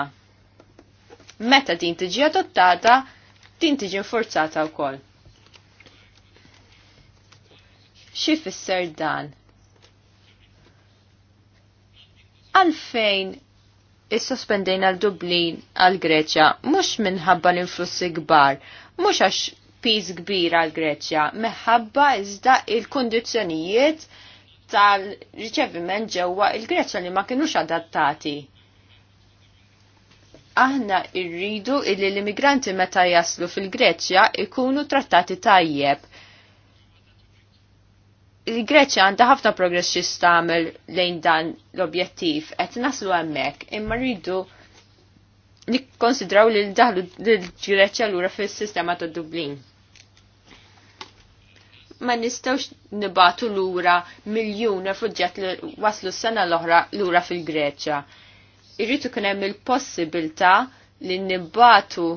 Meta din tiġi adottata, din tiġi infurzata wkoll. Xi fisser dan? Għalfejn is-sospendejna l-Dublin għal Greċja mhux minħabba l-influssi kbar, mhux għax piż kbir għal Greċja, meħabba iżda il-kondizzjonijiet tal-riċeviment ġewwa il-Greċja li ma kinux adattati. Aħna irridu illi l-immigranti meta jaslu fil-Greċja ikunu trattati tajjeb il-Greċja għandha ħafna progress xi tagħmel lejn dan l-objettiv qed naslu hemmhekk imma rridu nikkonsidraw li daħlu l-Greċja lura fis-sistema ta' Dublin. Ma nistgħux nibatu lura miljun refuġġjat li waslu s-sena l-oħra lura fil-Greċja. Irrid ikun hemm il-possibilità li nibatu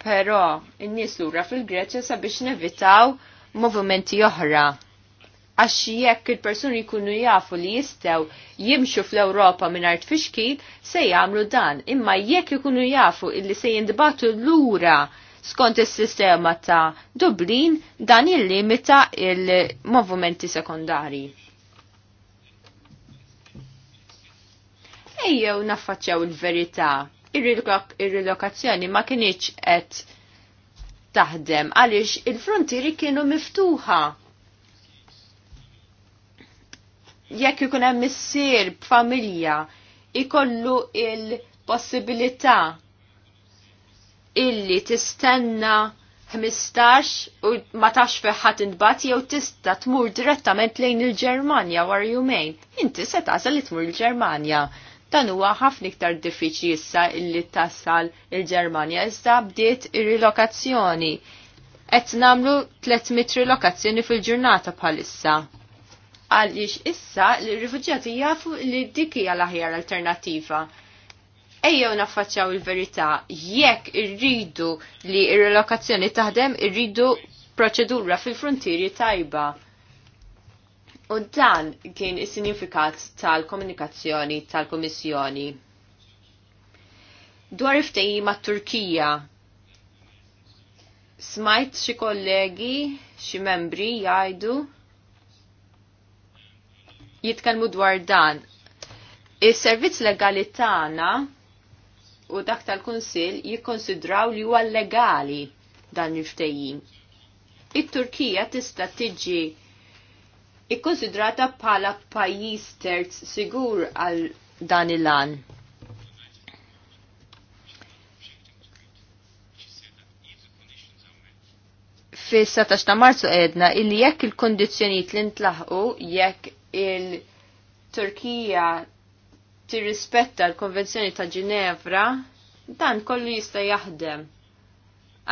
però n-nies lura fil-Greċja sabiex nevitaw movimenti oħra għax jekk il-persuni jkunu jafu li jistew jimxu fl-Ewropa minn art fixkil, se jagħmlu dan. Imma jekk ikunu jafu illi se jindbatu lura skont is-sistema ta' Dublin, dan illimita il-movimenti sekondari. Ejjew naffaċċew il-verità, ir-relokazzjoni ma kienieċ qed taħdem għaliex il-frontieri kienu miftuħa. Jekk ikun hemm missier b'familja ikollu il-possibilità illi tistenna 15 u ma tax feħħat intbat jew tista' tmur direttament lejn il-Ġermanja wara jumejn. Inti se tasal li tmur il-Ġermanja. Dan huwa ħafna iktar diffiċli issa illi tassal il-Ġermanja iżda bdiet ir-rilokazzjoni. Qed nagħmlu 300 rilokazzjoni fil-ġurnata bħalissa għaliex issa l-rifuġjati jafu li dik hija l-aħjar alternattiva. Ejjew naffaċċaw il-verità, jekk irridu li ir-relokazzjoni taħdem, irridu proċedura fil-frontieri tajba. U dan kien is-sinifikat tal-komunikazzjoni tal-Komissjoni dwar iftejji ma' Turkija. Smajt xi kollegi, xi membri jgħidu jitkellmu dwar dan. Is-servizz legali tagħna u dak tal-Kunsill jikkonsidraw li huwa legali dan il-ftejjin. It-Turkija tista' tiġi ikkonsidrata bħala pajjiż terz sigur għal dan il-lan. Fis-17 ta' Marzu qedna illi jekk il-kondizzjonijiet li ntlaħqu jekk il-Turkija tirrispetta l-Konvenzjoni ta' Ginevra, dan kollu jista' jaħdem.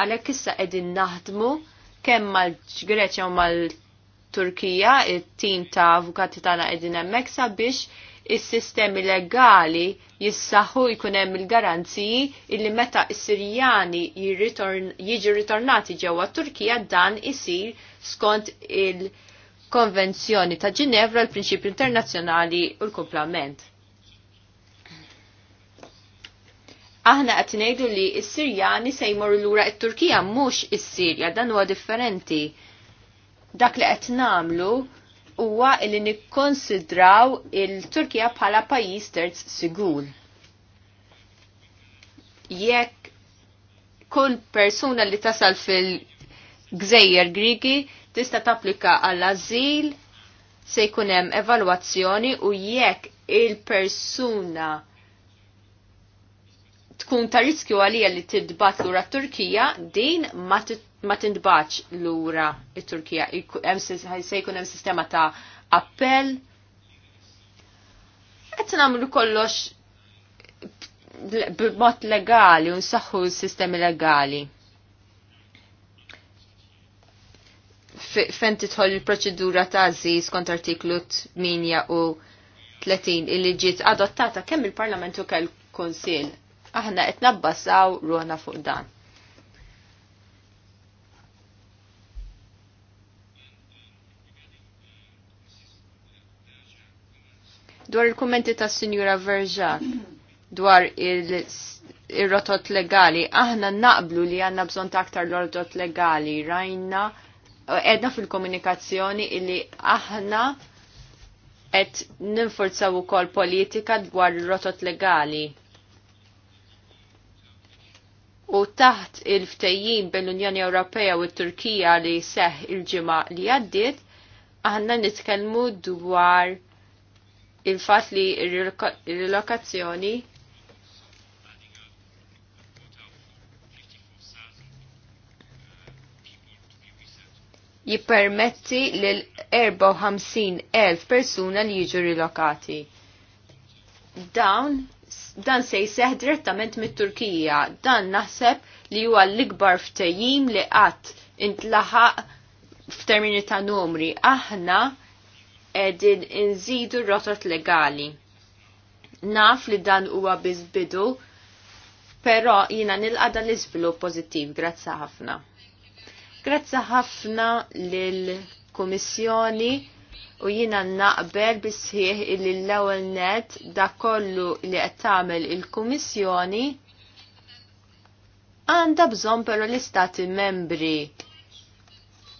Għalhekk issa qegħdin naħdmu kemm mal-Greċja u mal Turkija, it-tim ta' avukati tagħna qegħdin hemmhekk sabiex is-sistemi legali jissaħu jkun hemm il-garanziji illi meta s-Sirjani jiġi ritornati ġewwa Turkija dan isir skont il-Konvenzjoni ta' Ġinevra l-Prinċipju Internazzjonali u l-Komplament. Aħna qed ngħidu li s-Sirjani se jmorru lura t-Turkija mhux is-Sirja dan huwa differenti dak li qed nagħmlu huwa li nikkonsidraw il-Turkija bħala pajjiż terz sigur. Jekk kull persuna li tasal fil-gżejjer Grigi tista' tapplika għall azil se jkun hemm evalwazzjoni u jekk il-persuna tkun ta' riskju għalija li tidbat lura Turkija din ma tit ma tindbaċ lura il turkija Se jkun hemm sistema ta' appell. Qed nagħmlu kollox b'mod legali u nsaħħu s-sistemi legali. Fejn titħol il-proċedura ta' żiż kont artiklu 8 u 30 illi ġiet adottata kemm il-Parlament u kell konsil Aħna qed nabbassaw ruħna fuq dan. Dwar il kumenti ta' Sinjura Verġak dwar il-rotot legali, aħna naqblu li għanna bżon ta' aktar l-rotot legali, rajna, edna fil-komunikazzjoni illi aħna et ninforzaw u kol politika dwar il-rotot legali. U taħt il-ftejjim bil-Unjoni Ewropea u t-Turkija li seħ il-ġimgħa li għaddiet, aħna nitkellmu dwar il-fat li il-relokazzjoni jippermetti lil 54,000 persuna li jiġu rilokati. Dawn dan se jiseħ direttament mit-Turkija. Dan naħseb li huwa l-ikbar ftejim li qatt intlaħaq f'termini ta' numri. Aħna edin inżidu rotot legali. Naf li dan huwa biżbidu, però jina nilqa dan l-iżvilupp pożittiv, grazzi ħafna. Grazzi ħafna lill-Kummissjoni u jina naqbel bisħieħ illi l-ewwel net da kollu li qed tagħmel il-Kummissjoni għandha bżonn però l-Istati membri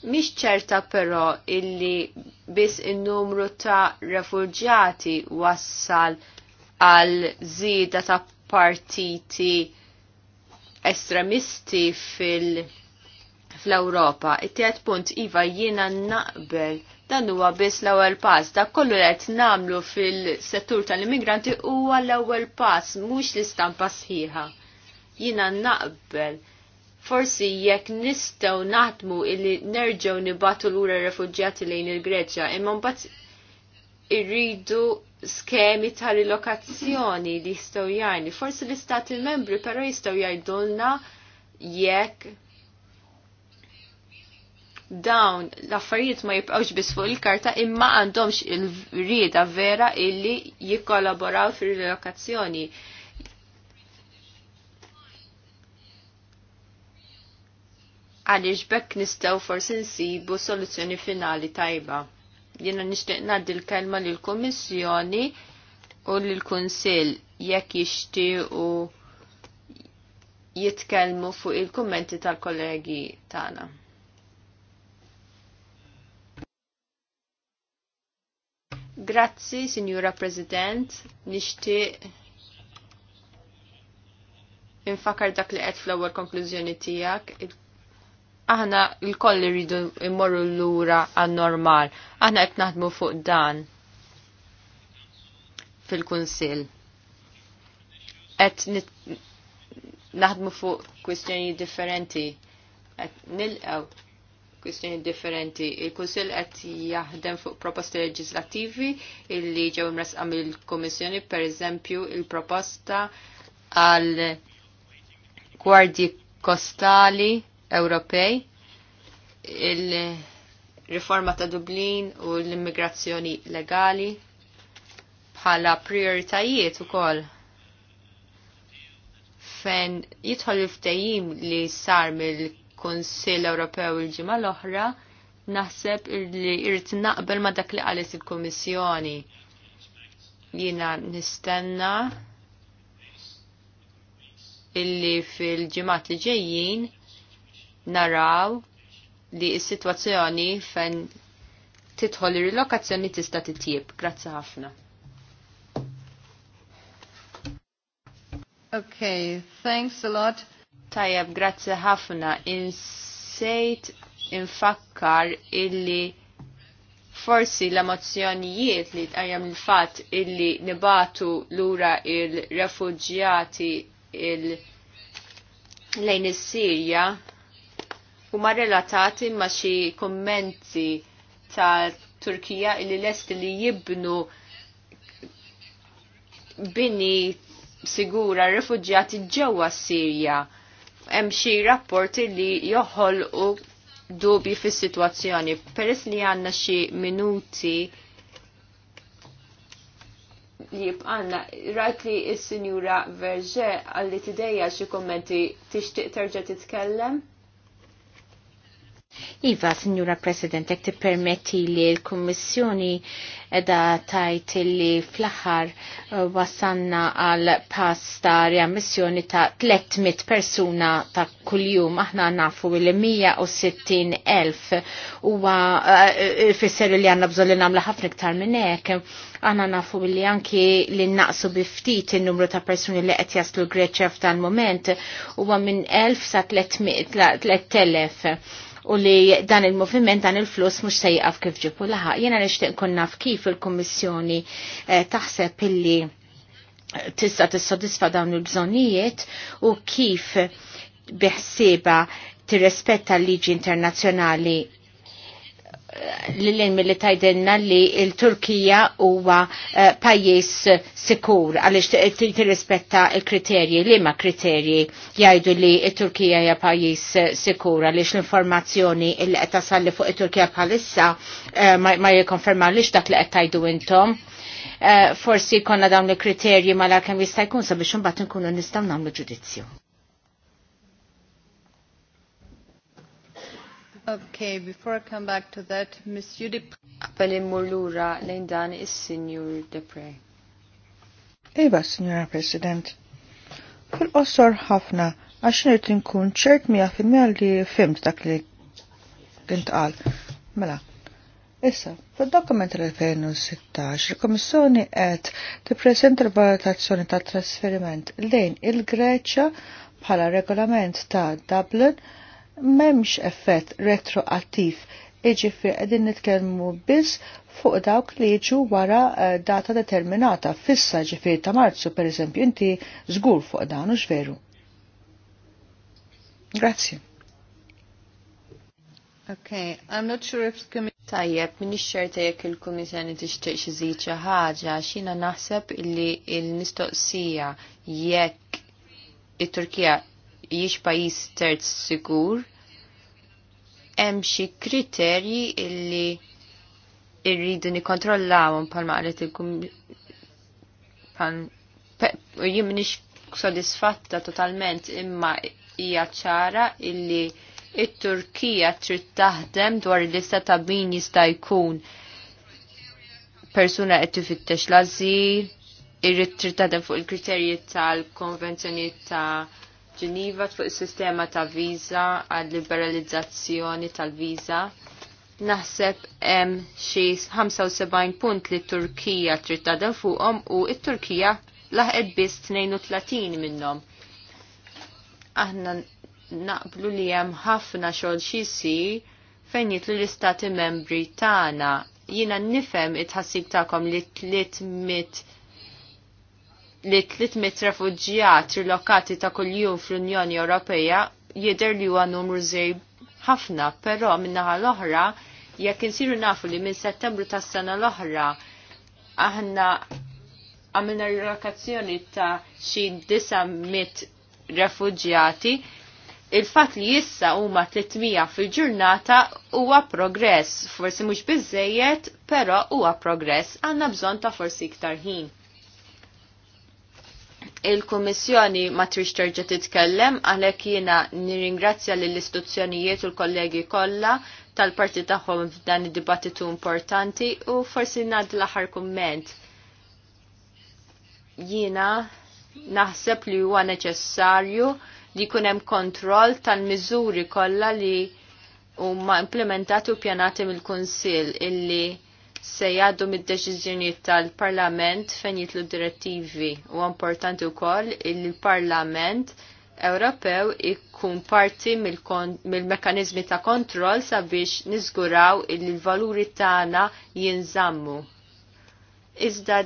Mhix ċerta però illi biss in-numru ta' refuġjati wassal għal żieda ta' partiti estremisti fil- fl-Ewropa. It-tiet punt iva jiena naqbel dan huwa biss l-ewwel pass. Dak kollu qed nagħmlu fil-settur tal-immigranti huwa l-ewwel pass, mhux l-istampa sħiħa. Jiena naqbel forsi jekk nistgħu naħdmu illi nerġgħu nibatu lura refuġjati lejn il-Greċja, imma mbagħad irridu skemi ta' rilokazzjoni li jistgħu jarni, Forsi l-istati membri però jistgħu jgħidulna jekk dawn l-affarijiet ma jibqgħux biss fuq il-karta imma għandhomx il-rieda vera illi jikkolaboraw fir-rilokazzjoni. għaliex bekk nistgħu forsi nsibu soluzzjoni finali tajba. Jiena nixtieq ngħaddi l-kelma lill-Kummissjoni u lill-Kunsill jekk jixtiequ jitkellmu fuq il-kummenti tal-kollegi tagħna. Grazzi, Signora President, nixtieq infakar dak li qed fl-ewwel konklużjoni tiegħek, aħna l-koll rridu immorru l-lura għal-normal. Aħna qed naħdmu fuq dan fil-kunsil. Qed naħdmu fuq kwistjoni differenti. Qed nilqgħu kwistjoni differenti. Il-kunsil qed jaħdem fuq proposti leġislattivi illi ġew imresqa mill-Kummissjoni, pereżempju il-proposta għal gwardji kostali Ewropej, il-riforma ta' Dublin u l-immigrazzjoni legali bħala prioritajiet ukoll fejn jidħol il ftajim li sar mill-Kunsill Ewropew il-ġimgħa l-oħra naħseb li irrid naqbel ma' dak li qalet il-Kummissjoni. Jina nistenna illi fil-ġimgħat li ġejjin naraw li s-situazzjoni fejn titħol ir-relokazzjoni tista' titjieb. Grazzi ħafna. Okay, thanks a lot. Tajab, grazzi ħafna. Insejt infakkar illi forsi l-emozjonijiet li tajam il-fat illi nibatu lura il-refugjati il-lejn is-Sirja il refugjati il lejn sirja il is sirja ma relatati ma' xi kummenti tal-Turkija li lest li jibnu bini sigura rifugjati ġewwa Sirja. Hemm xi rapporti li joħolqu dubi fis-sitwazzjoni. Peress li għandna xi minuti li jibqanna, rajt li s-sinjura Verge għalli t-ideja xie kommenti, terġa titkellem? Iva, Signora President, jek permetti li l-Kommissjoni edha tajt li fl-axar eh, wasanna għal pass ta' riammissjoni ta' 300 persuna ta' kuljum. Aħna nafu li 160.000 huwa eh, eh, fisser li għanna bżolli namla ħafna iktar minn hekk. Aħna nafu li anki li naqsu biftit il-numru ta' persuni li qed jaslu Greċja f'dan moment huwa minn 1000 sa' 3000 u li dan il-moviment, dan il-flus mux sejqaf kif ġipu laħa. Jena nishtiq kun naf kif il-Kommissjoni eh, taħseb illi tista tissodisfa dawn il-bżonijiet u kif biħsiba tirrespetta l-liġi internazzjonali l-lin mill-li tajdenna li il-Turkija huwa eh, pajis sikur għalix rispetta il-kriterji, li ma kriterji jgħidu li il-Turkija hija pajis eh, sikur għalix l-informazzjoni il qed tasalli fuq il-Turkija bħalissa eh, ma jikonferma għalix dak li qed tajdu intom. Forsi konna dawn il-kriterji ma la kem jista' jkun sabiex imbagħad nkunu nistgħu nagħmlu ġudizzju. Okay, before I come back to that, Monsieur Depre. Appel immur lura lejn dan is-Sinjur Depre. Iva, Signora President. fil osor ħafna, għax nirt nkun ċert mija fil-mija li fimt dak li għal. Mela, Issa, fil-dokument l-2016, il-Komissjoni għed ti prezent il valutazzjoni ta' trasferiment lejn il greċa bħala regolament ta' Dublin memx effett retroattiv iġifir għedin nitkelmu biss fuq dawk li jiġu wara eh, data determinata fissa ġifir ta' marzu per eżempju inti zgur fuq dan u veru. Grazzi. Okay, I'm not sure if the Tajjeb, min xerta jekk il-Komissjoni tixtieq xi xi ħaġa, xina naħseb illi l-mistoqsija jekk it-Turkija jiex pajis terz sigur, hemm xi kriterji illi irridu nikontrollawhom palma maqlet il-kum jien nix sodisfatta totalment imma hija ċara illi it-Turkija trid taħdem dwar il-lista ta' min jista' jkun persuna qed tifittex l-azil, irrid trid taħdem fuq il-kriterji tal-konvenzjoni ta' Ġeniva fuq is-sistema ta' viza għad liberalizzazzjoni tal viza Naħseb hemm xi 75 punt li Turkija trid tadel fuqhom u t-Turkija laħqet biss 32 minnhom. Aħna naqblu li hemm ħafna xogħol xi jsir fejn jitlu l-istati membri tagħna. Jiena nifhem it-ħassib tagħkom li tliet mit li 300 refuġjat rilokati ta' kuljum fl-Unjoni Ewropea jidher li huwa numru żej ħafna, però minnaħa l-oħra jekk insiru nafu li minn Settembru tas-sena l-oħra aħna għamilna rilokazzjoni ta' xi 900 refuġjati, il-fat li jissa huma 300 fil-ġurnata huwa progress, forsi mhux biżejjed, però huwa progress, għandna bżonn ta' forsi iktar ħin il-Kommissjoni ma trix terġa' titkellem għalhekk jiena nirringrazzja lill istituzzjonijiet u l-kollegi kollha tal-parti tagħhom f'dan id-dibattitu importanti u forsi ngħaddi l-aħħar kumment. Jiena naħseb li huwa neċessarju li jkun hemm kontroll tal-miżuri kollha li huma implementati u pjanati mill-Kunsill illi se jgħaddu mid-deċiżjonijiet tal-Parlament fejn jitlu direttivi u importanti wkoll il-Parlament Ewropew ikkun parti mill-mekanizmi ta' kontroll sabiex niżguraw il-valuri tagħna jinżammu. Iżda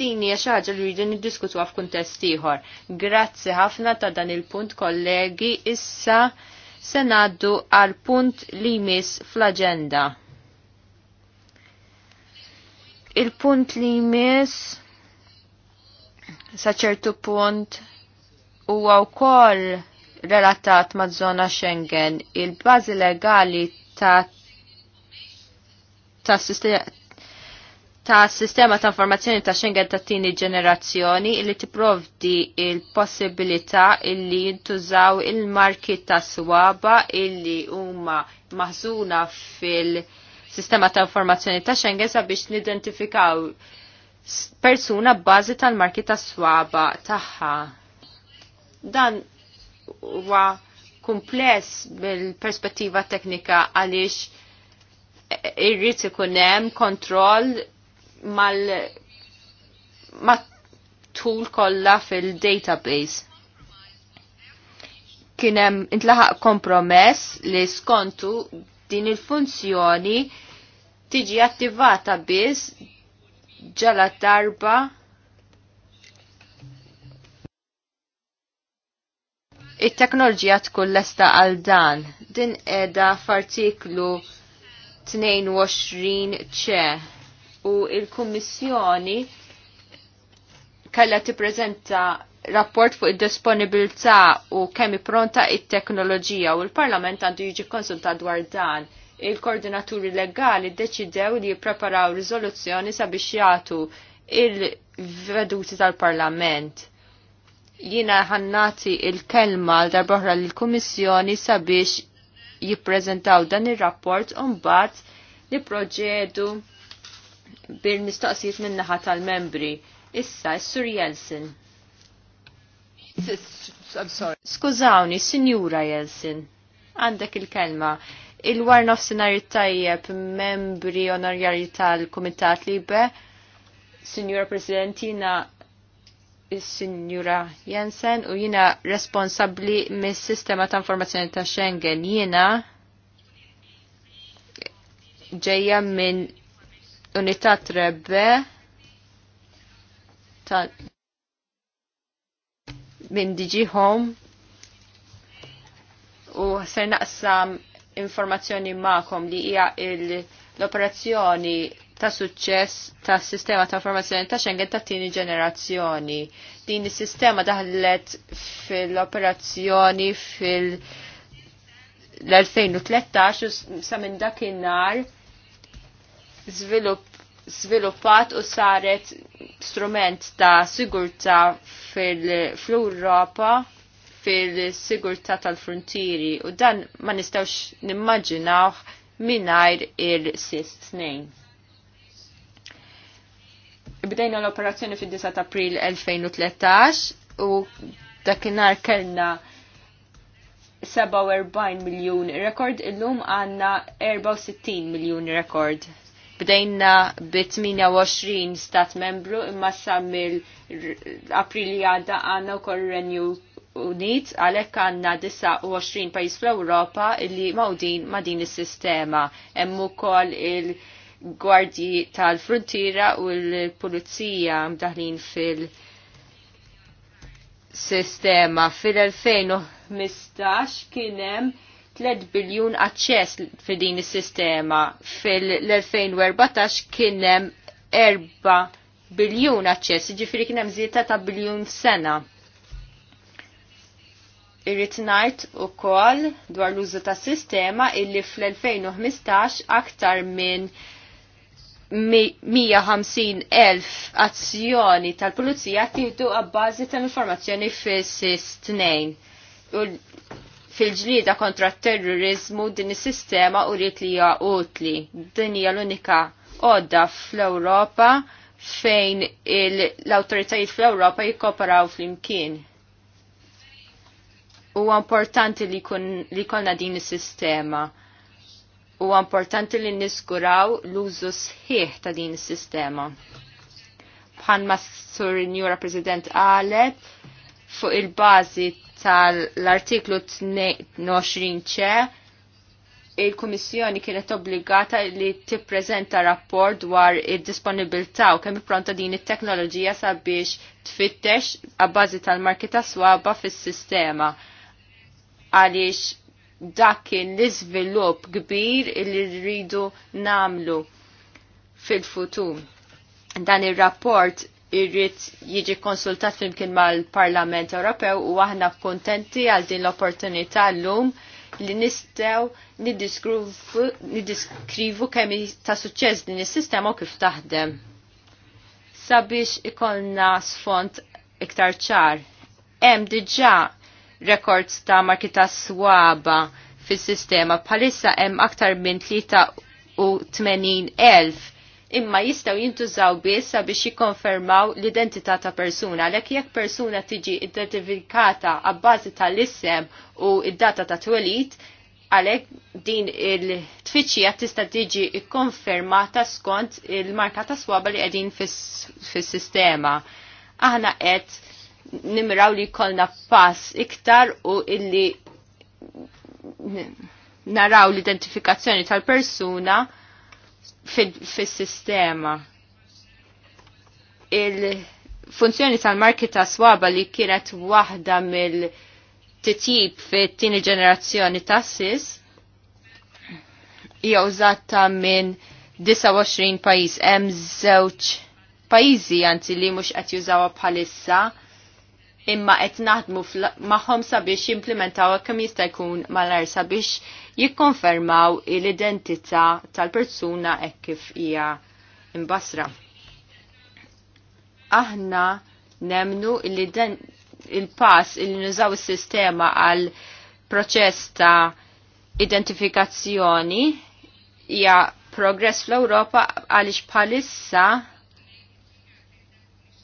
din hija xi ħaġa li rridu niddiskutuha f'kuntest ieħor. Grazzi ħafna ta' dan il-punt kollegi issa se ngħaddu għal punt li jmiss fl-aġenda. Il-punt li jmiss saċertu punt huwa wkoll relatat ma' żona Schengen. Il-bażi legali ta' ta' sistema ta' sistema ta' informazzjoni ta' Schengen ta' tini ġenerazzjoni li tipprovdi il-possibilità illi jintużaw il-marki ta' swaba illi huma maħżuna fil- sistema ta' informazzjoni ta' Schengen sabiex nidentifikaw persuna b'bażi tal-marki ta' swaba tagħha. Dan huwa kumpless bil-perspettiva teknika għaliex irrid ikun hemm kontroll mal tul kollha fil-database. Kien hemm intlaħaq kompromess li skontu din il-funzjoni tiġi attivata biss ġala darba it teknologija tkun lesta għal dan. Din edha f'artiklu 22 ċe u il-Kummissjoni kalla tippreżenta rapport fuq id-disponibilità u kemm pronta it-teknoloġija u l-Parlament għandu jiġi konsultat dwar dan. Il-koordinaturi legali deċidew li jippreparaw riżoluzzjoni sabiex jagħtu il-veduti tal-Parlament. Jina ħannati il-kelma l-darbohra l-Komissjoni sabiex jippreżentaw dan ir rapport u mbagħad li proġedu bil-mistoqsijiet minnaħa tal-membri Issa, Sur Jelsin. Skużawni, Sinjura Jelsin. Għandek il-kelma. Il-war nofsinari tajjeb membri onorjari tal-Kumitat Libe, Sinjura Presidentina, Sinjura Jensen, u jina responsabli mis-sistema ta' informazzjoni ta' Schengen. Jina ġeja minn unità trebbe tal minn DG Home u ser naqsam informazzjoni ma'kom li hija l-operazzjoni ta' suċċess ta' sistema ta' informazzjoni ta' Schengen ta' tieni ġenerazzjoni. Din is-sistema daħlet fil-operazzjoni fil-, -operazzjoni fil l 2013 sa minn dakinhar żvilupp sviluppat u saret strument ta' sigurta fil-Europa fil-sigurta tal-frontieri u dan ma nistawx nimmaġinaw minnajr il sist snin. Bdejna l-operazzjoni fil 10 april 2013 u dakinar kellna 47 miljon rekord, illum għanna 64 miljon rekord. Bdejna b 28 stat membru imma sa mill-April Jada għanna u korrenju unit għalek għanna 29 pajis fl-Europa illi mawdin ma din is-sistema. Hemm ukoll il-gwardji tal-frontiera u l-pulizija mdaħlin fil-sistema. Fil-2015 kienem hemm 3 biljun aċċess fi din is-sistema. Fil-2014 kien hemm 4 biljun aċċess, jiġifieri kien hemm żieta ta' biljun sena. Irrid ngħid ukoll dwar l-użu ta' sistema illi fl-2015 aktar minn 150.000 azzjoni tal-pulizija tieħdu għabbażi tal-informazzjoni fis-SIS 2 fil-ġlida kontra terrorizmu din is-sistema u rrit li hija utli. Din hija l-unika għodda fl-Ewropa fejn l-autoritajiet fl-Ewropa jikkoperaw fl-imkien. Huwa importanti li, kun, li konna din is-sistema. Huwa importanti li niskuraw l-użu sħiħ ta' din is-sistema. Bħalma Sur Njura President għalet fuq il-bażi tal-artiklu 22 ċe il-Kummissjoni kienet obbligata li tippreżenta rapport dwar id-disponibilità u kemm pronta din it-teknoloġija sabiex tfittex għabbażi tal-marki ta' swaba fis-sistema. Għaliex dak kien l-iżvilupp kbir li rridu namlu fil-futur. Dan ir-rapport irrit jiġi konsultat flimkien mal-Parlament Ewropew u aħna kontenti għal din l-opportunità llum li nistgħu niddiskrivu kemm ta' suċċess din is-sistema u kif taħdem. Sabiex ikollna sfond iktar ċar. Hemm diġà records ta' marki swaba fis-sistema bħalissa hemm aktar minn 83,000 imma jistaw jintużaw biss sabiex jikkonfermaw l-identità ta' persuna. Lek jekk persuna tiġi identifikata għabbażi tal issem u id-data ta' twelit, għalek din il-tfittxija tista' tiġi ikkonfermata skont il-marka ta' swaba li qegħdin fis-sistema. Aħna qed nimraw li kolna pass iktar u illi naraw l-identifikazzjoni tal-persuna fil-sistema. Il-funzjoni tal-marki ta' swaba li kienet waħda mill-titjib fit-tieni ġenerazzjoni ta' SIS hija użata minn 29 pajjiż hemm żewġ pajjiżi anzi li mhux qed jużawha bħalissa imma qed naħdmu magħhom sabiex jimplementaw kemm jista' jkun malar sabiex jikkonfermaw l-identità tal-persuna hekk kif hija imbasra. Aħna nemnu il-pass il nużaw is-sistema għal proċess ta' identifikazzjoni hija progress fl-Ewropa għaliex bħalissa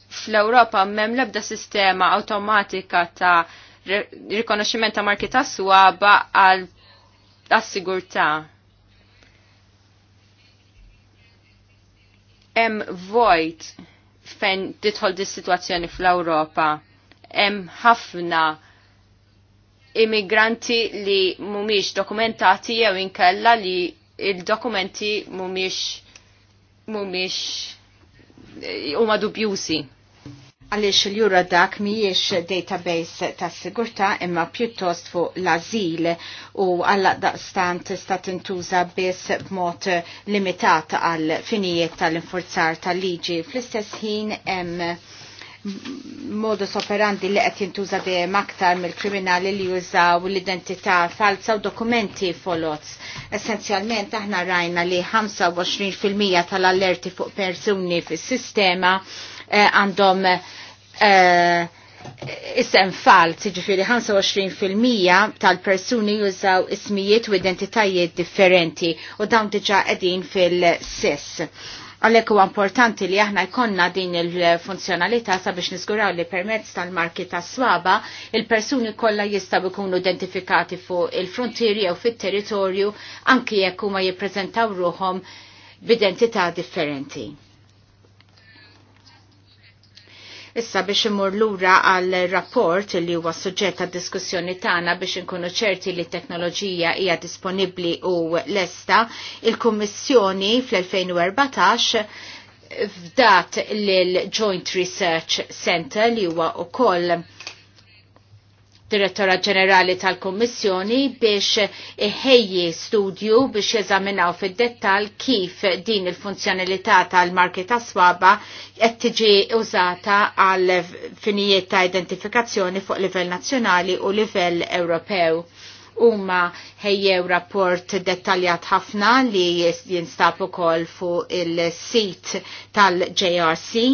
fl-Ewropa memm l-ebda sistema awtomatika ta' rikonoxximent ta' marki ta' swaba għal tas-sigurtà. Hemm vojt fejn titħol di situazzjoni fl-Ewropa. Hemm ħafna immigranti li mhumiex dokumentati jew inkella li il-dokumenti mumiex mhumiex huma dubjusi għaliex il-jura dak miex database ta' sigurta imma pjuttost fuq l-azil u għalla daqstan tista' tintuża biss b'mod limitat għal finijiet tal-infurzar tal-liġi. Fl-istess ħin hemm modus operandi li qed jintuża dejjem aktar mill-kriminali li jużaw l-identità falsa u dokumenti folots. Essenzjalment aħna rajna li 25% tal-allerti fuq persuni fis-sistema Eh, għandhom eh, isem falt, ġifiri 25% tal-persuni jużaw ismijiet u identitajiet differenti u dawn diġa edin fil-sis. Għalek u importanti li aħna jkonna din il-funzjonalità sabiex nizguraw li permezz tal-marki ta' swaba il-persuni kollha jistaw ikunu identifikati fuq il-frontieri jew fit-territorju anki jekk huma jippreżentaw ruhom b'identità differenti. Issa biex imur lura għal rapport li huwa suġġett għad diskussjoni tagħna biex inkunu ċerti li t teknoloġija hija disponibbli u lesta, il-Kummissjoni fl-2014 fdat lil Joint Research Center li huwa ukoll direttora ġenerali tal-Kommissjoni biex iħejji studju biex jeżaminaw fid-dettal kif din il-funzjonalità tal market ta' swaba qed tiġi użata għal finijiet ta' identifikazzjoni fuq livell nazzjonali u livell Ewropew. Huma ħejjew rapport dettaljat ħafna li jinstab ukoll fuq il-sit tal-JRC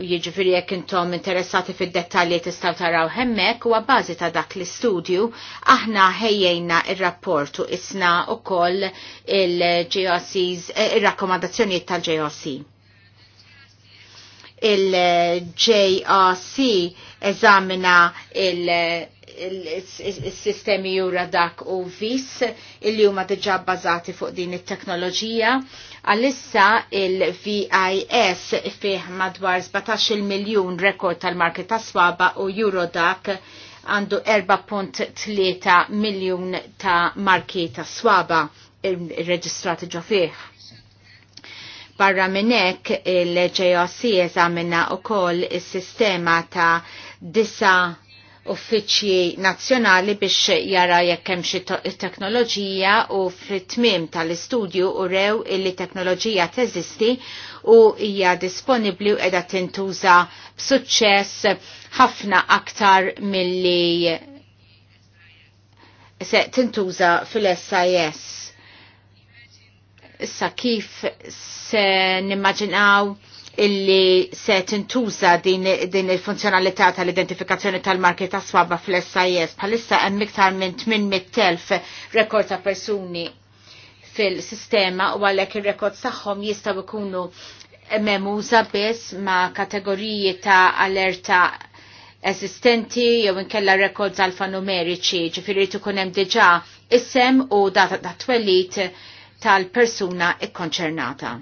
jiġifiri jiġifieri jekk intom interessati fid-dettalji tistgħu taraw hemmhekk u bażi ta' dak l-istudju aħna ħejjejna ir-rapport u isna wkoll il-GRCs eh, ir-rakkomandazzjonijiet tal joc Il-JRC eżamina il-, il il-sistemi jura dak u vis illi huma diġà bbażati fuq din it-teknoloġija. Għalissa il-VIS fih madwar 17 miljun rekord tal-market ta' swaba u Eurodac għandu 4.3 miljun ta' marki ta' swaba reġistrati ġo fih. Barra minnek il-JOC eżamina u koll il-sistema ta' disa' uffiċji nazzjonali biex jara jekk hemm xi teknoloġija u fit-tmiem tal-istudju urew illi teknoloġija teżisti u hija disponibbli u qiegħda tintuża b'suċċess ħafna aktar milli se tintuża fil-SIS. Issa kif se nimmaġinaw illi se tintuża din, din il-funzjonalità tal-identifikazzjoni tal-marki ta' swabba fl-SIS bħalissa hemm iktar minn 800,000 rekord ta' persuni fil-sistema u għalhekk ir-rekord tagħhom jistgħu jkunu memuża biss ma' kategoriji ta' alerta eżistenti jew inkella rekords alfanumeriċi, ġifieri tkun hemm diġà isem u data ta' twellit tal-persuna ikkonċernata.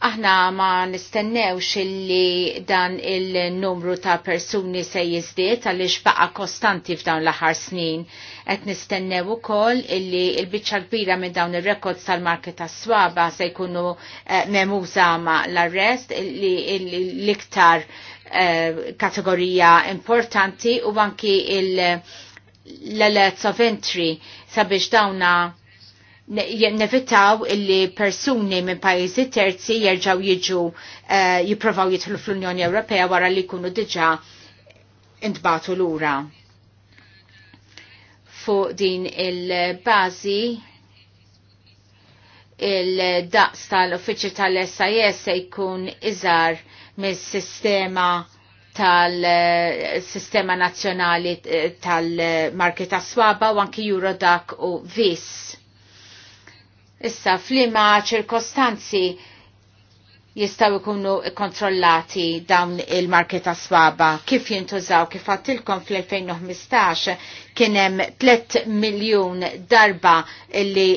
Aħna ma nistennewx illi dan il-numru ta' persuni se jizdiet għaliex baqa kostanti f'dawn l-aħħar snin. Qed nistennew ukoll illi l-biċċa kbira minn dawn ir-rekords tal-market tas-swaba se jkunu eh, memuża ma' l-arrest illi l-iktar eh, kategorija importanti u anki l-lets of entry sabiex dawna nevitaw illi persuni minn pajjiżi terzi jirġaw jiġu jiprofaw eh, jipprovaw jidħlu fl-Unjoni Ewropea wara li jkunu diġà intbatu lura. Fuq din il-bażi il-daqs tal-uffiċċju tal-SIS se jkun iżar mis-sistema tal-sistema nazzjonali eh, tal-marketa swaba u anki Eurodac u VIS Issa flima ċirkostanzi jistaw ikunu kontrollati dawn il-market aswaba. Kif jintużaw, kif għattilkom fl-2015 kienem 3 miljon darba li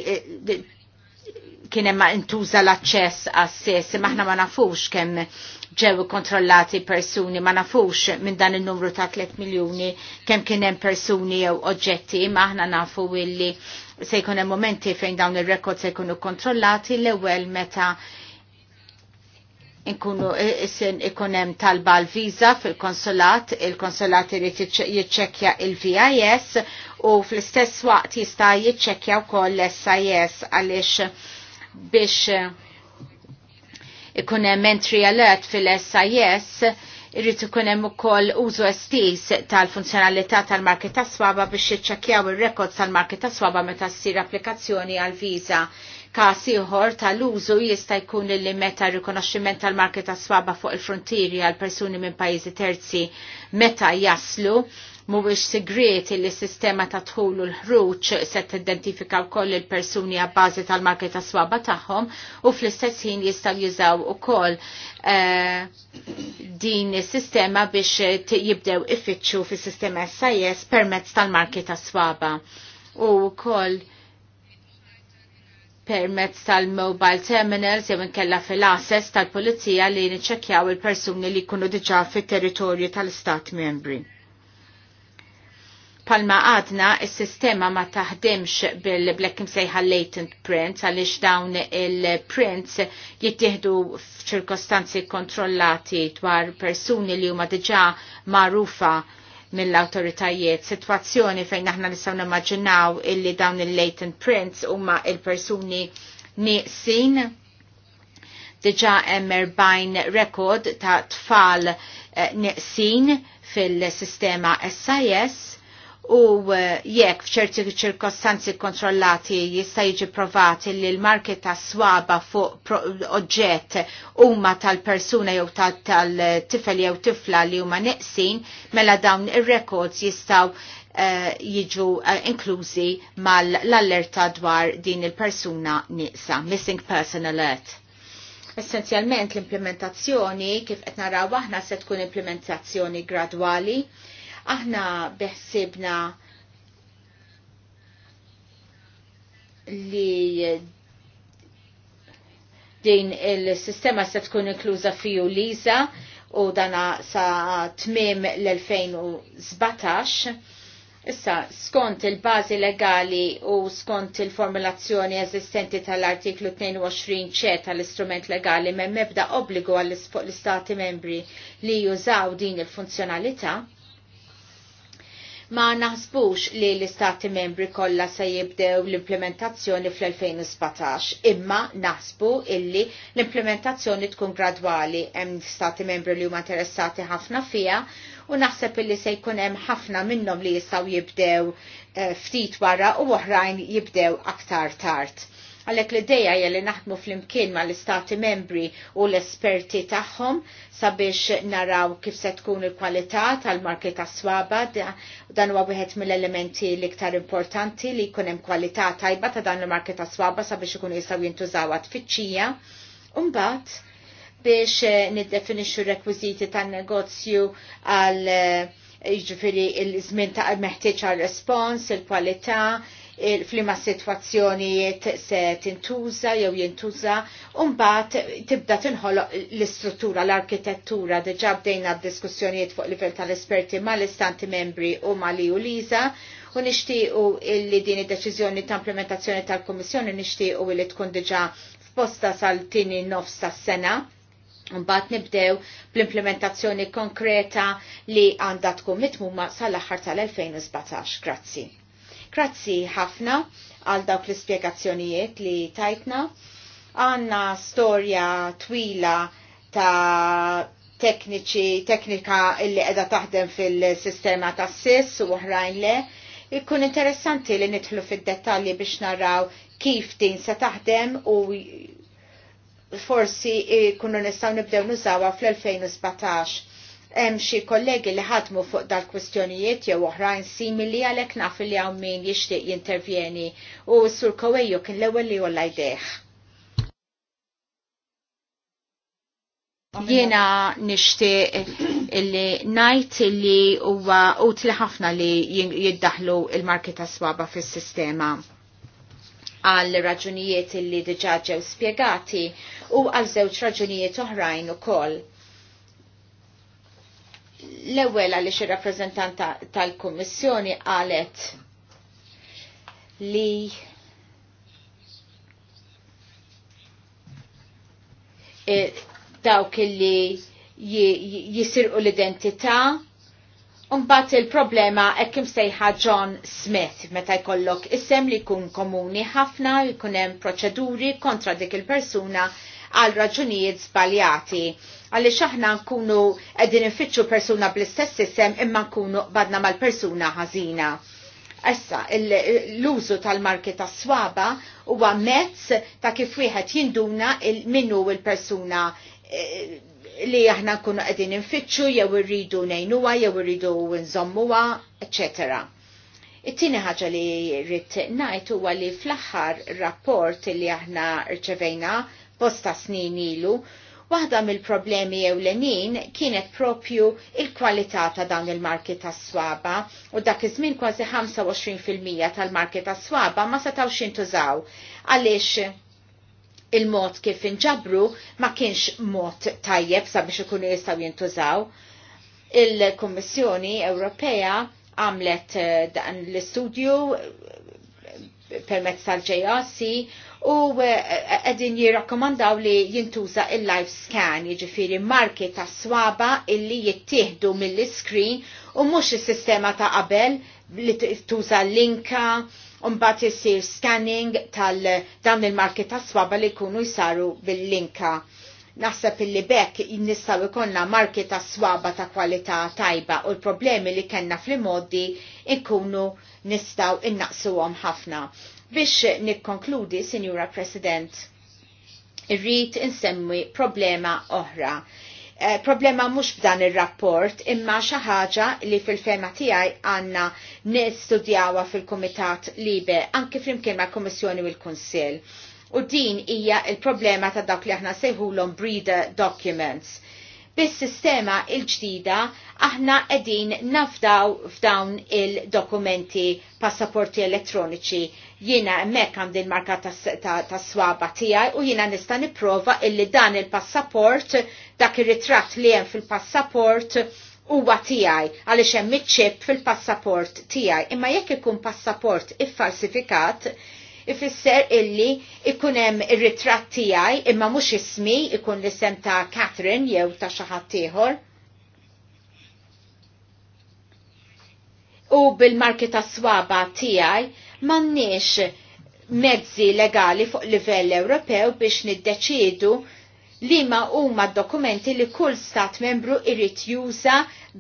kien hemm intuża l-aċċess għas-sess, aħna ma nafux kemm ġew kontrollati persuni, ma nafux minn dan il-numru ta' 3 miljuni kemm kien hemm persuni jew oġġetti, aħna nafu illi se jkun hemm momenti fejn dawn ir-rekord se jkunu kontrollati l-ewwel meta inkunu ikun hemm talba l-viża fil-konsulat, il-konsulat irid jiċċekkja il-VIS u fl-istess waqt jista' jiċċekkja wkoll l-SIS għaliex biex eh, ikun hemm entry alert fil-SIS irrid ikun hemm ukoll użu estis tal-funzjonalità tal-market swaba biex jiċċekkjaw ir-rekords tal-market swaba meta ssir applikazzjoni għal viża Każ ieħor tal-użu jista' jkun li meta rikonoxximent tal-market swaba fuq il-frontieri għal persuni minn pajjiżi terzi meta jaslu mhuwiex segret li s-sistema ta' dħul u l-ħruġ se tidentifika wkoll il-persuni għall-bażi tal-marki ta' swaba tagħhom u fl-istess ħin jistgħu jużaw ukoll eh, din is-sistema biex jibdew ifittxu fis-sistema SIS permezz tal-marki ta' swaba. U wkoll permezz tal-mobile terminals jew inkella fil-assess tal-pulizija li niċċekkjaw il-persuni li jkunu diġà fit-territorju tal-istat membri palma għadna il-sistema ma taħdimx bil-black msejħa latent prints għalix dawn il-prints jittieħdu f'ċirkostanzi kontrollati dwar persuni li huma diġa marufa mill-autoritajiet, situazzjoni fejn aħna nistgħu nimmaġinaw illi dawn il-latent prints huma il-persuni nieqsin diġa hemm erbajn rekord ta' tfal eh, nieqsin fil-sistema SIS u eh, jekk f'ċerti ċirkostanzi kontrollati jista' jiġi provati li l market ta' swaba fuq oġġett huma tal-persuna jew tal-tifel jew tifla li huma neqsin, mela dawn ir-records jistgħu eh, jiġu eh, inklużi mal-allerta dwar din il-persuna nieqsa, missing person alert essenzjalment l-implementazzjoni kif qed naraw aħna se tkun implementazzjoni gradwali Aħna beħsibna li din il-sistema se tkun inkluża fiju Liza u dana sa tmim l-2017. Issa, skont il-bazi legali u skont il-formulazzjoni eżistenti tal-artiklu 22 ċe tal-istrument legali me mebda obbligu għall-istati membri li jużaw din il-funzjonalità, ma naħsbux li l-istati membri kollha se jibdew l-implementazzjoni fl-2017, imma naħsbu illi l-implementazzjoni tkun gradwali hemm stati membri li huma interessati ħafna fija u naħseb illi se jkun hemm ħafna minnhom li jistgħu jibdew eh, ftit wara u oħrajn jibdew aktar tard Għalek l-ideja jelli naħdmu fl-imkien ma l-istati membri u l-esperti tagħhom sabiex naraw kif se tkun il-kwalità tal-marki ta' swaba dan huwa wieħed mill-elementi l-iktar importanti li jkun hemm kwalità tajba ta' dan il-marki ta' swaba sabiex ikun jistgħu jintużaw għat-tfittxija. Umbagħad biex eh, niddefinixxu r-rekwiżiti tan-negozju għal eh, ġifiri il-żmien ta' meħtieġ għal respons, il-kwalità, flima situazzjonijiet se tintuża jew jintuża u mbagħad tibda tinħoloq l-istruttura, l-arkitettura, diġà bdejna diskussjonijiet fuq livell tal-esperti mal-istanti membri u ma li u liża u nixtiequ illi din id-deċiżjoni ta' implementazzjoni tal-Kummissjoni nixtiequ li tkun diġà f'posta sal-tini nofs tas-sena. Mbagħad nibdew bl-implementazzjoni konkreta li għandha tkun mitmuma sal-aħħar tal-2017. Grazzi. Grazzi ħafna għal dawk l-ispjegazzjonijiet li tajtna. Għanna storja twila ta' tekniċi, teknika illi edha taħdem fil-sistema ta' SIS u oħrajn le. Ikkun interessanti li nidħlu fid-dettalji biex naraw kif din se taħdem u forsi kunu nistaw nibdew nużawa fl-2017 hemm xi kollegi li ħadmu fuq dal-kwistjonijiet jew oħrajn simili għalhekk naf li hawn min jixtieq jintervjeni u s-sur Kowejju kien l-ewwel li jolla jdeħ. Jiena nixtieq illi ngħid illi huwa utli ħafna li jiddaħlu il marketa swaba fis-sistema għal raġunijiet illi diġà ġew spjegati u għal żewġ raġunijiet oħrajn ukoll L-ewwel għaliex ir-rappreżentant tal-Kummissjoni qalet li e, dawk li jisirqu l-identità Umbat il-problema ekkim sejħa John Smith meta jkollok isem li kun komuni ħafna jkun hemm proċeduri kontra dik il-persuna għal raġunijiet żbaljati għaliex aħna nkunu qegħdin infittxu persuna bl-istess isem imma nkunu badna mal-persuna ħażina. Issa, l-użu tal-marki ta' swaba huwa mezz ta' kif wieħed jinduna minnu il-persuna e, li aħna nkunu qegħdin infittxu jew irridu ngħinuha jew irridu nżommuha, etc. It-tieni ħaġa li rrid ngħid huwa li fl-aħħar rapport li aħna rċevejna bosta snin ilu Waħda mill-problemi ewlenin kienet propju il-kwalità ta' dawn il-marki ta' swaba u dak iż-żmien kważi 25% tal-marki ta' swaba ma setgħux jintużaw għaliex il-mod kif inġabru ma kienx mod tajjeb sabiex ikunu jistgħu jintużaw. Il-Kummissjoni Ewropea għamlet eh, dan l-istudju eh, permezz tal-JRC u għedin eh, eh, jirrakkomandaw li jintuża il life scan, jiġifieri marki ta' swaba illi jittieħdu mill-screen u mhux is-sistema ta' qabel li tuża l-inka Umbat jissir scanning tal-dan il-marki ta' swaba li kunu jisaru bil-linka. Naħseb illi bekk jinnissaw ikonna marki ta' swaba ta' kwalità tajba u l-problemi li kenna fl-modi ikunu nistaw innaqsuhom ħafna. Biex nikkonkludi, Sinjura President, irrid insemmi problema oħra. Eh, problema mhux b'dan ir-rapport imma xi ħaġa li fil-fema tiegħi għandna nistudjawha fil-Kumitat Libe anke flimkien mal-Kummissjoni u l-Kunsill. U din hija il-problema ta' dawk li aħna sejħulhom breeder documents. Bis-sistema il-ġdida aħna qegħdin nafdaw f'dawn il-dokumenti passaporti elettroniċi Jiena hemmhekk għandi l-marka tas swaba tiegħi u jiena nista' nipprova illi dan il-passaport dak ir-ritratt li hemm fil-passaport huwa tiegħi għaliex hemm iċ fil-passaport tiegħi. Imma jekk ikun passaport iffalsifikat, ifisser illi ikun hemm ir-ritratt tiegħi imma mhux ismi ikun l-isem ta' Catherine jew ta' xi ħadd ieħor. U bil-marki ta' swaba tiegħi m'għandniex mezzi legali fuq livell Ewropew biex niddeċiedu li ma huma dokumenti li kull stat membru irrit juża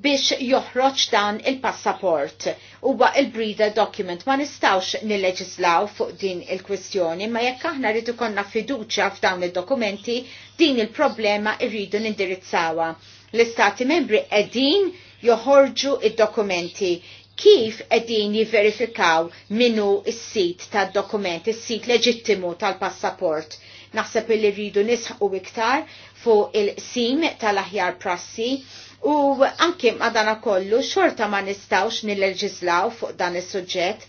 biex joħroġ dan il-passaport. Huwa il breeder document ma nistawx nilleġislaw fuq din il-kwestjoni, ma jekk aħna rridu konna fiduċja f'dawn id-dokumenti, din il-problema irridu nindirizzawa. L-istati membri qegħdin joħorġu id-dokumenti kif edin jiverifikaw minu s-sit tad dokument is-sit leġittimu tal-passaport. Naħseb li rridu nisħu iktar fuq il-sim tal-aħjar prassi u anki madana kollu xorta ma nistawx nil-leġizlaw fuq dan is-suġġett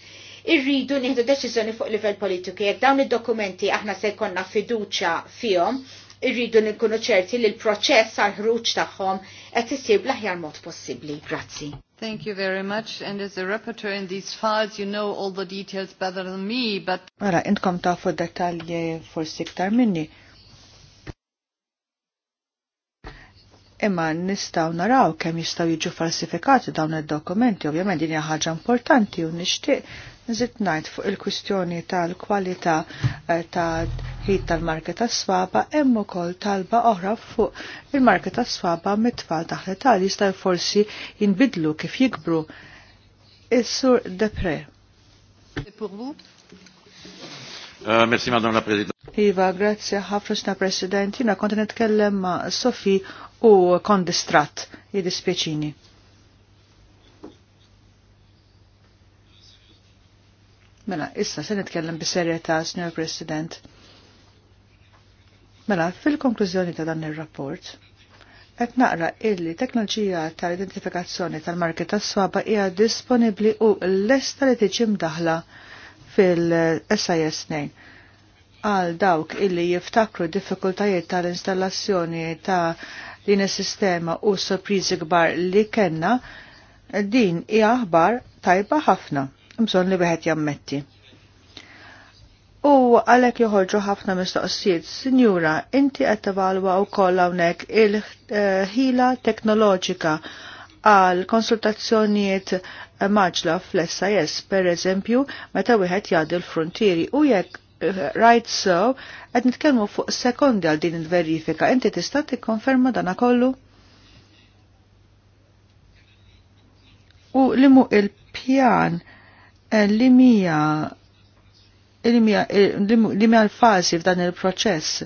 irridu nieħdu deċiżjoni fuq livell politiku jekk dawn id-dokumenti aħna se jkollna fiduċja fihom irridu nkunu ċerti li l-proċess għal ħruġ tagħhom qed isir bl-aħjar mod possibbli. Grazzi. Thank you very much. And as a rapporteur in these files, you know all the details better than me, but... Mara, mela, intkom tafu dettalji forsi iktar minni. imma nistaw naraw kemm jistaw jiġu falsifikati dawn id-dokumenti, ovvjament din hija ħaġa importanti u nixtieq nżid ngħid fuq il-kwistjoni tal-kwalità eh, ta' ħid tal marki tas-swaba hemm ukoll talba oħra fuq il marki tas-swaba mit-tfal taħt tal jista' forsi jinbidlu kif jikbru. Is-sur Depre. Euh, merci, Madame la Presidente. Iva, grazie, ħafna Presidenti. Na konti nitkellem ma' Sofi u kondistrat jidispieċini. Mela, issa se nitkellem bis-serjetà, Signor President. Mela, fil-konklużjoni ta' dan ir-rapport, qed naqra illi teknoloġija tal-identifikazzjoni tal-marki tas-swaba hija disponibbli u lesta li tiġi mdaħla fil-SIS 2 għal dawk illi jiftakru diffikultajiet tal-installazzjoni ta' din is-sistema u sorpriżi kbar li kenna, din hija aħbar tajba ħafna, bżonn li wieħed jammetti. U għalek joħorġu ħafna mistoqsijiet, Sinjura, inti qed tevalwa wkoll hawnhekk il-ħila teknoloġika għal konsultazzjonijiet maġla fl-SIS, per eżempju, meta wieħed jgħaddi l-frontieri u jekk right so, għed nitkellmu fuq sekondi għal din il-verifika, inti tista' tikkonferma dana kollu? U li mu il-pjan eh, li mija li mija eh, l fasi f'dan il-proċess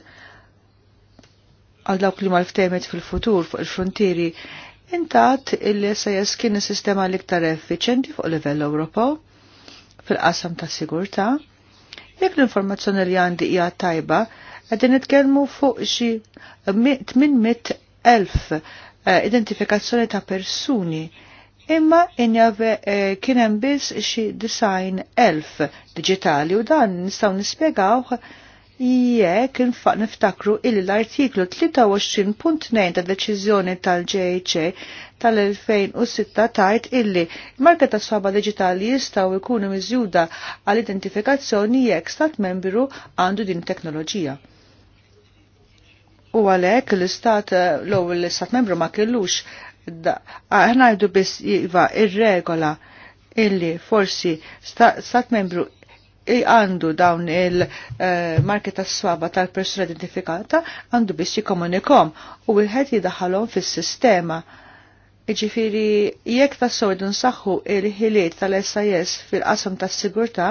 għal dawk li mal-ftemet fil-futur fuq il-frontieri intat illi se jaskin sistema l-iktar effiċenti fuq livell Ewropew fil-qasam ta' sigurta' Jekk l-informazzjoni li għandi hija tajba, għedin nitkellmu fuq xi 800 elf eh, identifikazzjoni ta' persuni imma injave eh, kien kienem biss xi design elf digitali u dan nistgħu nispjegawh jekk infaq niftakru illi l-artiklu 23.9 ta' deċiżjoni tal-JHA tal-2006 tajt illi marka ta' soba digitali jistaw ikunu miżjuda għal identifikazzjoni jekk stat membru għandu din teknoloġija. U għalhekk l-istat eh, l-ewwel l-istat membru ma kellux aħna għajdu biss iva ir-regola illi forsi stat membru E għandu dawn il-marki eh, as swaba tal-persuna identifikata għandu biex jikomunikom u wieħed jidħalhom fis-sistema. Iġifiri, jekk tassew id saħħu il-ħiliet tal-SIS fil-qasam tas-sigurtà,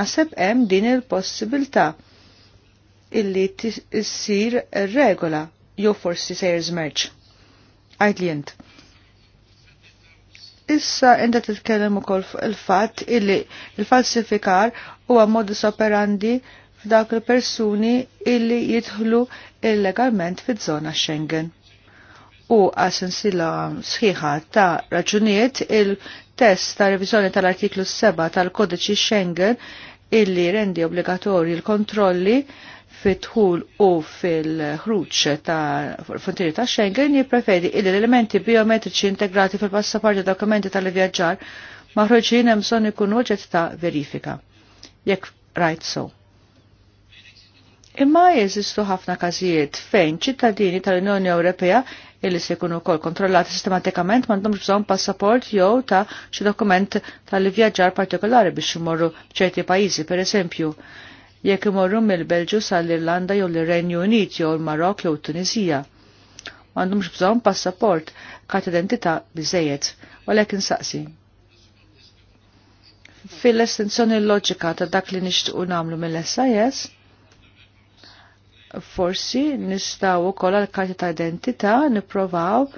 naseb hemm din il-possibilità illi tissir regola jew forsi sejr żmerġ. Għajt li jent. Issa inda titkellem ukoll il-fatt illi il-falsifikar huwa modus operandi f'dawk il-persuni illi jidħlu illegalment fiż-żona Schengen. U għasensila sħiħa ta' raġunijiet il-test ta' revizjoni tal-artiklu 7 tal-kodiċi Schengen illi rendi obbligatorji l-kontrolli il fitħul u fil-ħruċ ta' frontieri ta' Schengen jipreferi il elementi biometriċi integrati fil-passaporti dokumenti tal-vjaġġar maħroġin hemm son ikun oġġett ta' verifika. Jekk rajt so. Imma jeżistu ħafna każijiet fejn ċittadini tal-Unjoni Ewropea illi se jkunu wkoll kontrollati sistematikament m'għandhomx bżonn passaport jew ta' xi dokument tal-vjaġġar partikolari biex imorru ċerti pajjiżi, pereżempju jekk imorru mill-Belġu sal-Irlanda jew l-Renju Unit jew l-Marok jew Tunisija. M'għandhomx bżonn passaport kat identità biżejjed, għalhekk insaqsi. Fil-estenzjoni loġika ta' dak li nixtiequ nagħmlu mill-SIS, forsi nistaw wkoll għal karti ta' identità nipprovaw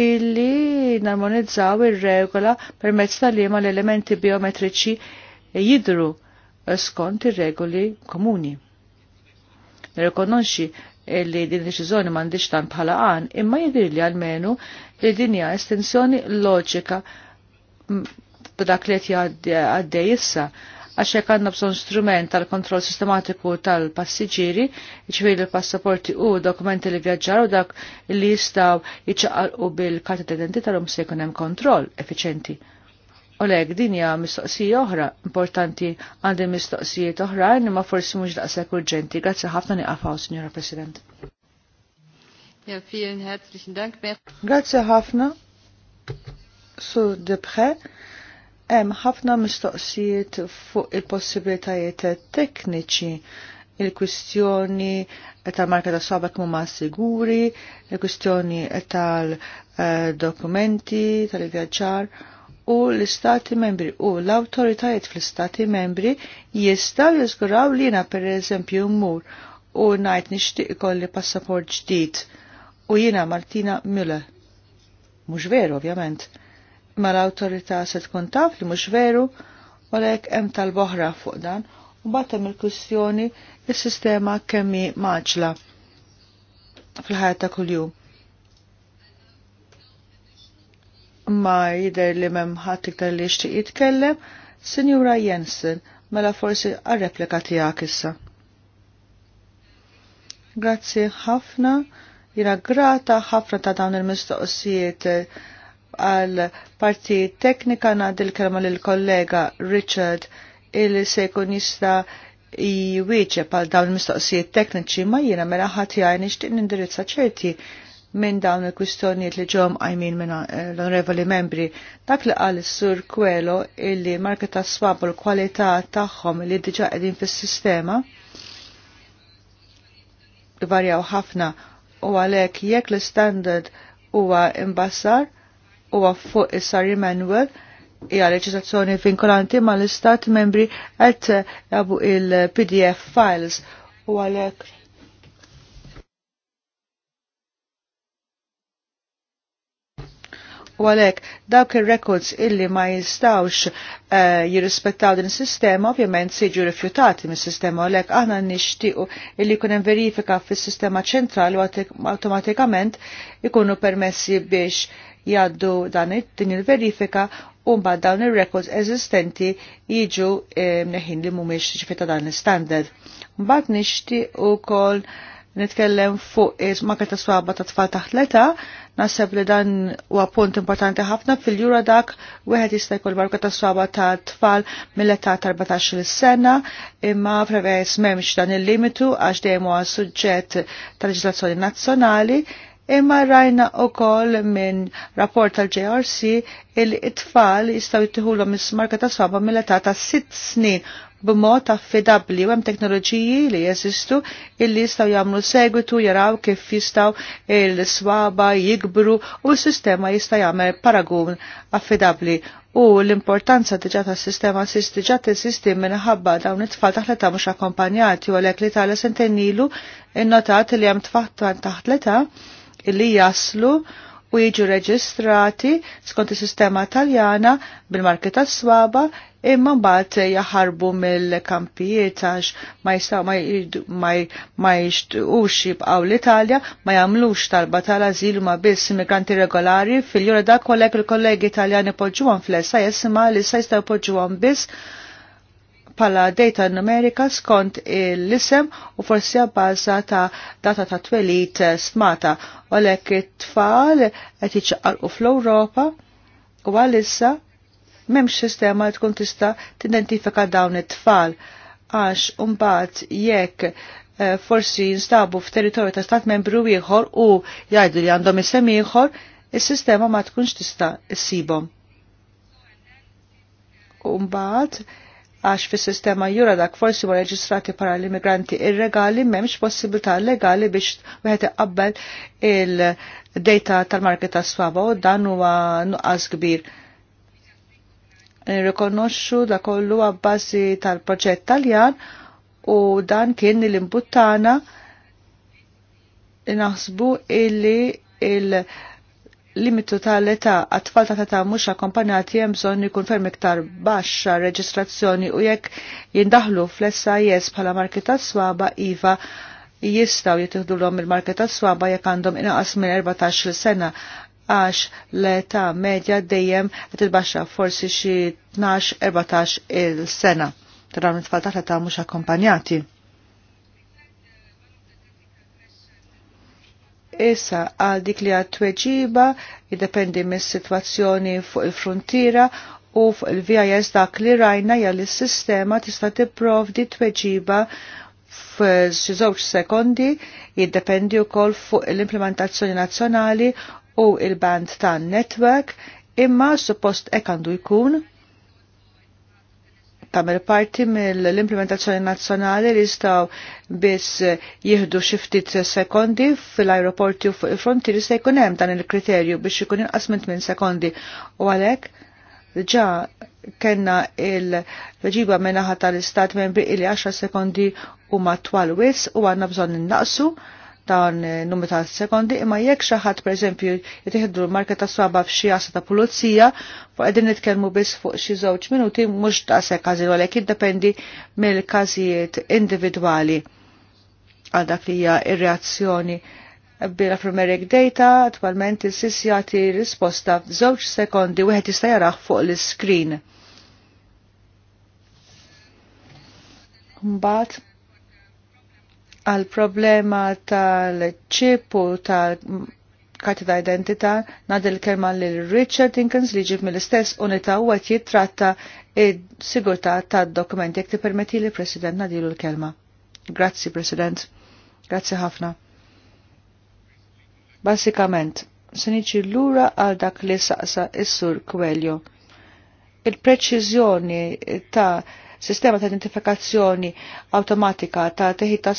illi narmonizzaw ir-regola permezz tal-liema l-elementi biometriċi jidru skont ir-regoli komuni. Nirrikonoxxi li din deċiżjoni m'għandix tant bħala għan, imma li għalmenu li din hija estensjoni loġika ta' dak li qed għaddej issa għax hekk għandna bżonn strument tal-kontroll sistematiku tal-passiġġieri, jiġifieri l-passaporti u dokumenti li vjaġġaru dak li jistgħu jiċċaqalqu bil karti d-identità l se jkun hemm kontroll effiċenti. Oleg, din hija mistoqsija oħra importanti għandi mistoqsijiet oħrajn imma forsi mhux daqshekk urġenti. Grazzi ħafna niqafaw, Signora President. Ja, vielen herzlichen Dank. Grazie ħafna. Su Debħe, hemm ħafna mistoqsijiet fuq il-possibilitajiet tekniċi il-kwistjoni tal-marka ta' sabak mu ma' siguri, il-kwistjoni tal-dokumenti, eh, tal-vjaġġar. tal dokumenti tal vjaġġar u l-istati membri u l-autoritajiet fl-istati membri jistaw jizguraw li jina per eżempju mmur u najt nishtiq kolli passaport ġdid u jina Martina Müller. Mux veru, ovvjament. Ma l autorita se tkun taf li mux veru u lek hemm tal-boħra fuq dan u batem il-kwistjoni il-sistema kemmi maġla fil-ħajja ta' kuljum ma jider li memħat iktar li xtiq jitkellem, Sinjura Jensen, mela forsi għal-replika tijak issa. Grazzi ħafna, jina grata ħafna ta' dawn il-mistoqsijiet għal parti teknika nadil kelma l-kollega Richard il se jkun jista jwieċe pal dawn il-mistoqsijiet tekniċi ma jina mela ħatijaj nixtieq nindirizza ċerti minn dawn il-kwistjonijiet li ġom għajmin minn eh, l-onorevoli membri. Dak li għal sur kwelo illi marka ta' swab u l-kwalità tagħhom li diġa qegħdin fis-sistema varjaw ħafna u għalhekk jekk l-standard huwa imbassar huwa fuq is-sari manual hija leġislazzjoni vinkolanti ma l-istat membri qed jabu il-PDF files u għalhekk U għalek, dawk il-records illi ma jistawx uh, jirrispettaw din sistema, ovvjament siġu rifjutati mis sistema u għalek aħna nishtiqu illi kunem verifika fis sistema ċentrali u automatikament ikunu permessi biex jaddu dan din il-verifika u mbagħad dawn ir-records eżistenti jiġu eh, mneħin li mhumiex ġifieta dan l-standard. Mbagħad nixtieq ukoll uh, nitkellem fuq is-maka swaba ta' tfal taħt l-età, naħseb li dan huwa punt importanti ħafna fil-jura dak wieħed jista' jkun marka ta' swaba ta' tfal mill-età ta' 14-il sena, imma prevess m'hemmx dan il-limitu għax dejjem huwa suġġett ta' leġislazzjoni nazzjonali, imma rajna ukoll minn rapport tal-JRC il-tfal jistgħu jittieħulhom is-marka ta' swaba mill-età ta' 6 snin b'mod affidabli u hemm teknoloġiji li jeżistu illi jistgħu jagħmlu segwitu jaraw kif jistgħu l-swaba jikbru u s-sistema jista' jagħmel paragun affidabbli u l-importanza diġà tas-sistema sis diġà teżisti minħabba dawn it-tfal taħt l-età mhux akkompanjati u għalhekk li tala sentenilu innotat li hemm tfal taħt l-età illi jaslu u jiġu reġistrati skont is-sistema taljana bil-marki ta' swaba imma mbagħad jaħarbu mill-kampijiet għax ma jistgħu ma jixtuqux jibqgħu l-Italja, ma jagħmlux talba tal-ażil ma biss immigranti regolari fil-jura dak kollek il-kollegi Italjani poġġuhom fl-essa jisma' li se jistgħu poġġuhom biss pala data numerika skont l-isem u forsi għabbaza ta' data ta' twelit smata. u Għalek it-tfal qed u fl-Ewropa u għalissa memx sistema tkun tista' tidentifika dawn it-tfal għax umbat jekk eh, forsi jinstabu f'territorju ta' stat membru ieħor u jgħidu li għandhom isem ieħor, is-sistema ma tkunx tista' issibhom. Umbat, għax fis sistema jura dak forsi wara reġistrati para l-immigranti irregali memx possibilità legali biex wieħed iqabbel il-data tal-market tas-swaba u dan huwa nuqqas kbir. Rikonoxxu da kollu għabbażi tal-proġett Taljan u dan kien l-imbuttana naħsbu illi il-, -il limitu ta' età għat-tfal ta' ta' mhux akkompanjati hemm bżonn ikun ferm iktar baxxa reġistrazzjoni u jekk jindaħlu fl-SIS bħala marki ta' swaba iva jistaw l-om il-marki ta' swaba jekk għandhom inqas minn 14 sena għax l-età medja dejjem qed il forsi xi 12-14 il-sena ta' dawn it-tfal ta' ta' mhux akkompanjati. Issa għal dik li għad tweġiba jiddependi mis-sitwazzjoni fuq il-frontiera u fuq il-VIS dak li rajna jgħal il-sistema tista' tipprovdi tweġiba f'xi żewġ sekondi jiddependi wkoll fuq l-implementazzjoni nazzjonali u il-band tan netwerk imma suppost hekk għandu jkun tamer parti mill-implementazzjoni nazzjonali li jistaw biss jihdu xiftit sekondi fil-aeroporti u fuq il-frontieri se jkun hemm dan il-kriterju biex ikun inqas minn sekondi u għalhekk ġa kenna il-reġiba minnaħa tal-istat membri illi 10 sekondi u matwal wis u għanna bżon innaqsu dan eh, numri ta' sekondi imma jekk xi ħadd pereżempju jtieħdu l-marka ta' swaba f'xi għasa ta' pulizija fuq qegħdin nitkellmu biss fuq xi żewġ minuti mhux ta' se każil għalhekk jiddependi mill-każijiet individwali għal dak li hija ir-reazzjoni bil-Afromerik Data, attualment il-sis jagħti risposta f'żewġ sekondi wieħed jista' jaraħ fuq l-iskrin. Mbagħad għal problema tal-ċip u tal karti ta' identità nadil kelma lil Richard Dinkins li ġib mill-istess unità u għet jitratta id-sigurtà tad-dokumenti jek ti permetti li President nadilu l-kelma. Grazzi, President. Grazzi ħafna. Basikament, s-niċi l-lura għal dak li saqsa is-sur kwelju. Il-preċizjoni ta' sistema ta' identifikazzjoni automatika ta' teħi ta'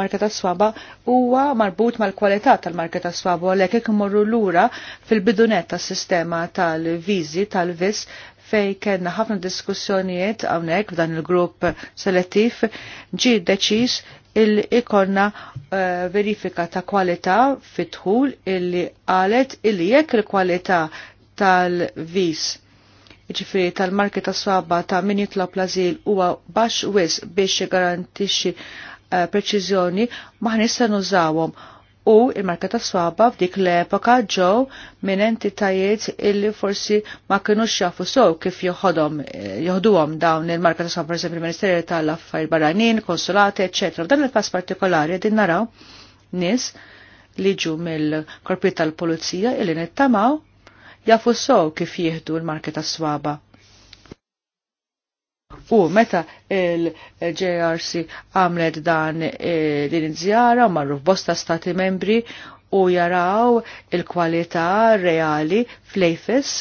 marka ta' swaba huwa marbut mal-kwalità tal-marka ta' swaba għalhekk jekk imorru lura fil-bidunet tas-sistema tal-viżi tal-vis fej kena ħafna diskussjonijiet għawnek f'dan il-grupp selettiv ġi deċis il-ikonna uh, eh, verifika ta' kwalità fit fitħul illi għalet illi jekk il-kwalità tal-vis ġifiri tal-marki ta' swaba ta' min jitlob lażil huwa baxx wis biex jgarantixxi eh, preċiżjoni ma ħnista nużawhom u il-marka ta' swaba f'dik l-epoka ġew minn entitajiet illi forsi ma kinux jafu sew kif joħodhom eh, joħduhom dawn il-marka ta' swaba pereżempju il ministeri tal-Affarijiet Barranin, konsulati, ecc. F'dan il-pass partikolari din naraw nies li ġu mill-korpi tal-pulizija illi nittamaw jafu sow kif jieħdu l-marka ta' swaba. U meta il-JRC għamlet dan eh, din iż-żjara marru f'bosta stati membri u jaraw il-kwalità reali fl-AFIS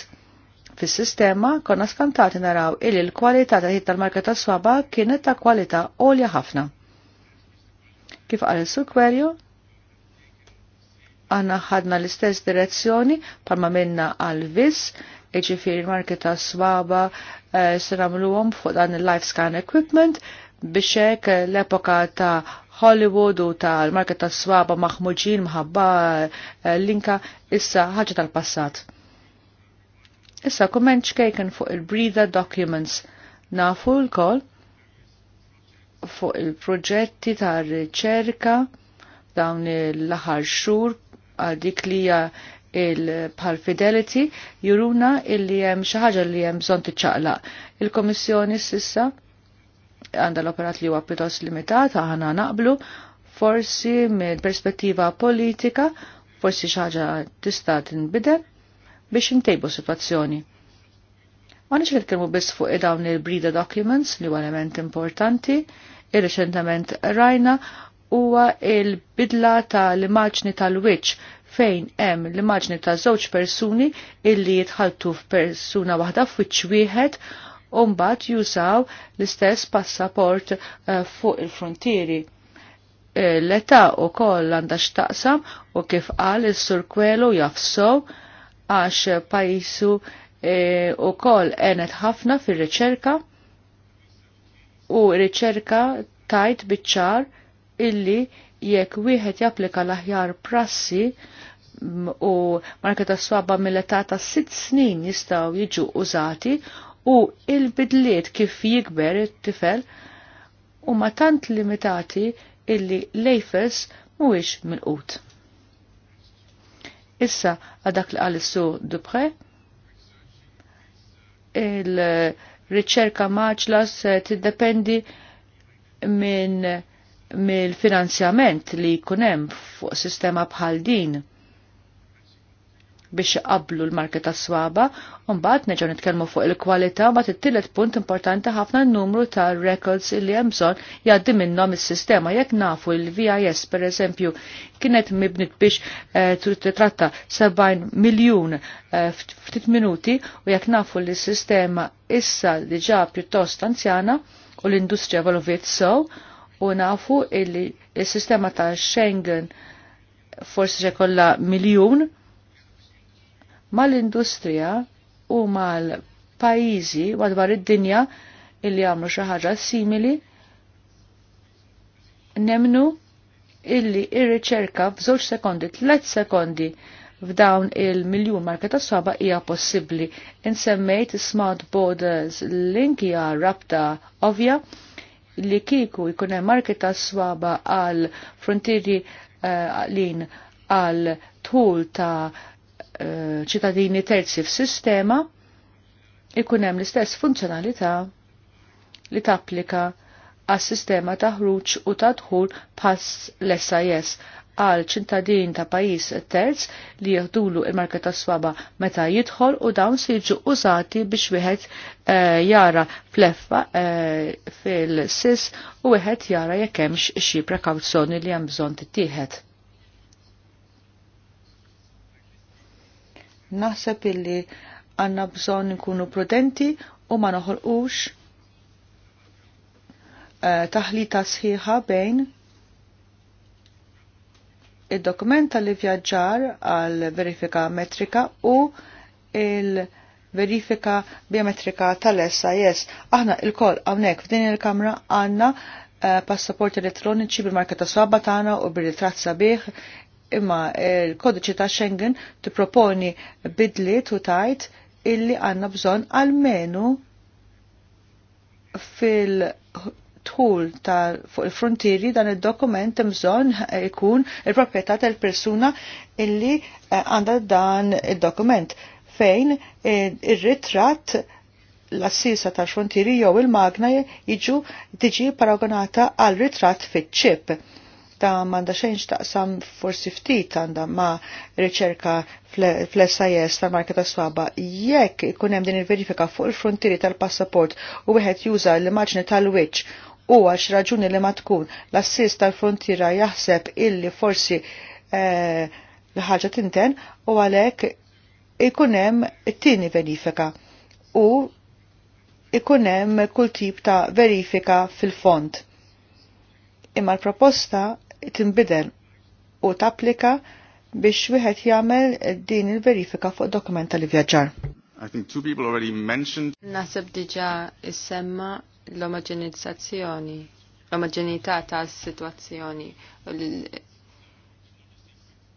fis-sistema konna skantati naraw il il-kwalità ta' tal-marka ta' swaba kienet ta' kwalità għolja ħafna. Kif għal il-sukwerju, għana ħadna l-istess direzzjoni palma minna għal-vis, iġifiri marki ta' swaba s eh, s-namluwom fuq dan il-life scan equipment biex hekk l-epoka ta' Hollywood u ta' l marki ta' swaba maħmuġin mħabba eh, linka issa ħaġa tal-passat. Issa kumment ċkejken fuq il-breather documents nafu l-kol fuq il-proġetti ta' riċerka dawn l-aħar xur għal dik li hija il-pal fidelity juruna illi hemm xi ħaġa li hemm bżonn tiċċaqlaq. Il-Komissjoni s'issa għandha l-operat li huwa pjuttost limitat, aħna naqblu, forsi mill perspettiva politika, forsi xi ħaġa tista' tinbidel biex intejbu situazzjoni. Ma nix nitkellmu biss fuq dawn il-brida documents li huwa element importanti, ir-reċentament rajna huwa il-bidla tal-immaġni tal-wiċċ fejn hemm l-immaġni ta' żewġ persuni illi jitħaltu f'persuna waħda f'wiċċ wieħed u mbagħad jużaw l-istess passaport eh, fuq il-frontieri. Eh, l-età wkoll għandha x'taqsam u kif qal is-sur kwelu jafsow għax pajjisu wkoll eh, għenet ħafna fir-riċerka u riċerka tajt biċ-ċar illi jekk wieħed japplika l-aħjar prassi u marka ta' swabba mill-età ta' sitt snin jistgħu jiġu użati u il-bidliet kif jikber it-tifel huma tant limitati illi lejfes mhuwiex mill-qut. Issa għadak li qal su Dupre, il-riċerka maċla tiddependi minn mill-finanzjament li kunem fuq sistema bħal din biex qablu l-marka ta' swaba, mbagħad neġgħu nitkellmu fuq il-kwalità ma it tillet punt importanti ħafna n-numru ta' records li hemm bżonn jgħaddi minnhom is-sistema jekk nafu l-VIS pereżempju kienet mibnit biex eh, titratta 70 miljun eh, ftit minuti u jekk nafu li s-sistema issa diġà pjuttost anzjana u l-industrija valuviet so, u nafu illi il-sistema ta' Schengen forsi ġekolla miljun mal-industrija u mal-pajizi madwar id-dinja illi għamlu xi ħaġa simili nemnu illi ir-riċerka f'żewġ sekondi, tliet sekondi f'dawn il-miljun marka ta' soba hija possibbli. Insemmejt Smart Borders link hija rabta ovja li kieku jkun hemm marki ta' swaba għal frontieri għalin eh, għal tħul ta' eh, ċittadini terzi f'sistema ikun hemm l-istess funzjonalità li tapplika għas sistema ta' ħruġ u ta' dħul pass l-SIS għal ċittadin ta' pajis terz li jieħdulu il-marka ta' swaba meta jidħol u dawn se jiġu użati biex wieħed eh, jara fleffa eh, fil-sis u wieħed jara jekk hemmx xi prekawzjoni li hemm bżonn tittieħed. Naħseb illi għanna bżonn nkunu prudenti u ma noħolqux eh, taħlita sħiħa bejn id-dokument tal-ivjaġġar għal verifika metrika u il- verifika biometrika tal-SIS. Aħna il-koll għawnek f'din il-kamra għanna eh, passaporti elettroniċi bil-marka ta' swabba tagħna u bil-ritratt sabiħ imma il-kodiċi ta' Schengen tipproponi bidli u tajt illi għanna bżonn għalmenu fil tħul tal fuq il-frontieri dan il-dokument imżon ikun il-proprjetà tal-persuna illi eh, għandha dan il-dokument fejn eh, ir-ritratt l-assisa tal-frontieri jew il-magna jiġu tiġi paragonata għal ritratt fit ċip ta' manda xejn xtaqsam forsi ftit għanda ma' riċerka fl-SIS ta' marka ta' swaba. Jekk ikun hemm din il-verifika fuq il-frontieri tal-passaport u wieħed juża l-immaġni tal-wiċċ u għax raġuni li ma tkun l-assist tal-frontiera jaħseb illi forsi eh, l-ħagġa tinten u għalek ikunem t-tini verifika u ikunem kull tip ta' verifika fil-font. Imma l-proposta tinbidel u tapplika biex wieħed jagħmel din il-verifika fuq dokument tal-vjaġġar. I think two people already mentioned. Nasib diġa is-semma l-omogenizzazzjoni, l-omogenità ta' situazzjoni,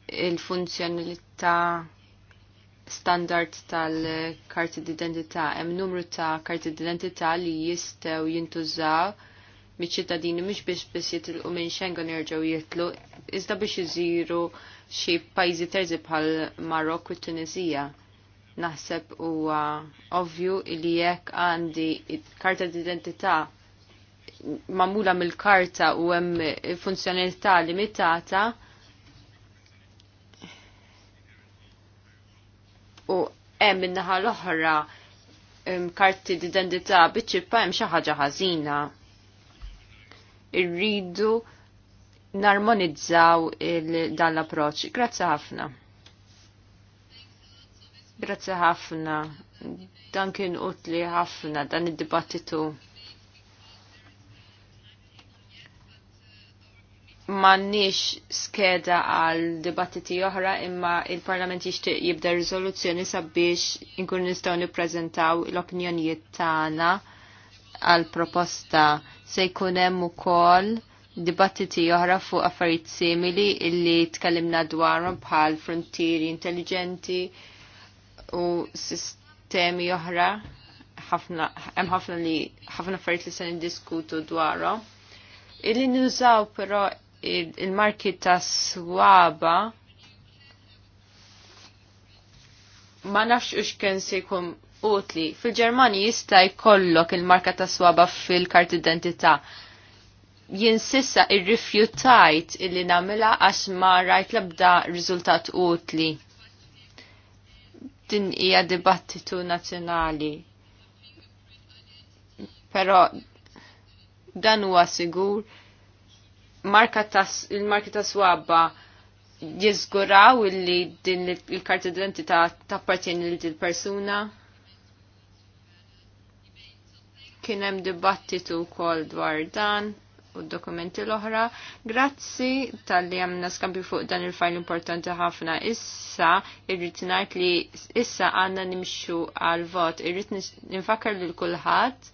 il-funzjonalità standard tal-karti d-identità, hemm numru ta' karti d-identità li jistew jintużaw miċ ċittadini mhux biex biss jitilqu minn Schengen jerġgħu jitlu, iżda biex iżiru xi pajjiżi terzi bħal Marokk u Tunisija naħseb huwa ovvju li jekk għandi karta d-identità mamula mill-karta u hemm funzjonalità limitata u hemm minnaħa l-oħra karti d-identità biċċippa hemm xi ħaġa ħażina. Irridu narmonizzaw dan l-approċċ. Grazzi ħafna. Grazzi ħafna. Dan kien utli ħafna dan id-dibattitu. Mannix skeda għal dibattiti oħra imma il-Parlament jixtieq jibda riżoluzzjoni sabiex inkun nistgħu nippreżentaw l-opinjonijiet tagħna għal proposta se jkun hemm ukoll dibattiti oħra fuq affarijiet simili illi tkellimna dwarhom bħal frontieri intelligenti, u sistemi oħra hemm ħafna li ħafna affarijiet li se niddiskutu dwarhom. Illi nużaw però il-marki ta' swaba ma nafx u kien se jkun utli. Fil-Ġermani jista' jkollok il-marka ta' swaba fil-kart identità. Jinsissa irrifjutajt il illi namela għax ma rajt b'da riżultat utli din hija dibattitu nazzjonali. Però dan huwa sigur marka tas il-marka ta' swabba jiżguraw illi din il-karta identità tappartjeni lil din persuna. Kien hemm dibattitu wkoll dwar dan u d-dokumenti l-oħra. Grazzi tal-li għamna skambju fuq dan il-fajl importanti ħafna. Issa irrit ngħid li issa għandna nimxu għal-vot. Irrit li lil kulħadd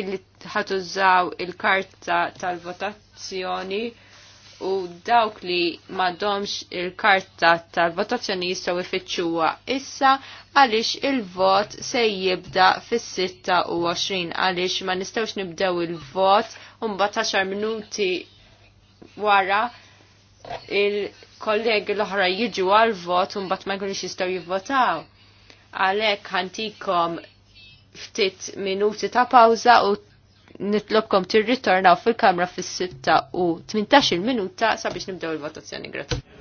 illi ħatużaw il-karta tal-votazzjoni u dawk li madomx il-karta tal-votazzjoni jistgħu ifittxuwa issa għaliex il-vot se jibda fis-26 għaliex ma nistgħux nibdew il-vot u mbagħad minuti wara il-kollegi l-oħra jiġu għal-vot un bat ma jkunx jistaw jivvotaw. Għalek ħantikom ftit minuti ta' pawza u nitlobkom tirritornaw fil-kamra fis sitta u 18 minuta sabiex nibdew il-votazzjoni. Grazie.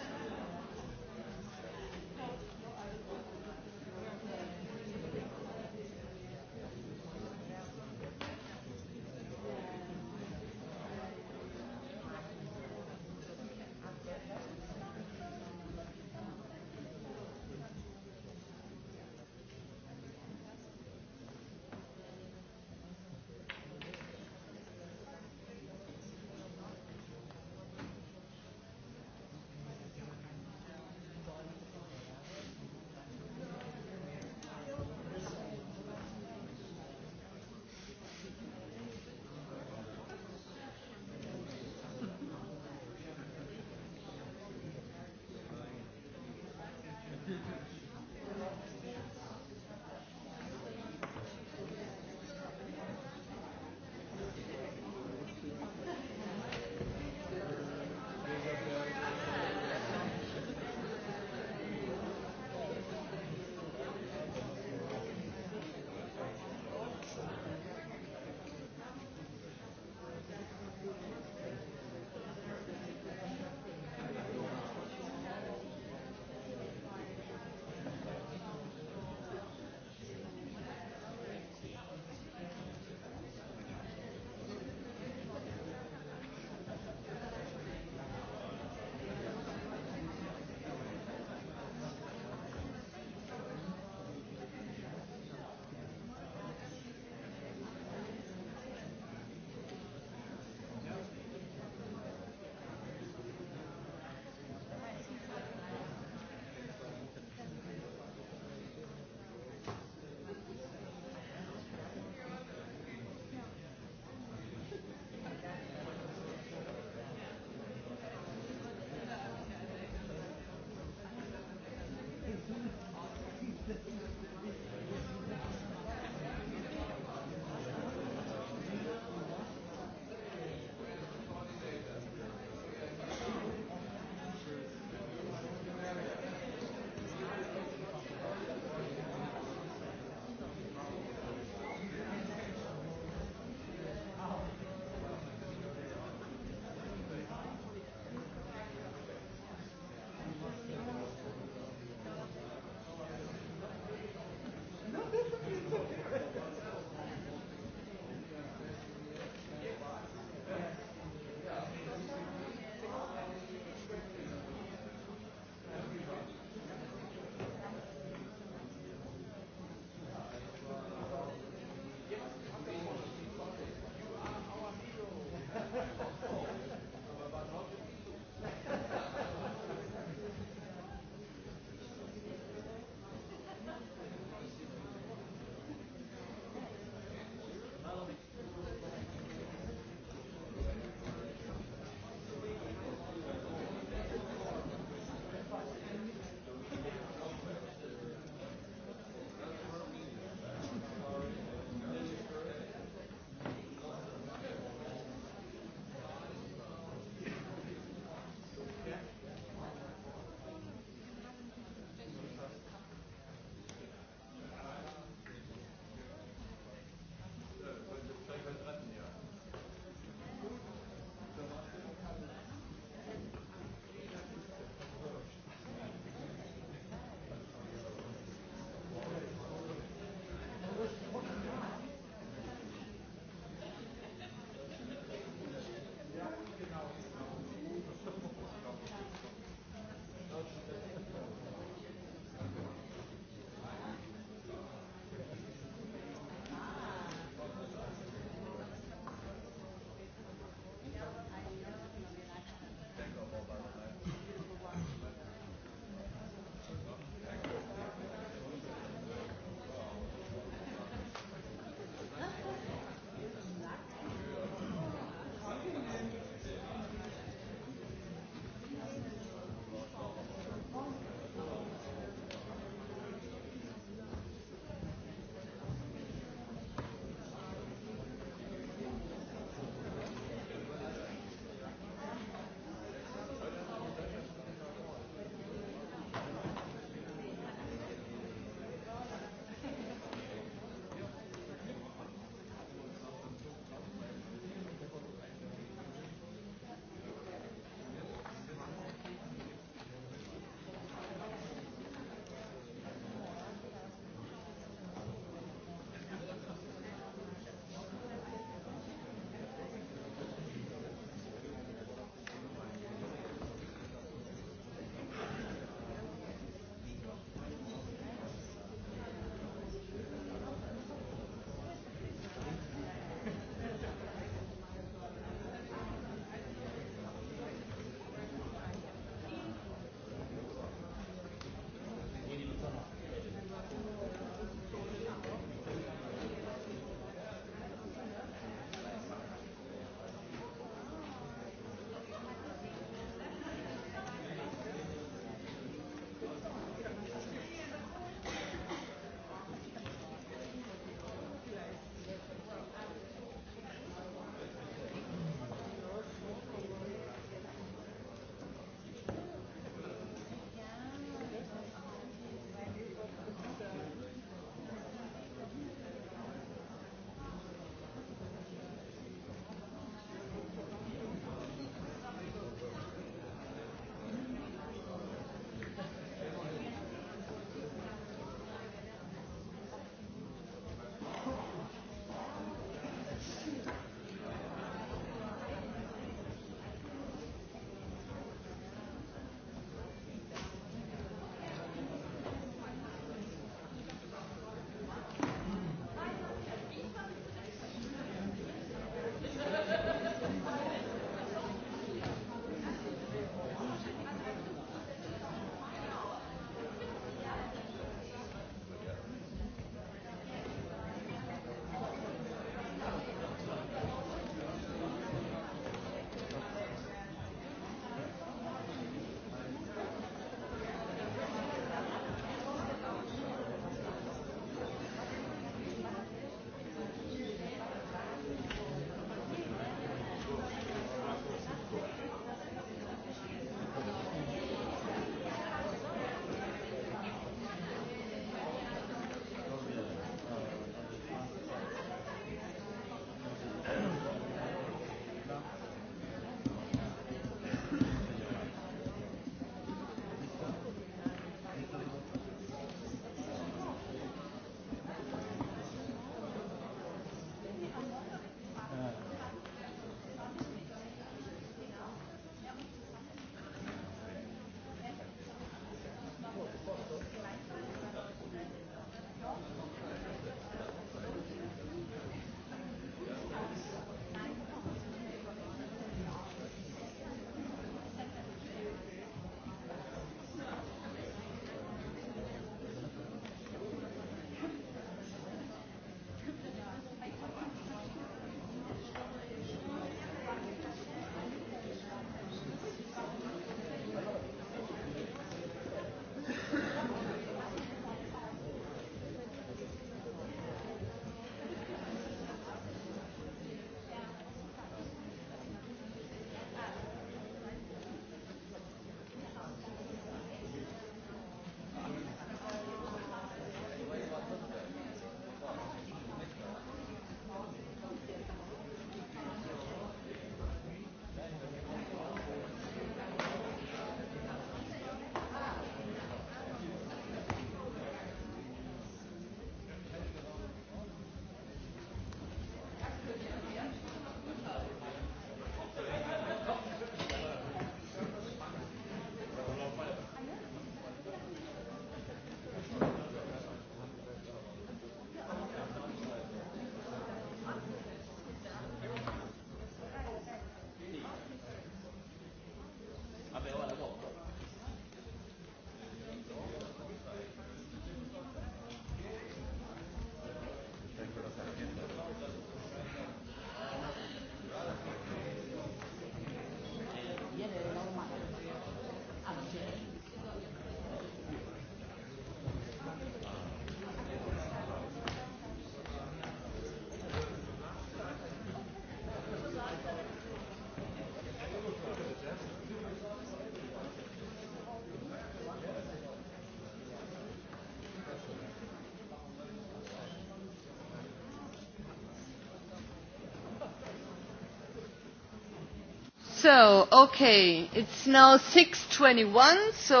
So, okay, it's now 6.21, so...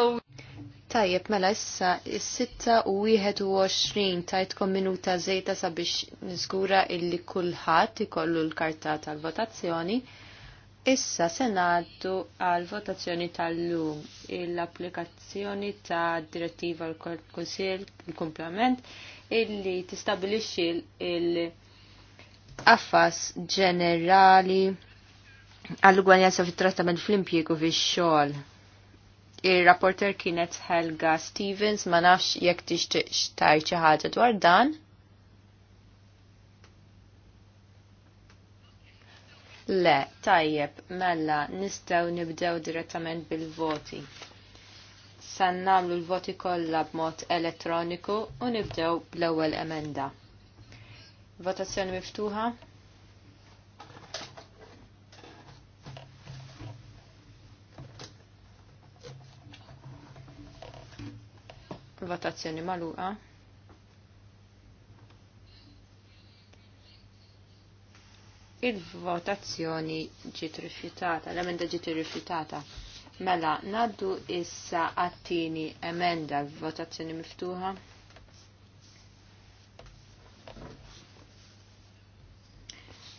Tajjeb, mela issa, is-sitta u 21 tajtkom minuta zejta sabiex nizgura illi kullħat ikollu l-karta tal-votazzjoni. Issa senatu għal votazzjoni tal-lum l-applikazzjoni ta' direttiva l-Konsil il-komplement illi tistabilixxi il-affas ġenerali għall-ugwaljanza fit-trattament fl-impjiegu fix-xogħol. Ir-rapporter kienet Helga Stevens, ma nafx jekk tixtieq tgħid xi ħaġa dwar dan. Le, tajjeb, mella, nistgħu nibdew direttament bil-voti. San nagħmlu l-voti kollha b'mod elettroniku u nibdew bl-ewwel emenda. Votazzjoni miftuħa? Votazzjoni maluqa. Il-votazzjoni ġiet rifjutata, l-emenda ġiet rifjutata. Mela, naddu issa għattini emenda l-votazzjoni miftuħa.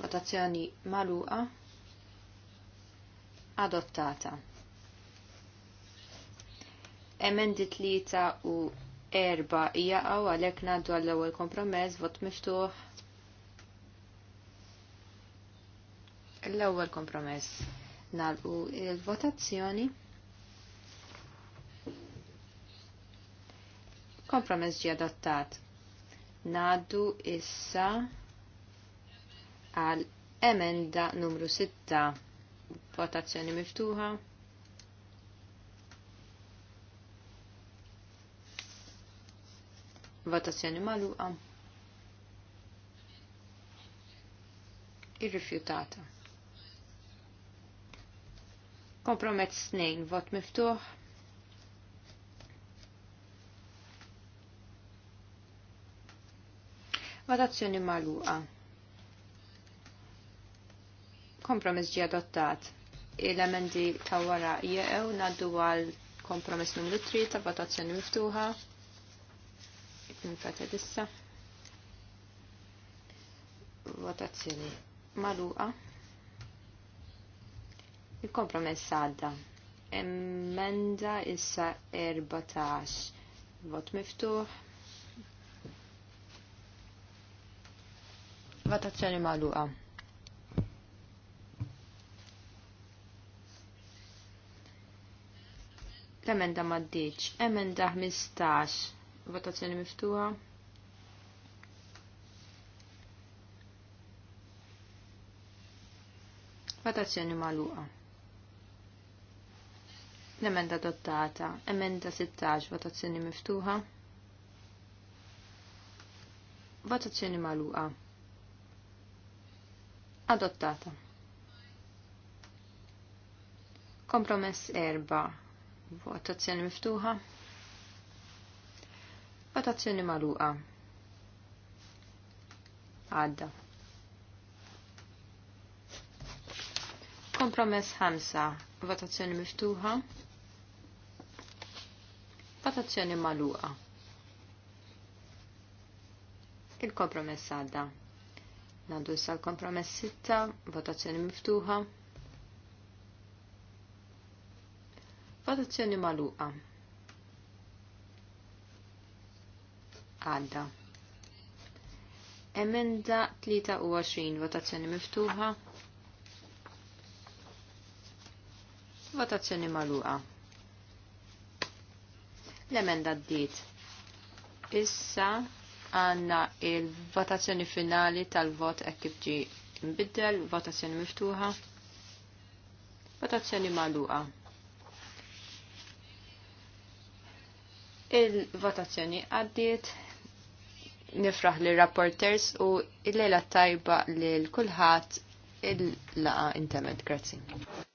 Votazzjoni maluqa. Adottata emendi tlieta u erba jaqaw għalhekk ngħaddu għall-ewwel kompromess vot miftuħ. L-ewwel kompromess nagħlqu il-votazzjoni. Kompromess ġi adottat. Ngħaddu issa għal emenda numru 6 votazzjoni miftuħa. Votazzjoni maluqa. Irrifjutata. Kompromett snejn, vot miftuħ. Votazzjoni maluqa. Kompromess ġi adottat il-emendi ta' wara jew naddu għal kompromess numru 3 ta' votazzjoni miftuħa infata dissa votazzjoni maluqa il-kompromess għadda emenda issa 14 vot miftuħ votazzjoni maluqa l-emenda maddiċ, emenda 15 Votazzjoni miftuħa. Votazzjoni maluqa. L-emenda adottata. Emenda 16. Votazzjoni miftuħa. Votazzjoni maluqa. Adottata. Kompromess erba. Votazzjoni miftuħa. Votazzjoni maluqa. Għadda. Kompromess ħamsa. Votazzjoni miftuħa. Votazzjoni maluqa. Il-kompromess għadda. Naddu issa l-kompromess sitta. Votazzjoni miftuħa. Votazzjoni maluqa. għadda. Emenda 23, votazzjoni miftuħa. Votazzjoni maluqa. L-emenda d-diet. Issa għanna il-votazzjoni finali tal-vot ekkibġi mbiddel, votazzjoni miftuħa. Votazzjoni maluqa. Il-votazzjoni għaddiet nifraħ li rapporters u il-lejla tajba li l-kulħat il-laqa intemet. Grazie.